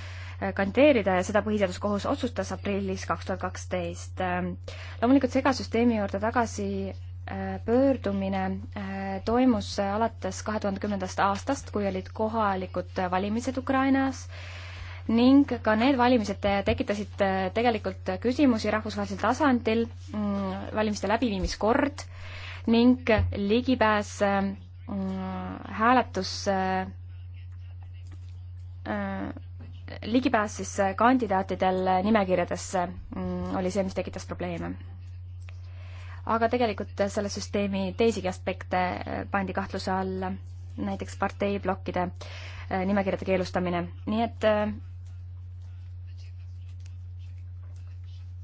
kandideerida ja seda põhiseaduskohus otsustas aprillis kaks tuhat kaksteist. loomulikult segasüsteemi juurde tagasi pöördumine toimus alates kahe tuhande kümnendast aastast, kui olid kohalikud valimised Ukrainas ning ka need valimised tekitasid äh, tegelikult küsimusi rahvusvahelisel tasandil, mm, valimiste läbiviimiskord ning ligipääs äh, hääletus, äh, ligipääs siis kandidaatidel nimekirjadesse mm, oli see, mis tekitas probleeme aga tegelikult selle süsteemi teisigi aspekte pandi kahtluse alla, näiteks parteiblokkide nimekirjade keelustamine, nii et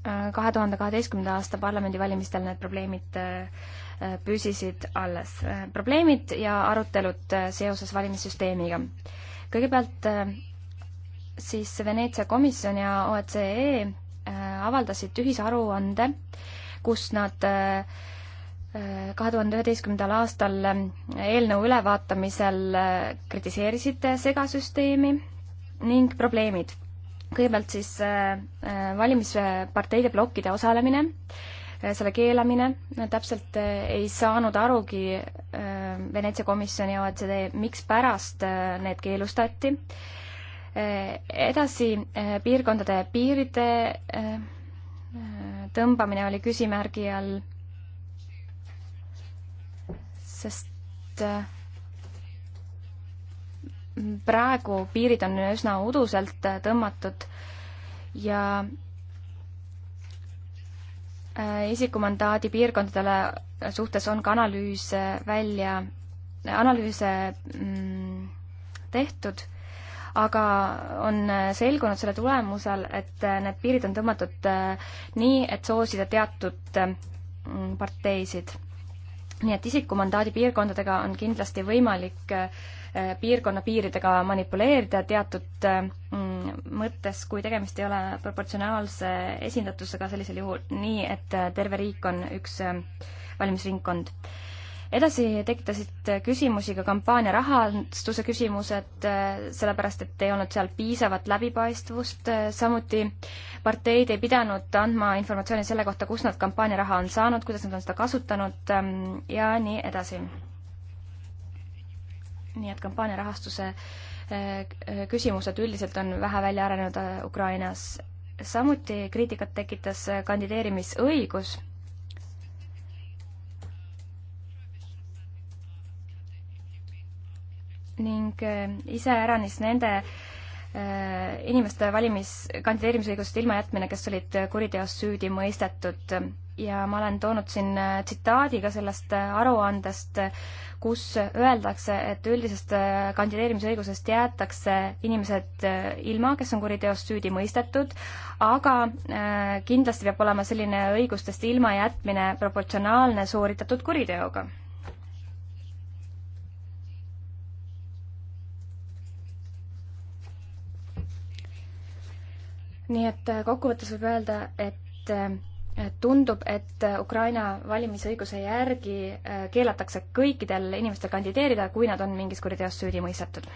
kahe tuhande kaheteistkümnenda aasta parlamendivalimistel need probleemid äh, püsisid alles. Äh, probleemid ja arutelud äh, seoses valimissüsteemiga. kõigepealt siis Veneetsia komisjon ja OECD e, avaldasid ühisaruande, kus nad kahe tuhande üheteistkümnendal aastal eelnõu ülevaatamisel kritiseerisid segasüsteemi ning probleemid kõigepealt siis äh, äh, valimisparteide blokkide osalemine, äh, selle keelamine, täpselt ei saanud arugi Veneetsia komisjon ja OECD, mikspärast need keelustati. edasi piirkondade piiride tõmbamine oli küsimärgi all, sest praegu piirid on üsna uduselt äh, tõmmatud ja äh, isikumandaadi piirkondadele suhtes on ka analüüs välja, analüüse mm, tehtud, aga on äh, selgunud selle tulemusel, et need piirid on tõmmatud nii, et soosida teatud mm, parteisid. nii et isikumandaadi piirkondadega on kindlasti võimalik äh, Äh, piirkonna piiridega manipuleerida teatud äh, mm, mõttes, kui tegemist ei ole proportsionaalse esindatusega sellisel juhul, nii et äh, terve riik on üks valimisringkond edasi tekitasid küsimusi ka kampaania rahastuse küsimused, sellepärast et ei olnud seal piisavat läbipaistvust, samuti parteid ei pidanud andma informatsiooni selle kohta, kust nad kampaania raha on saanud, kuidas nad on seda kasutanud ähm, ja nii edasi nii et kampaania rahastuse eh, küsimused üldiselt on vähe välja arenenud eh, Ukrainas. samuti kriitikat tekitas eh, kandideerimisõigus. ning iseäranis nende inimeste valimis, kandideerimisõigusest ilma jätmine, kes olid kuriteos süüdi mõistetud ja ma olen toonud siin äh, tsitaadi ka sellest äh, aruandest, kus öeldakse, et üldisest äh, kandideerimisõigusest jäetakse inimesed ilma, kes on kuriteost süüdi mõistetud, aga kindlasti peab olema selline õigustest ilmajätmine proportsionaalne sooritatud kuriteoga. nii et kokkuvõttes võib öelda, et tundub, et äh, Ukraina valimisõiguse järgi äh, keelatakse kõikidel inimestel kandideerida, kui nad on mingis kuriteos süüdi mõistetud.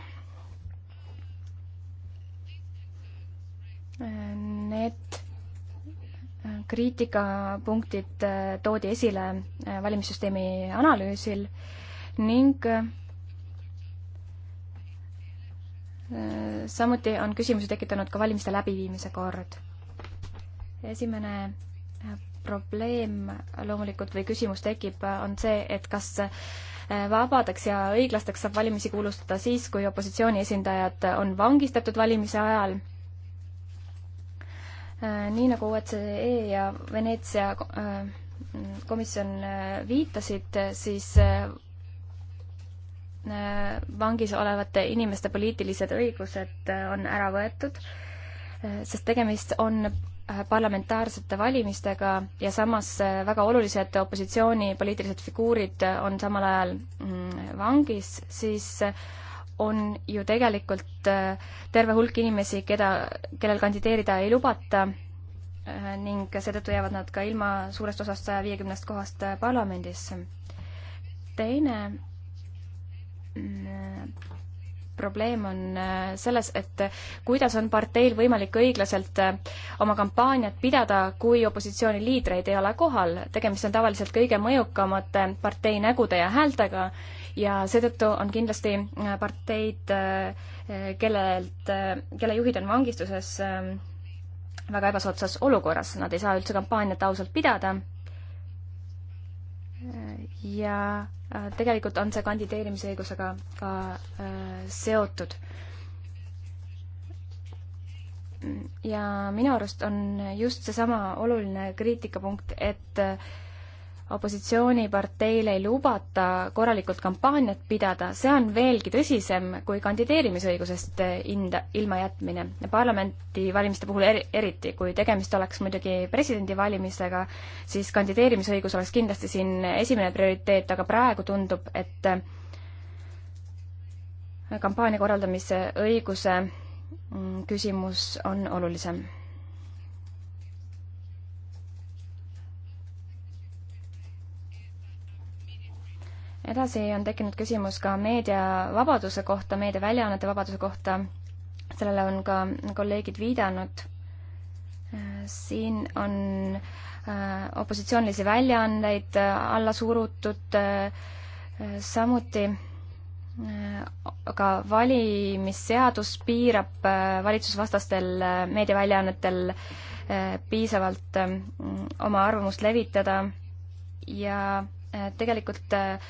Äh, need kriitikapunktid toodi esile valimissüsteemi analüüsil ning samuti on küsimusi tekitanud ka valimiste läbiviimise kord. esimene probleem loomulikult või küsimus tekib, on see, et kas äh, vabadeks ja õiglasteks saab valimisi kuulutada siis, kui opositsiooni esindajad on vangistatud valimise ajal. Äh, nii nagu OECD e ja Veneetsia äh, komisjon viitasid, siis vangis olevate inimeste poliitilised õigused on ära võetud, sest tegemist on Äh, parlamentaarsete valimistega ja samas äh, väga olulised opositsiooni poliitilised figuurid äh, on samal ajal mm, vangis, siis on ju tegelikult terve hulk inimesi, keda, kellel kandideerida ei lubata ning seetõttu jäävad nad ka ilma suurest osast saja viiekümnest kohast parlamendis. teine mm, probleem on äh, selles, et äh, kuidas on parteil võimalik õiglaselt äh, oma kampaaniat pidada, kui opositsiooni liidreid ei ole kohal. tegemist on tavaliselt kõige mõjukamate partei nägude ja häältega ja seetõttu on kindlasti parteid, kellelt, kelle juhid on vangistuses, väga ebasoodsas olukorras, nad ei saa üldse kampaaniat ausalt pidada ja Äh, tegelikult on see kandideerimisõigusega ka äh, seotud. ja minu arust on just seesama oluline kriitikapunkt, et äh, opositsiooniparteil ei lubata korralikult kampaaniat pidada, see on veelgi tõsisem kui kandideerimisõigusest inda, ilmajätmine. parlamendivalimiste puhul eri, eriti, kui tegemist oleks muidugi presidendivalimisega, siis kandideerimisõigus oleks kindlasti siin esimene prioriteet, aga praegu tundub, et kampaania korraldamise õiguse mm, küsimus on olulisem edasi on tekkinud küsimus ka meediavabaduse kohta, meediaväljaannete vabaduse kohta. sellele on ka kolleegid viidanud. siin on äh, opositsioonilisi väljaandeid äh, alla surutud, äh, samuti aga valimisseadus piirab valitsusvastastel meediaväljaannetel piisavalt oma arvamust levitada ja tegelikult äh,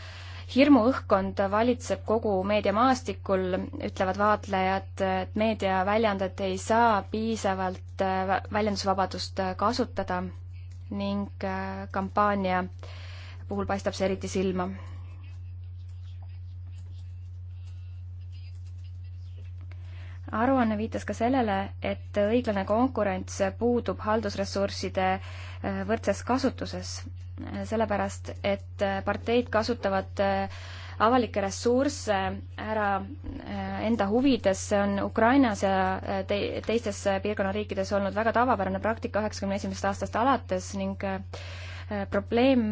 hirmuõhkkond valitseb kogu meediamaastikul, ütlevad vaatlejad, et meediaväljaanded ei saa piisavalt äh, väljendusvabadust äh, kasutada ning äh, kampaania puhul paistab see eriti silma aruanne viitas ka sellele, et õiglane konkurents puudub haldusressursside võrdses kasutuses sellepärast et parteid kasutavad äh, avalikke ressursse ära äh, enda huvides, see on Ukrainas ja äh, te-, teistes piirkonna riikides olnud väga tavapärane praktika üheksakümne esimesest aastast alates ning probleem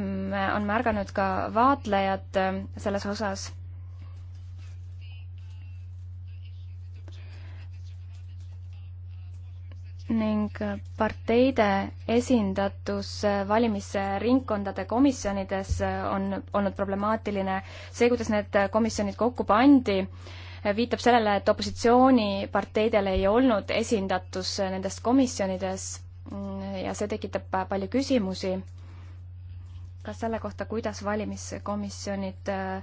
on märganud ka vaatlejad selles osas ning parteide esindatus valimisringkondade komisjonides on olnud problemaatiline. see, kuidas need komisjonid kokku pandi, viitab sellele, et opositsiooniparteidel ei olnud esindatus nendes komisjonides ja see tekitab palju küsimusi ka selle kohta, kuidas valimiskomisjonid äh,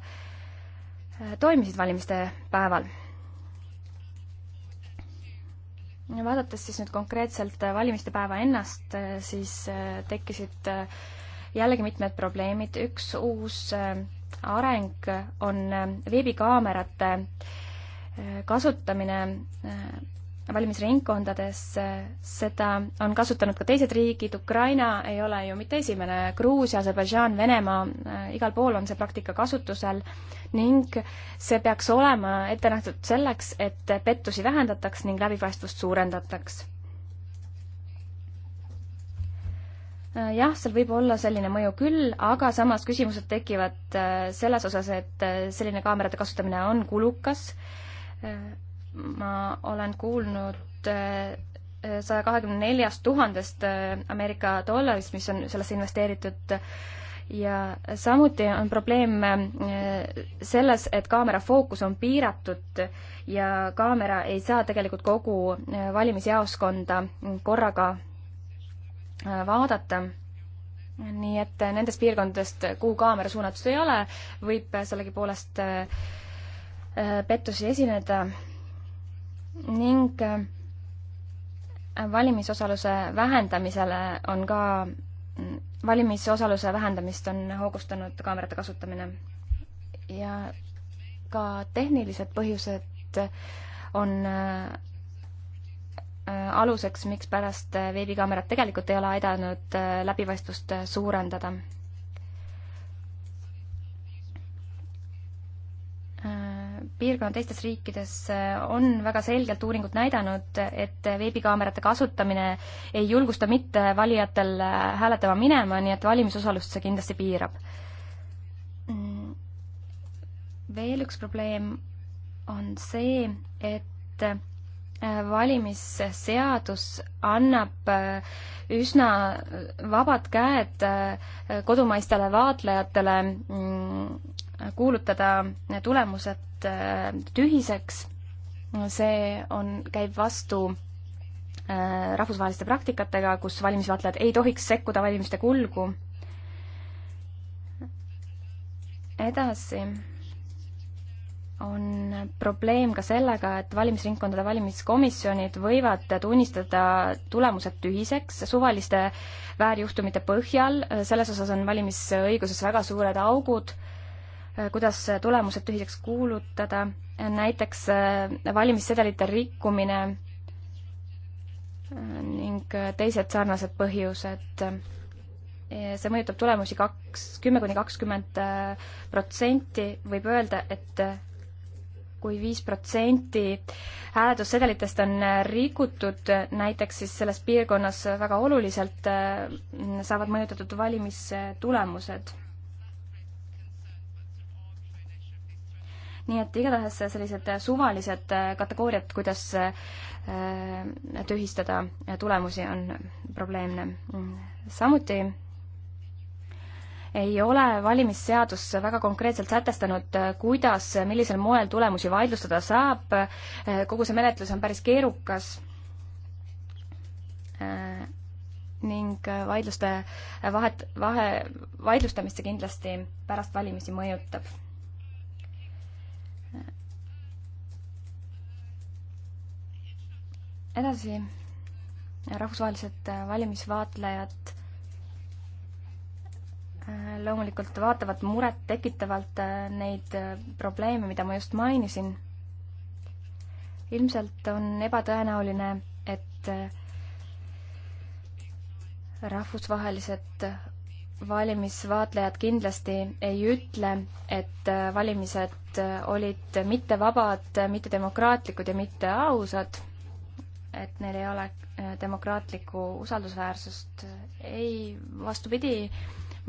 toimisid valimiste päeval vaadates siis nüüd konkreetselt äh, valimiste päeva ennast, äh, siis äh, tekkisid jällegi mitmed probleemid, üks uus areng on veebikaamerate kasutamine valimisringkondades, seda on kasutanud ka teised riigid, Ukraina ei ole ju mitte esimene, Gruusia, Aserbaidžaan, Venemaa, äh, igal pool on see praktika kasutusel ning see peaks olema ette nähtud selleks, et pettusi vähendataks ning läbipaistvust suurendataks. Äh, jah, seal võib olla selline mõju küll, aga samas küsimused tekivad äh, selles osas, et selline kaamerate kasutamine on kulukas ma olen kuulnud eh, saja kahekümne neljast tuhandest eh, Ameerika dollarist, mis on sellesse investeeritud ja samuti on probleem eh, selles, et kaamera fookus on piiratud ja kaamera ei saa tegelikult kogu valimisjaoskonda korraga vaadata. nii et nendest piirkondadest, kuhu kaamera suunatud ei ole, võib sellegipoolest pettusi esineda ning äh, valimisosaluse vähendamisele on ka, mm, valimisosaluse vähendamist on hoogustanud kaamerate kasutamine. ja ka tehnilised põhjused on äh, aluseks, mikspärast äh, veebikaamerad tegelikult ei ole aidanud läbipaistvust suurendada piirkonna teistes riikides äh, on väga selgelt uuringud näidanud, et veebikaamerate kasutamine ei julgusta mitte valijatel äh, hääletama minema, nii et valimisosalust see kindlasti piirab. Mm. veel üks probleem on see, et äh, valimisseadus annab üsna vabad käed kodumaistele vaatlejatele mm, kuulutada tulemused äh, tühiseks. see on, käib vastu äh, rahvusvaheliste praktikatega, kus valimisvaatlejad ei tohiks sekkuda valimiste kulgu. edasi on probleem ka sellega, et valimisringkondade valimiskomisjonid võivad tunnistada tulemused tühiseks suvaliste väärjuhtumite põhjal, selles osas on valimisõiguses väga suured augud Äh, kuidas tulemused tühiseks kuulutada, näiteks äh, valimissedelite rikkumine äh, ning teised sarnased põhjused. see mõjutab tulemusi kaks, kümme kuni kakskümmend protsenti, võib öelda, et kui viis protsenti hääletussedelitest on rikutud, näiteks siis selles piirkonnas väga oluliselt, saavad mõjutatud valimistulemused nii et igatahes sellised suvalised äh, kategooriad, kuidas äh, tühistada tulemusi, on probleemne. Mm. samuti ei ole valimisseadus väga konkreetselt sätestanud, äh, kuidas, millisel moel tulemusi vaidlustada saab, kogu see menetlus on päris keerukas ning vaidluste vahet, vahe, vaidlustamist see kindlasti pärast valimisi mõjutab edasi, rahvusvahelised valimisvaatlejad äh, loomulikult vaatavad muret tekitavalt äh, neid äh, probleeme, mida ma just mainisin. ilmselt on ebatõenäoline, et rahvusvahelised valimisvaatlejad kindlasti ei ütle, et valimised olid mittevabad, mittedemokraatlikud ja mitteausad et neil ei ole äh, demokraatlikku usaldusväärsust. ei, vastupidi,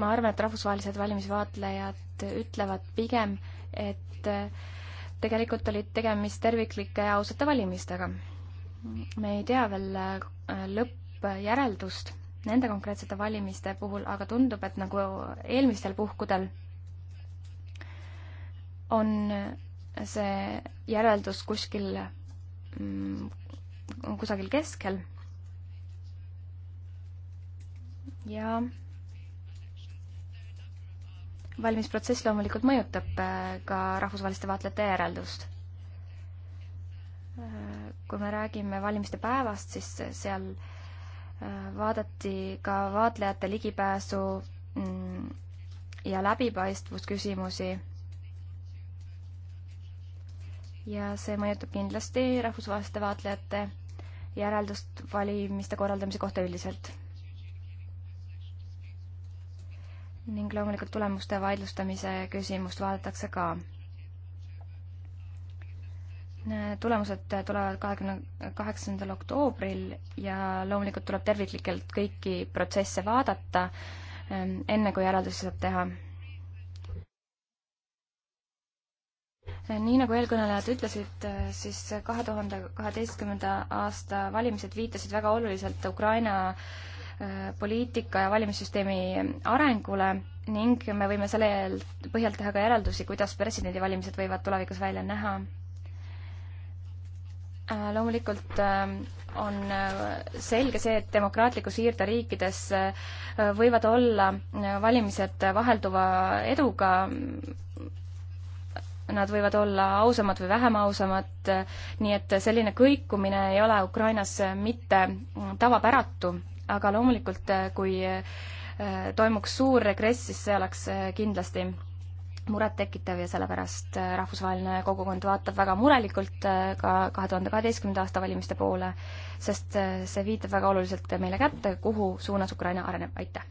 ma arvan, et rahvusvahelised valimisvaatlejad ütlevad pigem, et äh, tegelikult olid tegemist terviklike ja ausate valimistega. me ei tea veel äh, lõppjäreldust nende konkreetsete valimiste puhul, aga tundub, et nagu eelmistel puhkudel on see järeldus kuskil mm, kusagil keskel. ja valmisprotsess loomulikult mõjutab äh, ka rahvusvaheliste vaatlejate järeldust. Äh, kui me räägime valimiste päevast, siis seal äh, vaadati ka vaatlejate ligipääsu mm, ja läbipaistvus küsimusi ja see mõjutab kindlasti rahvusvaheliste vaatlejate järeldust valimiste korraldamise kohta üldiselt. ning loomulikult tulemuste vaidlustamise küsimust vaadatakse ka. tulemused tulevad kahekümne kaheksandal oktoobril ja loomulikult tuleb terviklikult kõiki protsesse vaadata, enne kui järeldusi saab teha nii nagu eelkõnelejad ütlesid, siis kahe tuhande kaheteistkümnenda aasta valimised viitasid väga oluliselt Ukraina äh, poliitika ja valimissüsteemi arengule ning me võime selle põhjalt teha ka järeldusi, kuidas presidendivalimised võivad tulevikus välja näha. Äh, loomulikult äh, on selge see, et demokraatliku siirde riikides võivad olla valimised vahelduva eduga nad võivad olla ausamad või vähem ausamad, nii et selline kõikumine ei ole Ukrainas mitte tavapäratu, aga loomulikult, kui eh, toimuks suur regress, siis see oleks eh, kindlasti murettekitav ja sellepärast eh, rahvusvaheline kogukond vaatab väga murelikult ka kahe tuhande kaheteistkümnenda aasta valimiste poole, sest see viitab väga oluliselt meile kätte, kuhu suunas Ukraina areneb, aitäh!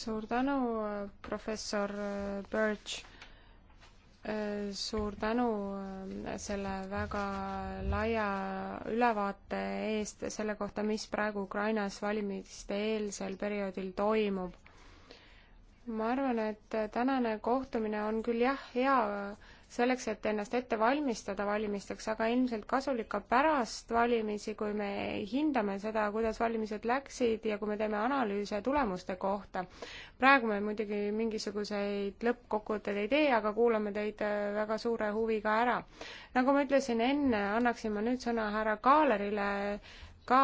suur tänu, professor Birch! Äh, suur tänu äh, selle väga laia ülevaate eest selle kohta, mis praegu Ukrainas valimiste eelsel perioodil toimub. ma arvan, et tänane kohtumine on küll jah, hea selleks, et ennast ette valmistada valimisteks, aga ilmselt kasulik ka pärast valimisi, kui me hindame seda, kuidas valimised läksid ja kui me teeme analüüse tulemuste kohta. praegu me muidugi mingisuguseid lõppkokkuvõtteid ei tee, aga kuulame teid äh, väga suure huviga ära. nagu ma ütlesin enne, annaksin ma nüüd sõna härra Kaalerile, ka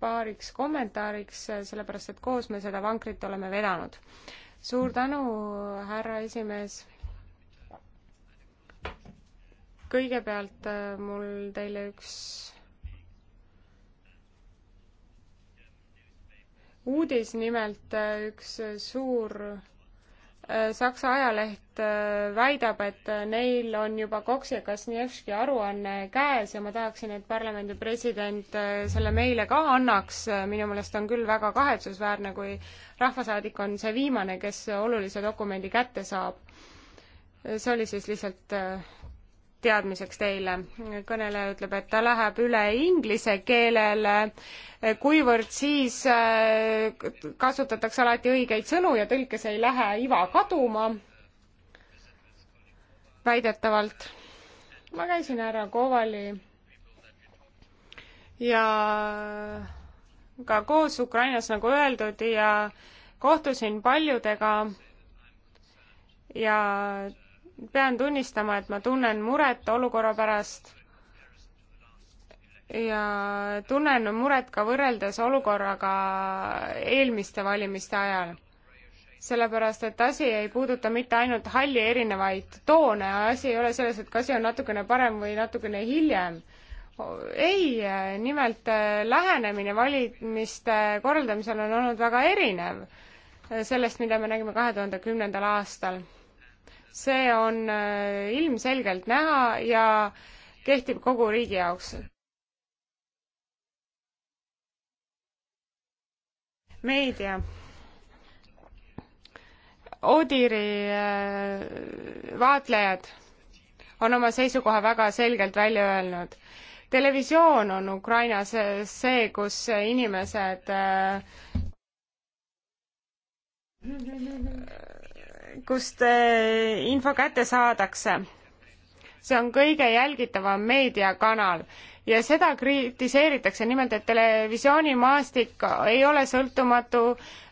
paariks kommentaariks, äh, sellepärast et koos me seda vankrit oleme vedanud. suur tänu, härra esimees kõigepealt äh, mul teile üks uudis, nimelt äh, üks suur äh, Saksa ajaleht väidab, et neil on juba Koks ja Kasnevski aruanne käes ja ma tahaksin, et parlamendi president selle meile ka annaks. minu meelest on küll väga kahetsusväärne, kui rahvasaadik on see viimane, kes olulise dokumendi kätte saab. see oli siis lihtsalt teadmiseks teile. kõneleja ütleb, et ta läheb üle inglise keelele, kuivõrd siis äh, kasutatakse alati õigeid sõnu ja tõlkes ei lähe iva kaduma, väidetavalt. ma käisin härra Kovali ja ka koos Ukrainas, nagu öeldud, ja kohtusin paljudega ja pean tunnistama, et ma tunnen muret olukorra pärast ja tunnen muret ka võrreldes olukorraga eelmiste valimiste ajal. sellepärast, et asi ei puuduta mitte ainult halli erinevaid toone, asi ei ole selles, et kas see on natukene parem või natukene hiljem. ei, nimelt eh, lähenemine valimiste korraldamisel on olnud väga erinev sellest, mida me nägime kahe tuhande kümnendal aastal see on äh, ilmselgelt näha ja kehtib kogu riigi jaoks. meedia. Odiri äh, vaatlejad on oma seisukoha väga selgelt välja öelnud. televisioon on Ukrainas see, kus inimesed äh, kust eh, info kätte saadakse. see on kõige jälgitavam meediakanal ja seda kritiseeritakse nimelt, et televisioonimaastik ei ole sõltumatu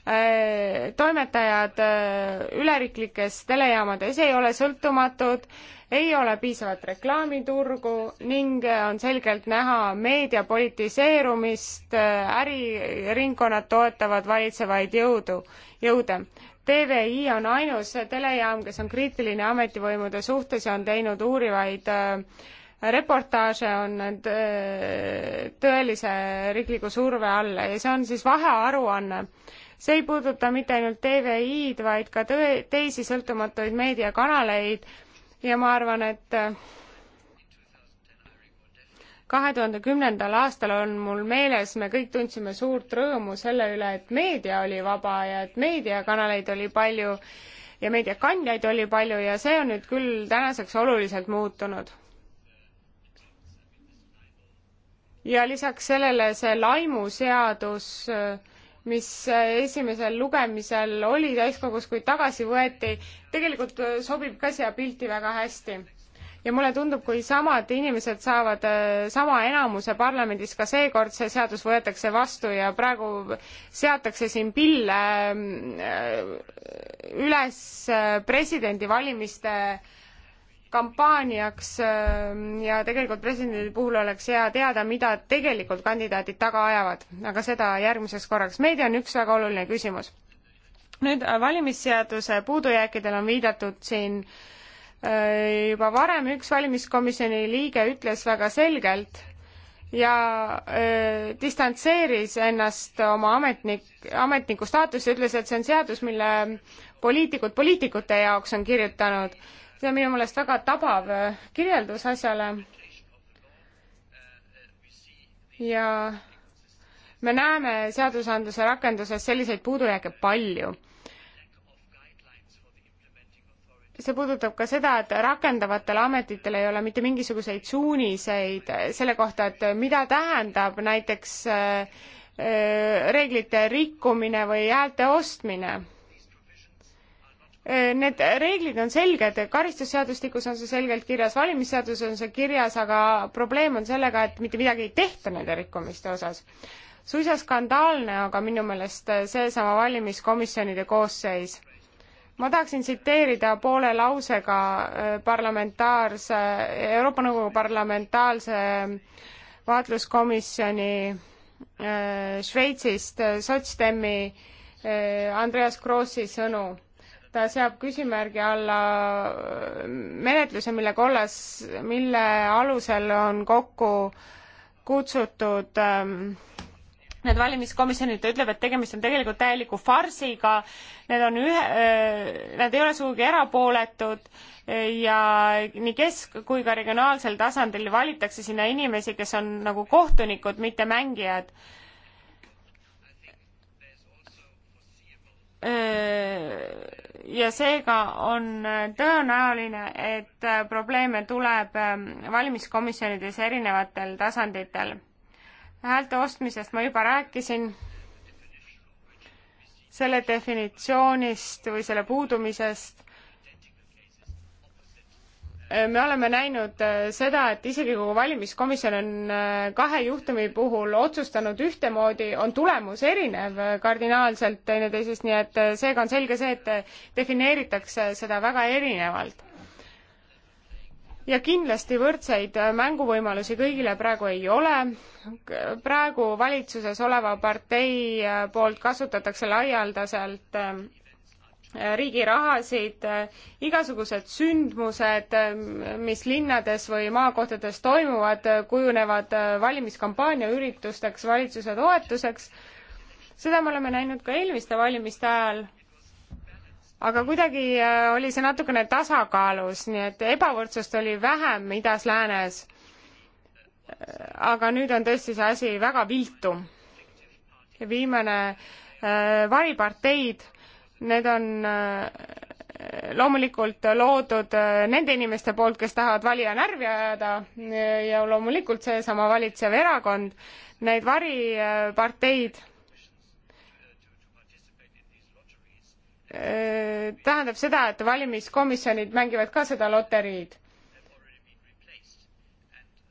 eh, toimetajad eh, üleriiklikes telejaamades ei ole sõltumatud, ei ole piisavat reklaamiturgu ning on selgelt näha meedia politiseerumist, äriringkonnad toetavad valitsevaid jõudu, jõude. TVI on ainus telejaam, kes on kriitiline ametivõimude suhtes ja on teinud uurivaid äh, reportaaže, on need äh, tõelise riikliku surve all ja see on siis vahearuanne. see ei puuduta mitte ainult TVI-d, vaid ka tõe, teisi sõltumatuid meediakanaleid ja ma arvan, et äh, kahe tuhande kümnendal aastal on mul meeles, me kõik tundsime suurt rõõmu selle üle, et meedia oli vaba ja et meediakanaleid oli palju ja meediakandjaid oli palju ja see on nüüd küll tänaseks oluliselt muutunud. ja lisaks sellele see laimuseadus, mis esimesel lugemisel oli täiskogus, kuid tagasi võeti, tegelikult sobib ka siia pilti väga hästi ja mulle tundub, kui samad inimesed saavad äh, sama enamuse parlamendis, ka seekord see seadus võetakse vastu ja praegu seatakse siin pille äh, üles äh, presidendivalimiste kampaaniaks ja tegelikult presidendi puhul oleks hea teada, mida tegelikult kandidaadid taga ajavad, aga seda järgmiseks korraks. meedia on üks väga oluline küsimus. nüüd valimisseaduse puudujääkidel on viidatud siin äh, Äh, juba varem üks valimiskomisjoni liige ütles väga selgelt ja öö, äh, distantseeris ennast oma ametnik, ametniku staatusest, ütles, et see on seadus, mille poliitikud poliitikute jaoks on kirjutanud. see on minu meelest väga tabav äh, kirjeldus asjale. ja me näeme seadusandluse rakenduses selliseid puudujääke palju see puudutab ka seda, et rakendavatele ametitele ei ole mitte mingisuguseid suuniseid selle kohta, et mida tähendab näiteks äh, äh, reeglite rikkumine või häälte ostmine. Äh, need reeglid on selged, karistusseadustikus on see selgelt kirjas, valimisseaduses on see kirjas, aga probleem on sellega, et mitte midagi ei tehta nende rikkumiste osas suisa skandaalne aga minu meelest seesama valimiskomisjonide koosseis ma tahaksin tsiteerida poole lausega äh, parlamentaarse, Euroopa Nõukogu parlamentaarse äh, vaatluskomisjoni äh, Šveitsist sotsdemmi Andreas Grossi sõnu. ta seab küsimärgi alla menetluse, mille kollas, mille alusel on kokku kutsutud ähm, need valimiskomisjonid, ta ütleb, et tegemist on tegelikult täieliku farsiga, need on ühe, nad ei ole sugugi erapooletud ja nii kesk- kui ka regionaalsel tasandil valitakse sinna inimesi, kes on nagu kohtunikud, mitte mängijad. ja seega on tõenäoline, et probleeme tuleb valimiskomisjonides erinevatel tasanditel häälte ostmisest ma juba rääkisin, selle definitsioonist või selle puudumisest. me oleme näinud äh, seda, et isegi kui valimiskomisjon on äh, kahe juhtumi puhul otsustanud ühtemoodi, on tulemus erinev äh, kardinaalselt teineteisest, nii et seega on selge see, et defineeritakse seda väga erinevalt ja kindlasti võrdseid äh, mänguvõimalusi kõigile praegu ei ole. praegu valitsuses oleva partei äh, poolt kasutatakse laialdaselt ähm, äh, riigi rahasid, igasugused sündmused, ähm, mis linnades või maakohtades toimuvad, kujunevad valimiskampaania üritusteks valitsuse toetuseks. seda me oleme näinud ka eelmiste valimiste ajal aga kuidagi äh, oli see natukene tasakaalus, nii et ebavõrdsust oli vähem idas-läänes. Äh, aga nüüd on tõesti see asi väga viltu. ja viimane äh,, variparteid, need on äh, loomulikult loodud äh, nende inimeste poolt, kes tahavad valija närvi ajada ja loomulikult seesama valitsev erakond, need variparteid Äh, tähendab seda, et valimiskomisjonid mängivad ka seda loteriid.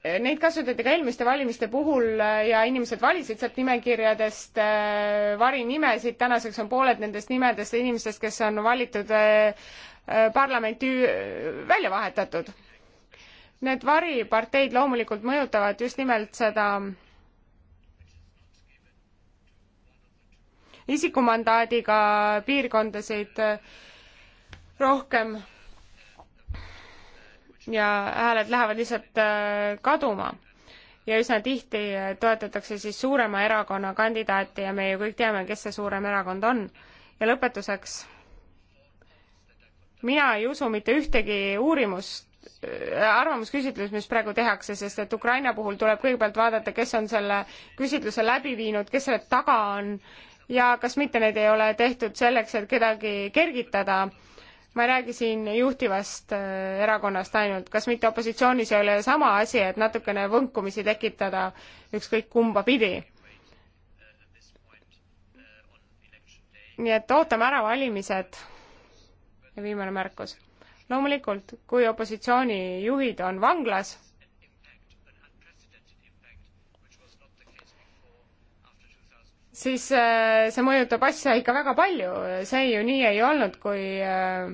Äh, neid kasutati ka eelmiste valimiste puhul äh, ja inimesed valisid sealt nimekirjadest varinimesid, tänaseks on pooled nendest nimedest inimestest, kes on valitud parlamenti välja vahetatud. Need variparteid loomulikult mõjutavad just nimelt seda isikumandaadiga piirkondasid äh, rohkem ja hääled lähevad lihtsalt äh, kaduma. ja üsna tihti äh, toetatakse siis suurema erakonna kandidaati ja me ju kõik teame, kes see suurem erakond on. ja lõpetuseks, mina ei usu mitte ühtegi uurimust, arvamusküsitlus, mis praegu tehakse, sest et Ukraina puhul tuleb kõigepealt vaadata, kes on selle küsitluse läbi viinud, kes selle taga on ja kas mitte need ei ole tehtud selleks, et kedagi kergitada. ma ei räägi siin juhtivast äh, erakonnast ainult, kas mitte opositsioonis ei ole sama asi, et natukene võnkumisi tekitada ükskõik kumba pidi? nii et ootame ära valimised. ja viimane märkus. loomulikult, kui opositsioonijuhid on vanglas siis äh, see mõjutab asja ikka väga palju, see ju nii ei olnud, kui äh,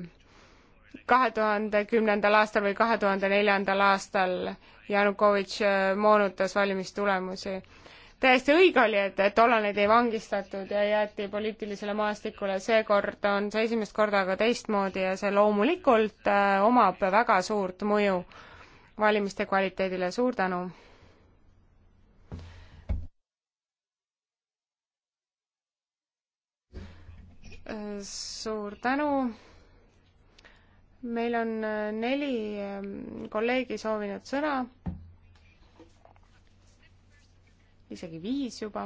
kahe tuhande kümnendal aastal või kahe tuhande neljandal aastal Janukovitš äh, moonutas valimistulemusi. täiesti õige oli, et, et tollaneid ei vangistatud ja jäeti poliitilisele maastikule, seekord on see esimest korda ka teistmoodi ja see loomulikult omab väga suurt mõju valimiste kvaliteedile, suur tänu! suur tänu. meil on äh, neli äh, kolleegi soovinud sõna. isegi viis juba.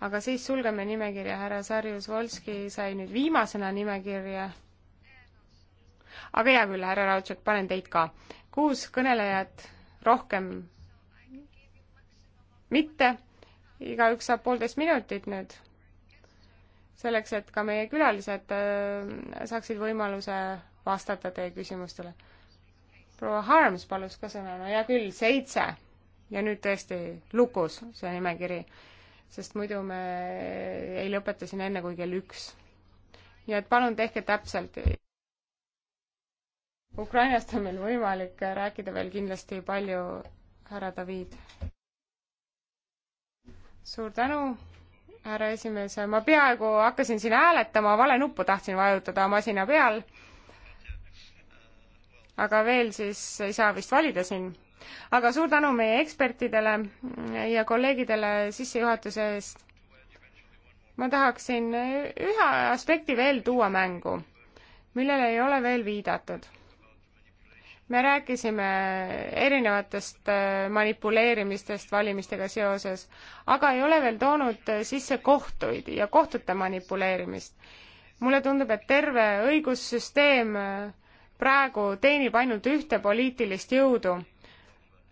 aga siis sulgeme nimekirja, härra Sarjus Volski sai nüüd viimasena nimekirja. aga hea küll, härra Raudsepp, panen teid ka. kuus kõnelejat, rohkem mitte. igaüks saab poolteist minutit nüüd selleks, et ka meie külalised äh, saaksid võimaluse vastata teie küsimustele. proua Harms palus ka sõna, no hea küll, seitse ja nüüd tõesti lukus see nimekiri, sest muidu me ei lõpeta siin enne kui kell üks. nii et palun tehke täpselt. Ukrainast on meil võimalik rääkida veel kindlasti palju, härra David. suur tänu härra esimees, ma peaaegu hakkasin siin hääletama, vale nuppu tahtsin vajutada masina peal. aga veel siis ei saa vist valida siin. aga suur tänu meie ekspertidele ja kolleegidele sissejuhatuse eest. ma tahaksin ühe aspekti veel tuua mängu, millele ei ole veel viidatud me rääkisime erinevatest äh, manipuleerimistest valimistega seoses, aga ei ole veel toonud äh, sisse kohtuid ja kohtute manipuleerimist. mulle tundub, et terve õigussüsteem äh, praegu teenib ainult ühte poliitilist jõudu.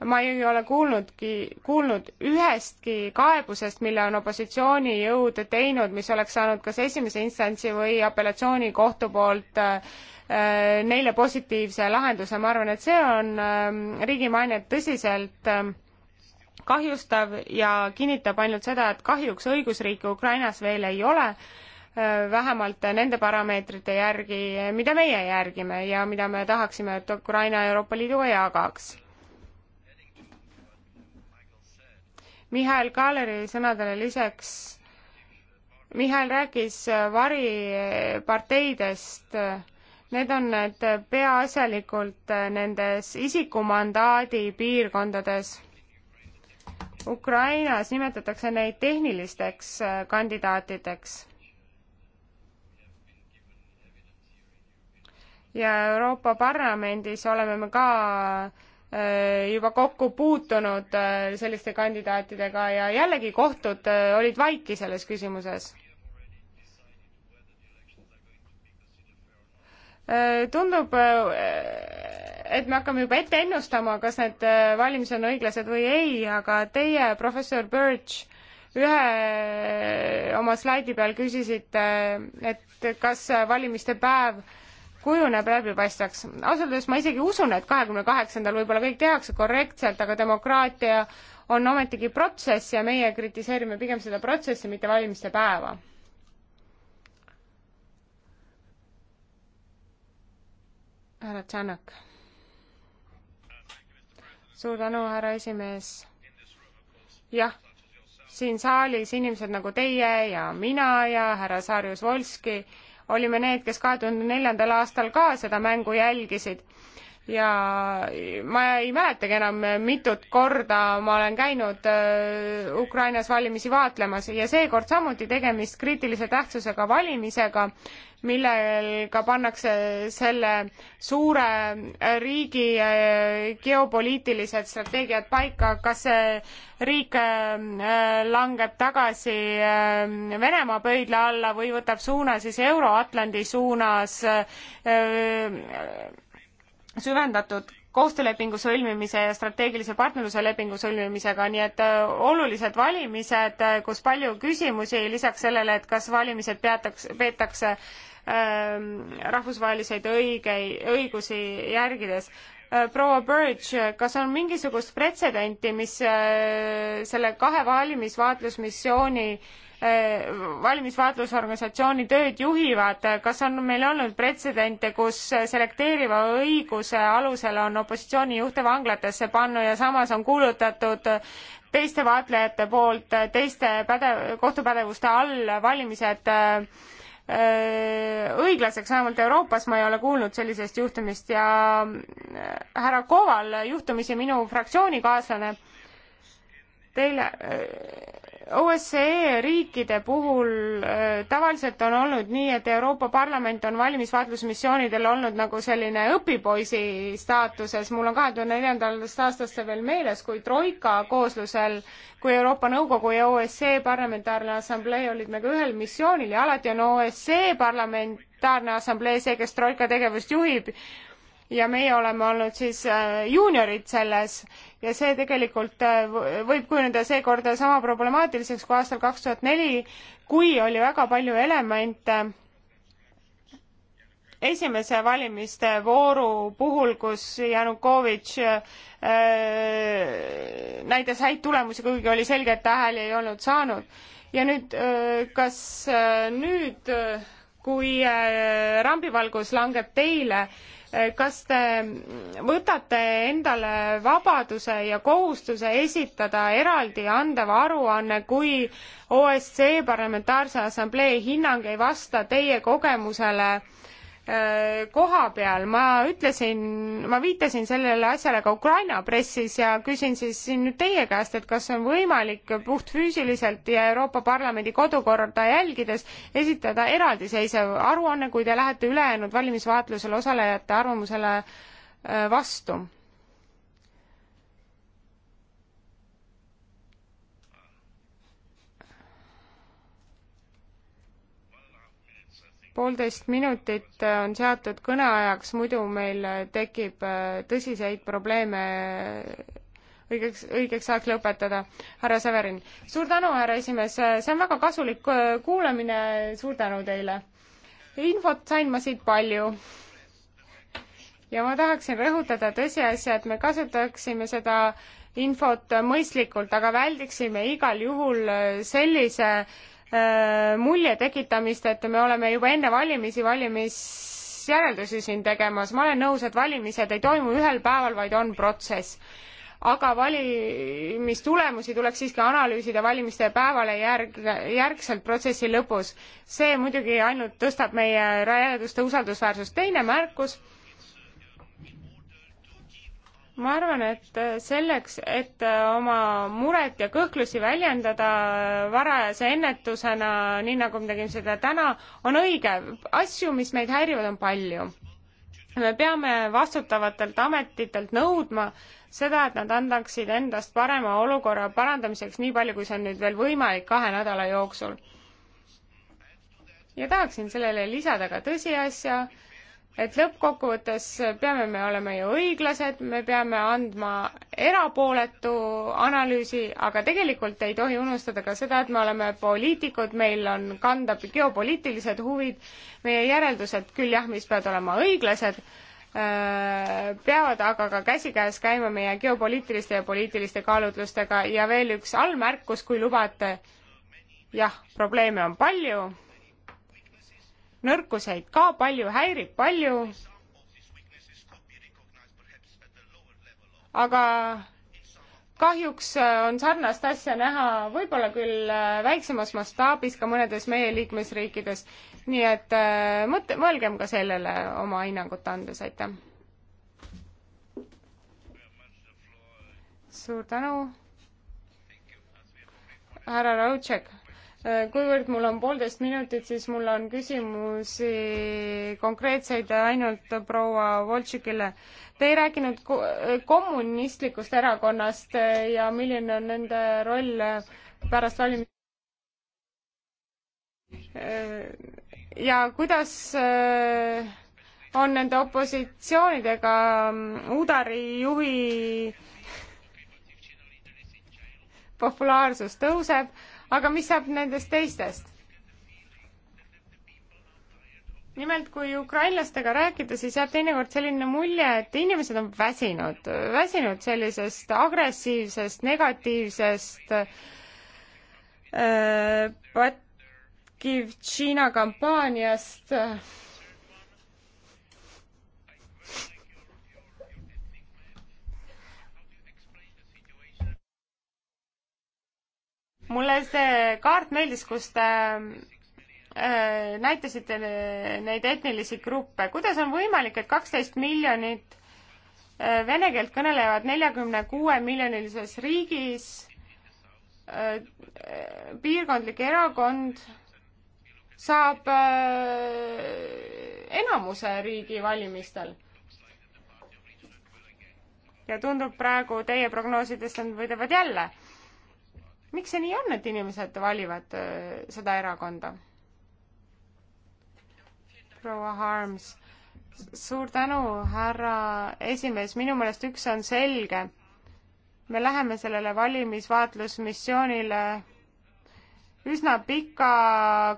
ma ei ole kuulnudki, kuulnud ühestki kaebusest, mille on opositsioonijõud teinud, mis oleks saanud kas esimese instantsi või apellatsioonikohtu poolt äh, Äh, neile positiivse lahenduse, ma arvan, et see on ähm, riigi mainet tõsiselt ähm, kahjustav ja kinnitab ainult seda, et kahjuks õigusriiki Ukrainas veel ei ole, äh, vähemalt nende parameetrite järgi, mida meie järgime ja mida me tahaksime, et Ukraina Euroopa Liiduga jagaks. Mihhail Kaaleri sõnadele lisaks, Mihhail rääkis äh, variparteidest äh, Need on need peaasjalikult nendes isikumandaadi piirkondades. Ukrainas nimetatakse neid tehnilisteks äh, kandidaatideks. ja Euroopa Parlamendis oleme me ka äh, juba kokku puutunud äh, selliste kandidaatidega ja jällegi kohtud olid vaiki selles küsimuses Äh, tundub, äh, et me hakkame juba ette ennustama, kas need äh, valimised on õiglased või ei, aga teie, professor Birch, ühe oma slaidi peal küsisite, et kas valimiste päev kujuneb läbipaistvaks. ausalt öeldes ma isegi usun, et kahekümne kaheksandal võib-olla kõik tehakse korrektselt, aga demokraatia on ometigi protsess ja meie kritiseerime pigem seda protsessi, mitte valimiste päeva härra Tšanak. suur tänu, härra esimees. jah, siin saalis inimesed nagu teie ja mina ja härra Sarjus Volski olime need, kes kahe tuhande neljandal aastal ka seda mängu jälgisid ja ma ei mäletagi enam, mitut korda ma olen käinud äh, Ukrainas valimisi vaatlemas ja seekord samuti tegemist kriitilise tähtsusega valimisega, millega pannakse selle suure riigi äh, geopoliitilised strateegiad paika, kas see riik äh, langeb tagasi Venemaa pöidla alla või võtab suuna siis Euro-Atlandi suunas süvendatud koostöölepingu sõlmimise ja strateegilise partnerluse lepingu sõlmimisega, nii et äh, olulised valimised, äh, kus palju küsimusi, lisaks sellele, et kas valimised peataks, peetakse ähm, rahvusvaheliseid õigei, õigusi järgides. Äh, proua Birch, kas on mingisugust pretsedenti, mis selle kahe valimisvaatlusmissiooni äh, Eh, valmisvaatlusorganisatsiooni tööd juhivad, kas on meil olnud pretsedente, kus selekteeriva õiguse alusel on opositsioonijuhte vanglatesse pannud ja samas on kuulutatud teiste vaatlejate poolt teiste pädev, kohtupädevuste all valimised eh, õiglaseks, vähemalt Euroopas ma ei ole kuulnud sellisest juhtumist ja eh, härra Koval, juhtumisi minu fraktsioonikaaslane, teile OSCE riikide puhul äh, tavaliselt on olnud nii, et Euroopa Parlament on valmis vaatlusmissioonidel olnud nagu selline õpipoisi staatuses, mul on kahe tuhande neljandast aastast see veel meeles, kui Troika kooslusel, kui Euroopa Nõukogu ja OSCE Parlamentaarne Assamblee olid nagu ühel missioonil ja alati on OSCE Parlamentaarne Assamblee see, kes Troika tegevust juhib ja meie oleme olnud siis äh, juuniorid selles ja see tegelikult äh, võib kujuneda seekord sama problemaatiliseks kui aastal kaks tuhat neli, kui oli väga palju elemente esimese valimiste vooru puhul, kus Janukovitš äh, näitas häid tulemusi, kuigi oli selge, et ta hääli ei olnud saanud. ja nüüd, kas nüüd, kui rambivalgus langeb teile, kas te võtate endale vabaduse ja kohustuse esitada eraldi andev aruanne, kui OSCE Parlamentaarse Assamblee hinnang ei vasta teie kogemusele äh, koha peal, ma ütlesin, ma viitasin sellele asjale ka Ukraina pressis ja küsin siis siin nüüd teie käest, et kas on võimalik puhtfüüsiliselt ja Euroopa Parlamendi kodukorda jälgides esitada eraldiseisev aruanne, kui te lähete ülejäänud valimisvaatlusel osalejate arvamusele vastu poolteist minutit äh, on seatud kõneajaks, muidu meil äh, tekib äh, tõsiseid probleeme õigeks, õigeks ajaks lõpetada. härra Severin, suur tänu, härra esimees, see on väga kasulik kuulamine, suur tänu teile. infot sain ma siit palju. ja ma tahaksin rõhutada tõsiasja, et me kasutaksime seda infot mõistlikult, aga väldiksime igal juhul sellise äh, Äh, mulje tekitamist, et me oleme juba enne valimisi valimisjäreldusi siin tegemas. ma olen nõus, et valimised ei toimu ühel päeval, vaid on protsess. aga valimistulemusi tuleks siiski analüüsida valimiste päevale järg, järgselt protsessi lõpus. see muidugi ainult tõstab meie järelduste usaldusväärsust. teine märkus ma arvan, et äh, selleks, et äh, oma muret ja kõhklusi väljendada äh, varajase ennetusena, nii nagu me tegime seda täna, on õige. asju, mis meid häirivad, on palju. me peame vastutavatelt ametitelt nõudma seda, et nad andaksid endast parema olukorra parandamiseks, nii palju, kui see on nüüd veel võimalik kahe nädala jooksul. ja tahaksin sellele lisada ka tõsiasja, et lõppkokkuvõttes peame me olema ju õiglased, me peame andma erapooletu analüüsi, aga tegelikult ei tohi unustada ka seda, et me oleme poliitikud, meil on kanda geopoliitilised huvid, meie järeldused küll jah, mis peavad olema õiglased, äh, peavad aga ka käsikäes käima meie geopoliitiliste ja poliitiliste kaalutlustega ja veel üks allmärkus, kui lubate. jah, probleeme on palju nõrkuseid ka palju, häirib palju. aga kahjuks äh, on sarnast asja näha võib-olla küll äh, väiksemas mastaabis ka mõnedes meie liikmesriikides. nii et äh, mõte, mõelgem ka sellele oma hinnangut andes, aitäh. suur tänu. härra Raudšek kuivõrd mul on poolteist minutit, siis mul on küsimusi konkreetseid ainult proua Voltšikile. Te ei rääkinud kommunistlikust erakonnast äh, ja milline on nende roll äh, pärast valimisi? Äh, ja kuidas on nende opositsioonidega mm, Udari juhi populaarsus tõuseb aga mis saab nendest teistest? nimelt, kui ukrainlastega rääkida, siis jääb teinekord selline mulje, et inimesed on väsinud, väsinud sellisest agressiivsest, negatiivsest äh, Patkivtšina kampaaniast äh, mulle see kaart meeldis, kus te äh, näitasite neid etnilisi gruppe. kuidas on võimalik, et kaksteist miljonit äh, vene keelt kõnelevad neljakümne kuue miljonilises riigis äh, piirkondlik erakond saab enamuse riigi valimistel. ja tundub praegu teie prognoosidest, nad võidavad jälle miks see nii on, et inimesed valivad äh, seda erakonda? proua Harms, suur tänu, härra esimees, minu meelest üks on selge. me läheme sellele valimisvaatlusmissioonile üsna pika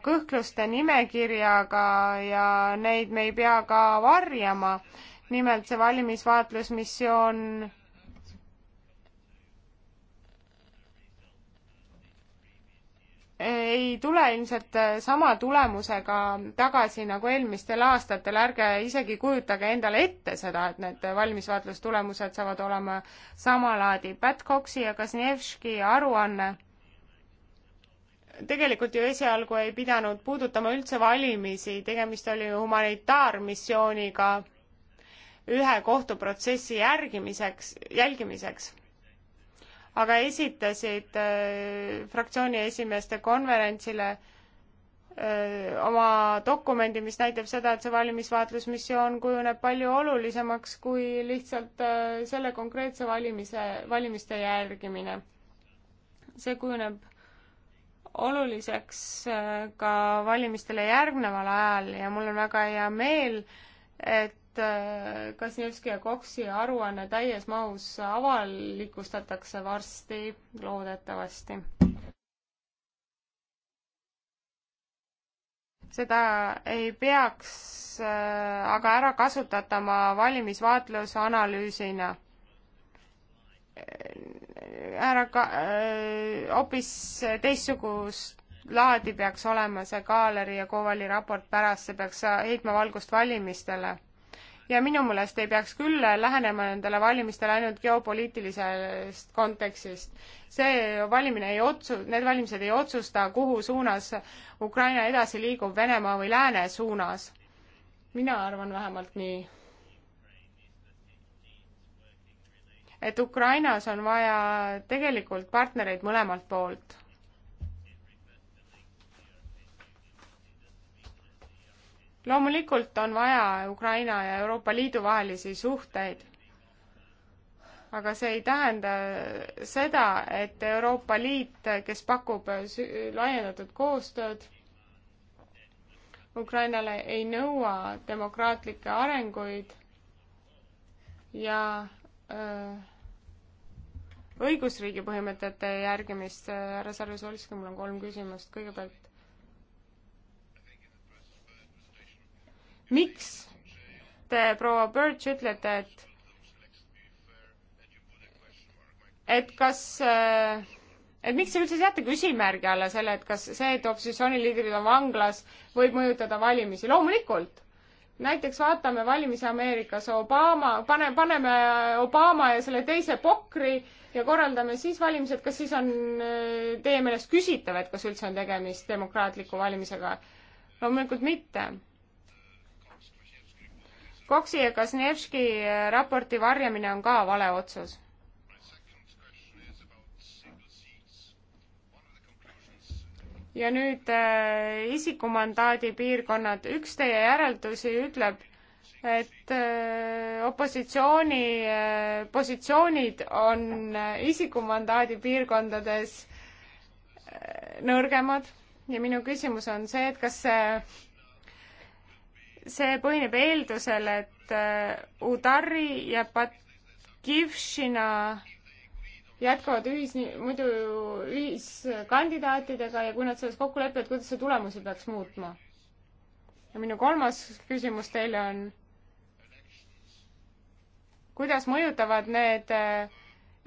kõhkluste nimekirjaga ja neid me ei pea ka varjama. nimelt see valimisvaatlusmissioon ei tule ilmselt äh, sama tulemusega tagasi nagu eelmistel aastatel, ärge isegi kujutage endale ette seda, et need valmisvaatlustulemused saavad olema sama laadi. Pat Coxi ja Kaznevski aruanne tegelikult ju esialgu ei pidanud puudutama üldse valimisi, tegemist oli humanitaarmissiooniga ühe kohtuprotsessi järgimiseks, jälgimiseks aga esitasid äh, fraktsiooni esimeeste konverentsile äh, oma dokumendi, mis näitab seda, et see valimisvaatlusmissioon kujuneb palju olulisemaks kui lihtsalt äh, selle konkreetse valimise, valimiste järgimine. see kujuneb oluliseks äh, ka valimistele järgneval ajal ja mul on väga hea meel, et Äh, Kasnevski ja Koksi aruanne täies mahus avalikustatakse varsti, loodetavasti. seda ei peaks äh, aga ära kasutatama valimisvaatluse analüüsina. härra ka-, äh, hoopis teistsugust laadi peaks olema see Kaaleri ja Kovali raport pärast, see peaks heitma valgust valimistele ja minu meelest ei peaks küll lähenema nendele valimistele ainult geopoliitilisest kontekstist. see valimine ei otsu-, need valimised ei otsusta, kuhu suunas Ukraina edasi liigub, Venemaa või Lääne suunas. mina arvan vähemalt nii. et Ukrainas on vaja tegelikult partnereid mõlemalt poolt loomulikult on vaja Ukraina ja Euroopa Liidu vahelisi suhteid, aga see ei tähenda seda, et Euroopa Liit, kes pakub laiendatud koostööd Ukrainale, ei nõua demokraatlikke arenguid ja öö, õigusriigi põhimõtete järgimist. härra Sarvis Volski, mul on kolm küsimust. kõigepealt miks te, proua Birch, ütlete, et et kas, äh, et miks te üldse seate küsimärgi alla selle, et kas see, et opositsiooniliidrid on vanglas, võib mõjutada valimisi? loomulikult. näiteks vaatame valimisi Ameerikas, Obama, pane, paneme Obama ja selle teise pokri ja korraldame siis valimised, kas siis on äh, teie meelest küsitav, et kas üldse on tegemist demokraatliku valimisega? loomulikult mitte Koksi ja Kasnevski raporti varjamine on ka vale otsus. ja nüüd äh, isikumandaadi piirkonnad, üks teie järeldusi ütleb, et äh, opositsiooni äh, positsioonid on äh, isikumandaadi piirkondades äh, nõrgemad ja minu küsimus on see, et kas see äh, see põhineb eeldusel, et äh, Udari ja Batkivšina jätkavad ühis, muidu ühiskandidaatidega ja kui nad selles kokku lepivad, kuidas see tulemusi peaks muutma? ja minu kolmas küsimus teile on, kuidas mõjutavad need äh,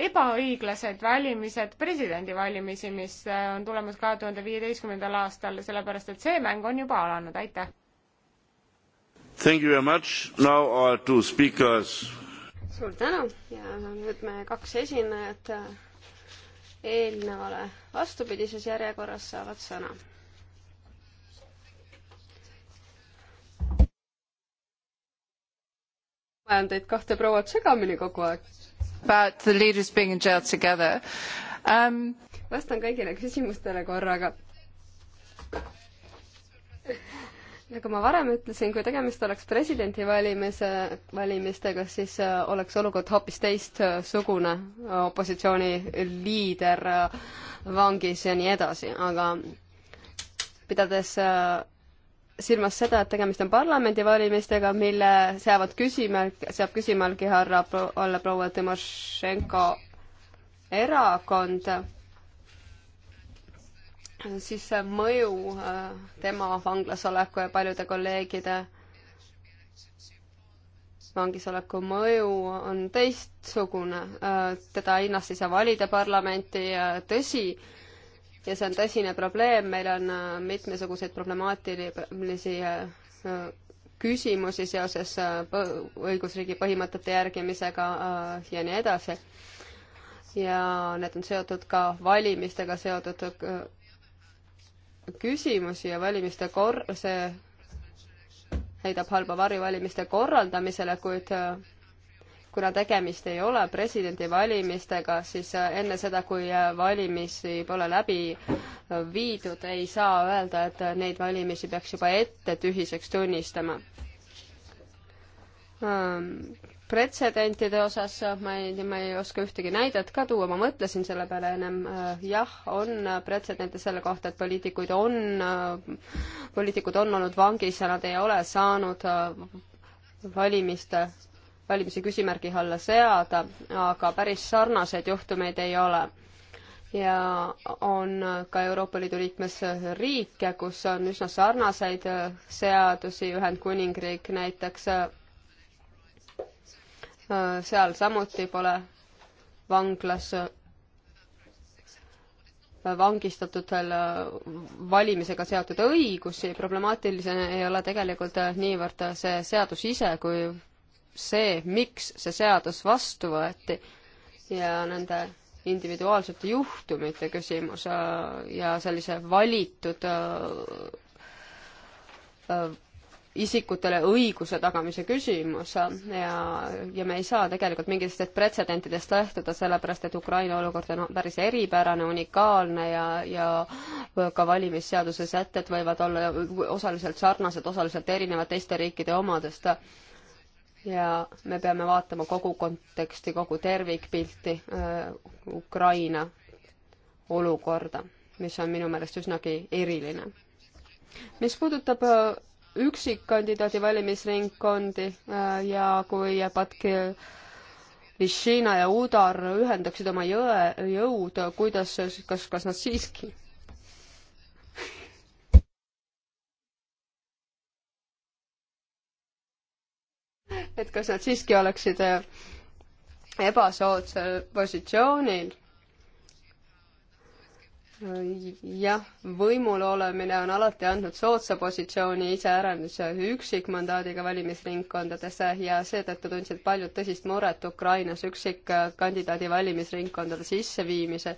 ebaõiglased valimised, presidendivalimisi, mis äh, on tulemas kahe tuhande viieteistkümnendal aastal, sellepärast et see mäng on juba alanud, aitäh! Thank you very much. Now our two speakers. suur tänu ja nüüd me kaks esinejat eelnevale vastupidises järjekorras saavad sõna. ma ajan teid kahte prouat segamini kogu aeg. About the leaders being in jail together um.... vastan kõigile küsimustele korraga nagu ma varem ütlesin, kui tegemist oleks presidendi valimise, valimistega, siis äh, oleks olukord hoopis teistsugune, opositsiooni liider äh, vangis ja nii edasi, aga pidades äh, silmas seda, et tegemist on parlamendivalimistega, mille seavad küsimärk, seab küsimärgi härra pro-, alla proua Timošenko erakond siis see mõju äh, tema vanglas oleku ja paljude kolleegide vangisoleku mõju on teistsugune. Äh, teda hinnast ei saa valida parlamenti, äh, tõsi, ja see on tõsine probleem, meil on mitmesuguseid problemaatilisi küsimusi seoses õigusriigi põhimõtete järgimisega ja nii edasi. ja need on seotud ka valimistega seotud küsimusi ja valimiste kor-, see heidab halba varju valimiste korraldamisele, kuid äh, kuna tegemist ei ole presidendivalimistega, siis äh, enne seda, kui äh, valimisi pole läbi viidud, ei saa öelda, et neid valimisi peaks juba ette tühiseks tunnistama ähm, pretsedentide osas ma ei, ma ei oska ühtegi näidet ka tuua, ma mõtlesin selle peale ennem, äh, jah, on pretsedente selle kohta, et poliitikuid on, äh, poliitikud on olnud vangis ja nad ei ole saanud äh, valimiste, valimisi küsimärgi alla seada, aga päris sarnaseid juhtumeid ei ole ja on ka Euroopa Liidu liikmesriike, kus on üsna sarnaseid seadusi, Ühendkuningriik näiteks Äh, seal samuti pole vanglas äh, vangistatutel äh, valimisega seotud õigusi, problemaatilisena ei ole tegelikult niivõrd see seadus ise, kui see, miks see seadus vastu võeti ja nende individuaalsete juhtumite küsimus ja sellise valitud isikutele õiguse tagamise küsimus ja, ja me ei saa tegelikult mingitest pretsedentidest lähtuda, sellepärast et Ukraina olukord on päris eripärane, unikaalne ja, ja ka valimisseaduse sätted võivad olla osaliselt sarnased, osaliselt erinevad teiste riikide omadest. ja me peame vaatama kogu konteksti, kogu tervikpilti äh, Ukraina olukorda, mis on minu meelest üsnagi eriline. mis puudutab äh, üksikkandidaadi valimisringkondi äh, ja kui Patki Vishina ja Udar ühendaksid oma jõe, jõud, kuidas, kas, kas nad siiski et kas nad siiski oleksid äh, ebasoodsal positsioonil jah, võimul olemine on alati andnud soodsa positsiooni iseäranduse üksikmandaadiga valimisringkondadesse ja seetõttu tundsid paljud tõsist muret Ukrainas üksikkandidaadi valimisringkondade sisseviimise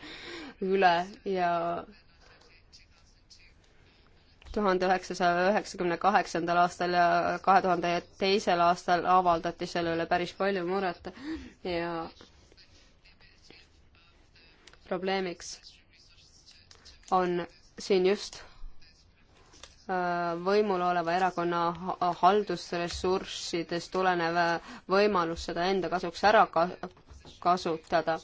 üle ja tuhande üheksasaja üheksakümne kaheksandal aastal ja kahe tuhande teisel aastal avaldati selle üle päris palju muret ja probleemiks on siin just äh, võimul oleva erakonna haldusressurssidest tulenev äh, võimalus seda enda kasuks ära ka kasutada.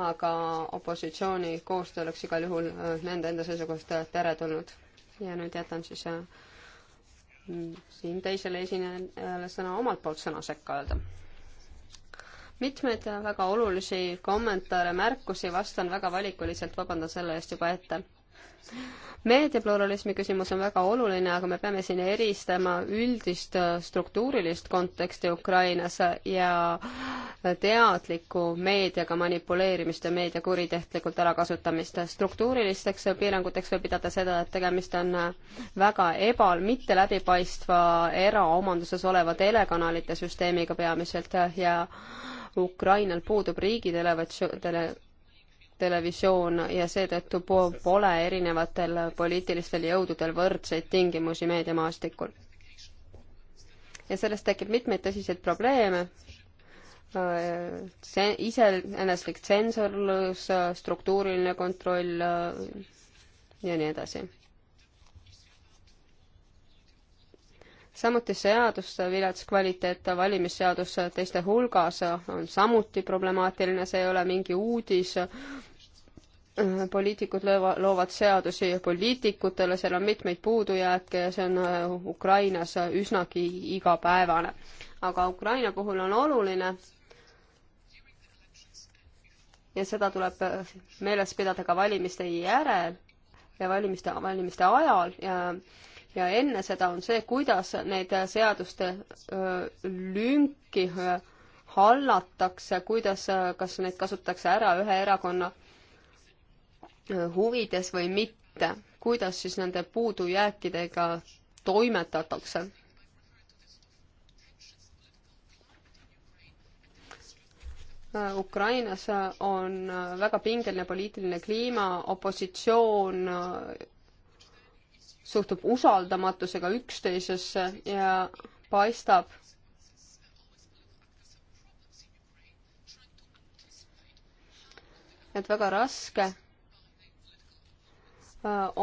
aga opositsiooni koostöö oleks igal juhul äh, nende enda seisukohast teretulnud. ja nüüd jätan siis siin teisele esinejale sõna omalt poolt sõna sekka öelda mitmeid väga olulisi kommentaare, märkusi, vastan väga valikuliselt, vabandan selle eest juba ette. meediapluralismi küsimus on väga oluline, aga me peame siin eristama üldist äh, struktuurilist konteksti Ukrainas ja teadlikku meediaga manipuleerimist ja meedia kuritehtlikult ärakasutamist. struktuurilisteks piiranguteks võib pidada seda, et tegemist on äh, väga eba, mitte läbipaistva eraomanduses oleva telekanalite süsteemiga peamiselt äh, ja Ukrainal puudub riigitelevisioon televisioon ja seetõttu pole erinevatel poliitilistel jõududel võrdseid tingimusi meediamaastikul. ja sellest tekib mitmeid tõsiseid probleeme, äh, see iseeneslik tsensorlus, struktuuriline kontroll äh, ja nii edasi samuti seaduste vilets kvaliteet, valimisseadus teiste hulgas on samuti problemaatiline, see ei ole mingi uudis. poliitikud lööva, loovad seadusi poliitikutele, seal on mitmeid puudujääke ja see on äh, Ukrainas üsnagi igapäevane. aga Ukraina puhul on oluline ja seda tuleb äh, meeles pidada ka valimiste järel ja valimiste, valimiste ajal ja ja enne seda on see, kuidas neid seaduste lünki hallatakse, kuidas, kas neid kasutatakse ära ühe erakonna huvides või mitte, kuidas siis nende puudujääkidega toimetatakse Ukrainas on väga pingeline poliitiline kliima, opositsioon suhtub usaldamatusega üksteisesse ja paistab, et väga raske äh,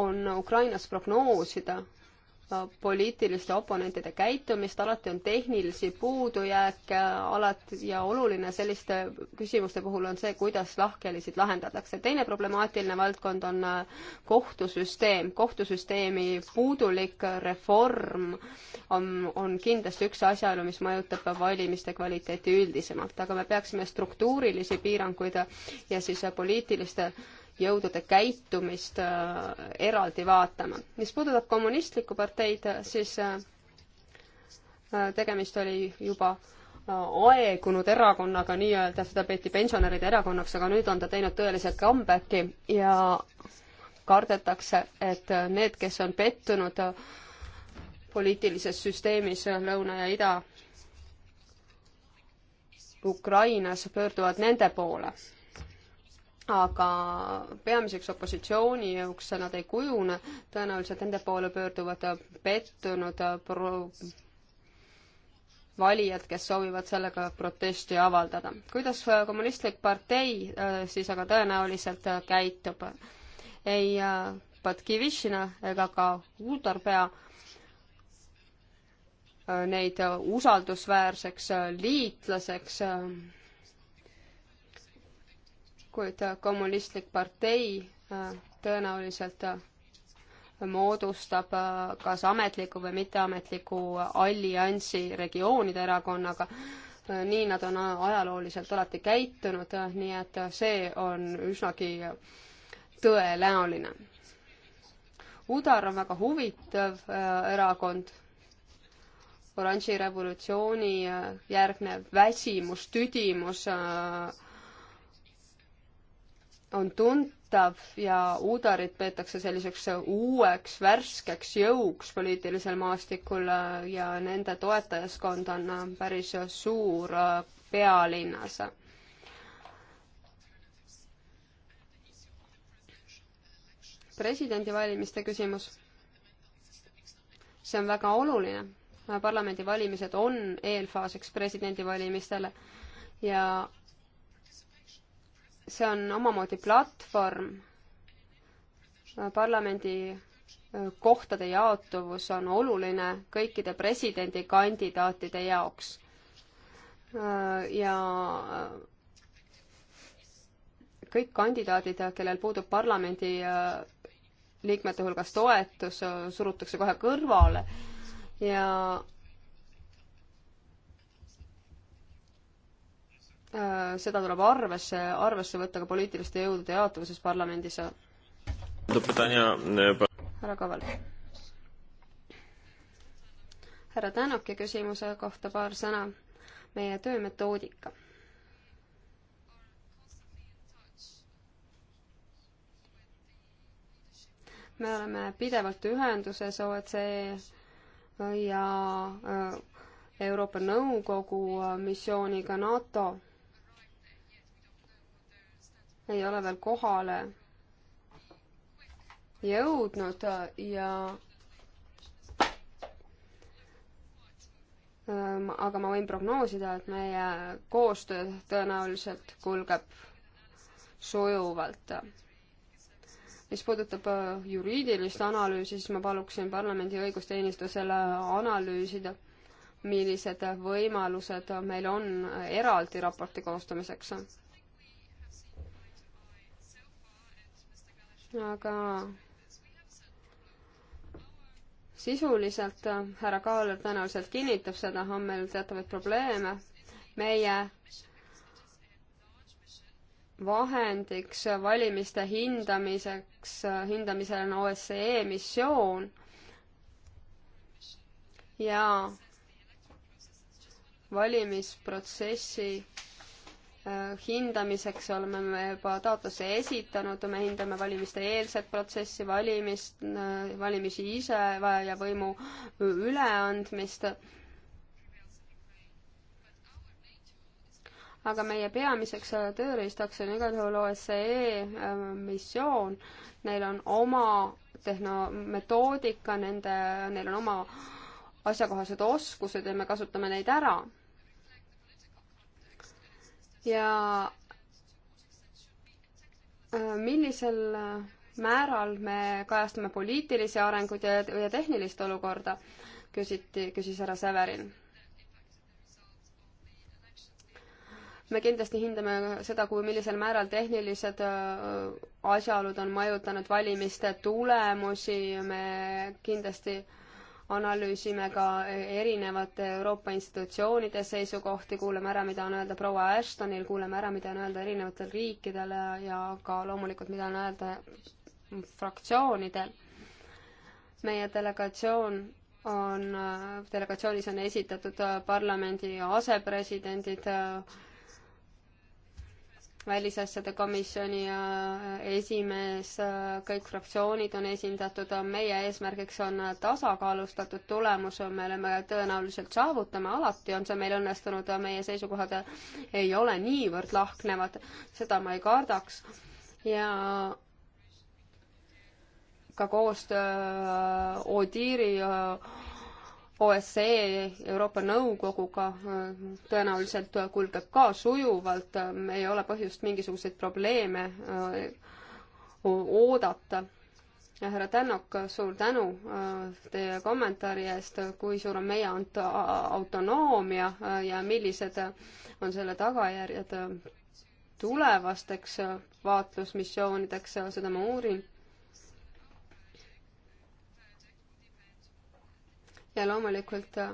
on Ukrainas prognoosida, poliitiliste oponentide käitumist, alati on tehnilisi puudujääke, alati ja oluline selliste küsimuste puhul on see, kuidas lahkhelisid lahendatakse. teine problemaatiline valdkond on äh, kohtusüsteem. kohtusüsteemi puudulik reform on, on kindlasti üks asjaolu, mis mõjutab valimiste kvaliteeti üldisemalt, aga me peaksime struktuurilisi piiranguid ja siis poliitiliste jõudude käitumist äh, eraldi vaatama. mis puudutab kommunistlikku parteid, siis äh, äh, tegemist oli juba aegunud erakonnaga nii-öelda, seda peeti pensionäride erakonnaks, aga nüüd on ta teinud tõelise comeback'i ja kardetakse, et need, kes on pettunud poliitilises süsteemis Lõuna ja Ida Ukrainas, pöörduvad nende poole aga peamiseks opositsioonijõuks nad ei kujune, tõenäoliselt nende poole pöörduvad pettunud pro-, valijad, kes soovivad sellega protesti avaldada. kuidas kommunistlik partei äh, siis aga tõenäoliselt äh, käitub? ei Batkivišina äh, ega ka Uudorpea neid usaldusväärseks liitlaseks kuid äh, kommunistlik partei äh, tõenäoliselt äh, moodustab kas ametliku või mitteametliku alliansi regioonide erakonnaga. nii nad on ajalooliselt alati käitunud, nii et see on üsnagi tõenäoline. Udar on väga huvitav erakond, oranži revolutsiooni järgnev väsimus, tüdimus äh, on tuntav ja Udarit peetakse selliseks uueks värskeks jõuks poliitilisel maastikul äh, ja nende toetajaskond on äh, päris suur äh, pealinnas. presidendivalimiste küsimus. see on väga oluline. parlamendivalimised on eelfaasiks presidendivalimistele ja see on omamoodi platvorm, parlamendi äh, kohtade jaotuvus on oluline kõikide presidendikandidaatide jaoks. Äh, ja äh, kõik kandidaadid, kellel puudub parlamendi liikmete hulgas toetus, surutakse kohe kõrvale ja Äh, seda tuleb arvesse, arvesse võtta ka poliitiliste jõudude jaotuses parlamendis. Äh, härra Kaval. härra Tänoki küsimuse kohta paar sõna. meie töömetoodika. me oleme pidevalt ühenduses OECD ja äh, Euroopa Nõukogu missiooniga NATO ei ole veel kohale jõudnud ja ähm, aga ma võin prognoosida, et meie koostöö tõenäoliselt kulgeb sujuvalt. mis puudutab äh, juriidilist analüüsi, siis ma paluksin parlamendi õigusteenistusele analüüsida, millised võimalused meil on eraldi raporti koostamiseks aga sisuliselt äh, härra Kaaler tõenäoliselt kinnitab seda, on meil teatavaid probleeme. meie vahendiks äh, valimiste hindamiseks, äh, hindamisel on OSCE missioon ja valimisprotsessi Äh, hindamiseks oleme me juba taotluse esitanud, me hindame valimiste eelset protsessi, valimist, äh, valimisi ise ja võimu üleandmist. aga meie peamiseks äh, tööriistaks on igal juhul OSCE missioon, neil on oma tehno-, metoodika, nende, neil on oma asjakohased oskused ja me kasutame neid ära ja äh, millisel määral me kajastame poliitilisi arenguid ja, ja tehnilist olukorda, küsiti, küsis härra Severin. me kindlasti hindame seda, kui millisel määral tehnilised äh, asjaolud on mõjutanud valimiste tulemusi, me kindlasti äh, analüüsime ka erinevate Euroopa institutsioonide seisukohti, kuulame ära, mida on öelda proua Ashtonil, kuulame ära, mida on öelda erinevatel riikidel ja ka loomulikult, mida on öelda fraktsioonidel. meie delegatsioon on, delegatsioonis on esitatud parlamendi asepresidendid, välisasjade komisjoni äh, esimees, äh, kõik fraktsioonid on esindatud, meie eesmärgiks on tasakaalustatud tulemus, me oleme tõenäoliselt saavutame, alati on see meil õnnestunud, meie seisukohad ei ole niivõrd lahknevad, seda ma ei kardaks ja ka koostöö äh, Odiiri OSCE Euroopa Nõukoguga äh, tõenäoliselt äh, kulgeb ka sujuvalt, äh, ei ole põhjust mingisuguseid probleeme oodata. härra Tännok, suur tänu teie kommentaari eest, kui suur on meie ant-, autonoomia ja millised on selle tagajärjed tulevasteks vaatlusmissioonideks, seda ma uurin ja loomulikult äh,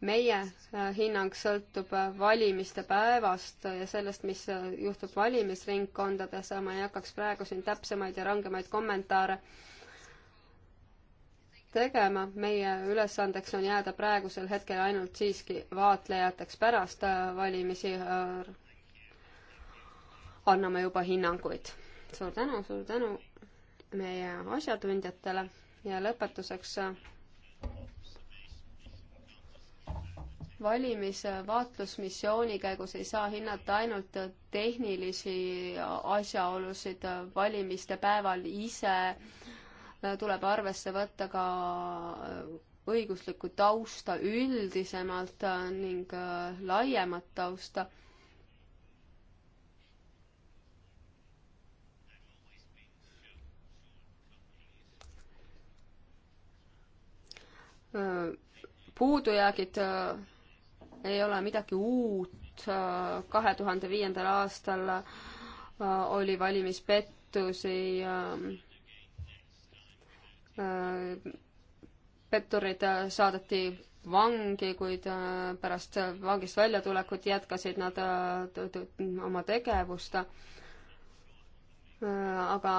meie äh, hinnang sõltub äh, valimiste päevast ja sellest, mis juhtub valimisringkondades, ma ei hakkaks praegu siin täpsemaid ja rangemaid kommentaare tegema, meie ülesandeks on jääda praegusel hetkel ainult siiski vaatlejateks pärast valimisi, anname juba hinnanguid. suur tänu, suur tänu meie asjatundjatele ja lõpetuseks valimisvaatlusmissiooni käigus ei saa hinnata ainult tehnilisi asjaolusid valimiste päeval ise, äh, tuleb arvesse võtta ka äh, õiguslikku tausta üldisemalt äh, ning laiemat tausta. puudujäägid ei ole midagi uut, kahe tuhande viiendal aastal äh, oli valimispettusi, äh, äh, petturid saadeti vangi, kuid pärast vangist väljatulekut jätkasid nad oma tegevust. aga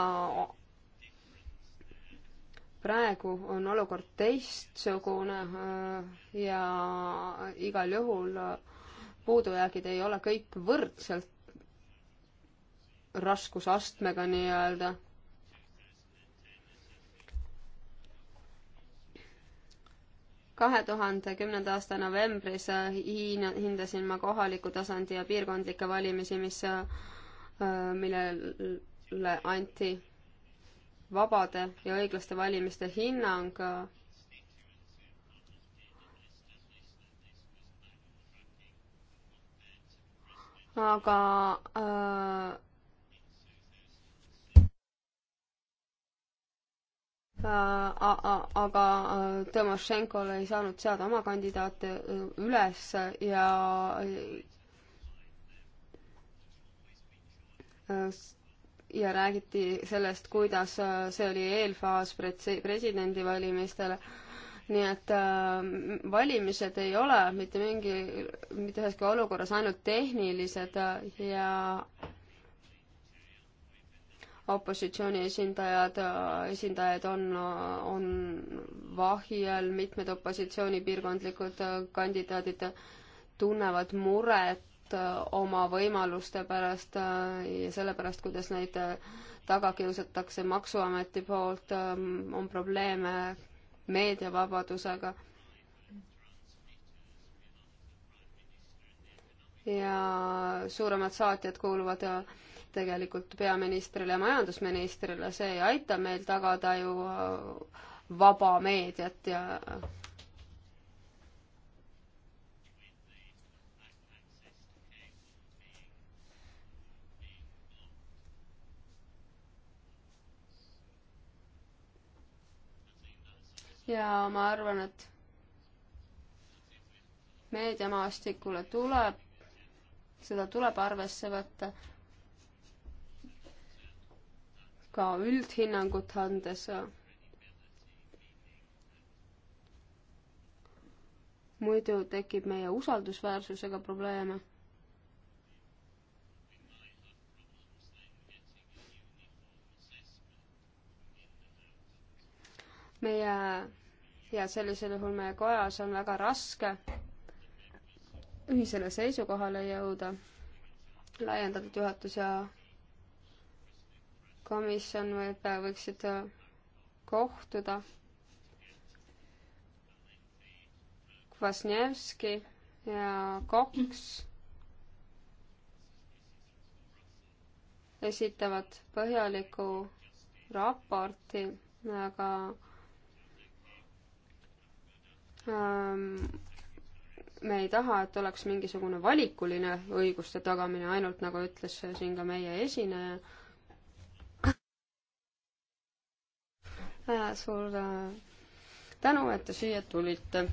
praegu on olukord teistsugune äh, ja igal juhul äh, puudujäägid ei ole kõik võrdselt raskusastmega nii-öelda. kahe tuhande kümnenda aasta novembris äh, Hiina, hindasin ma kohaliku tasandi ja piirkondlikke valimisi, mis, millele anti vabade ja õiglaste valimiste hinnang aga äh, äh, aga Tõmošenkol ei saanud seada oma kandidaate äh, üles ja äh, ja räägiti sellest, kuidas äh, see oli eelfaas presidendivalimistele. nii et äh, valimised ei ole mitte mingi, mitte üheski olukorras ainult tehnilised äh, ja opositsiooni esindajad, äh, esindajad on, on vahi all, mitmed opositsioonipiirkondlikud kandidaadid tunnevad muret muret äh, oma võimaluste pärast äh, ja selle pärast, kuidas neid äh, taga kiusatakse Maksuameti poolt, ähm, on probleeme meediavabadusega. ja suuremad saatjad kuuluvad tegelikult peaministrile ja majandusministrile, see ei aita meil tagada ju vaba meediat ja ja ma arvan, et meediamaastikule tuleb, seda tuleb arvesse võtta ka üldhinnangut andes. muidu tekib meie usaldusväärsusega probleeme. meie ja sellisel juhul meie kojas on väga raske ühisele seisukohale jõuda. laiendatud juhatus ja komisjon võib, võiksid kohtuda. Kvasnevski ja Koks esitavad põhjaliku raporti, aga Ehm, me ei taha, et oleks mingisugune valikuline õiguste tagamine, ainult nagu ütles siin ka meie esineja. Äh, suur äh, tänu, et te siia tulite.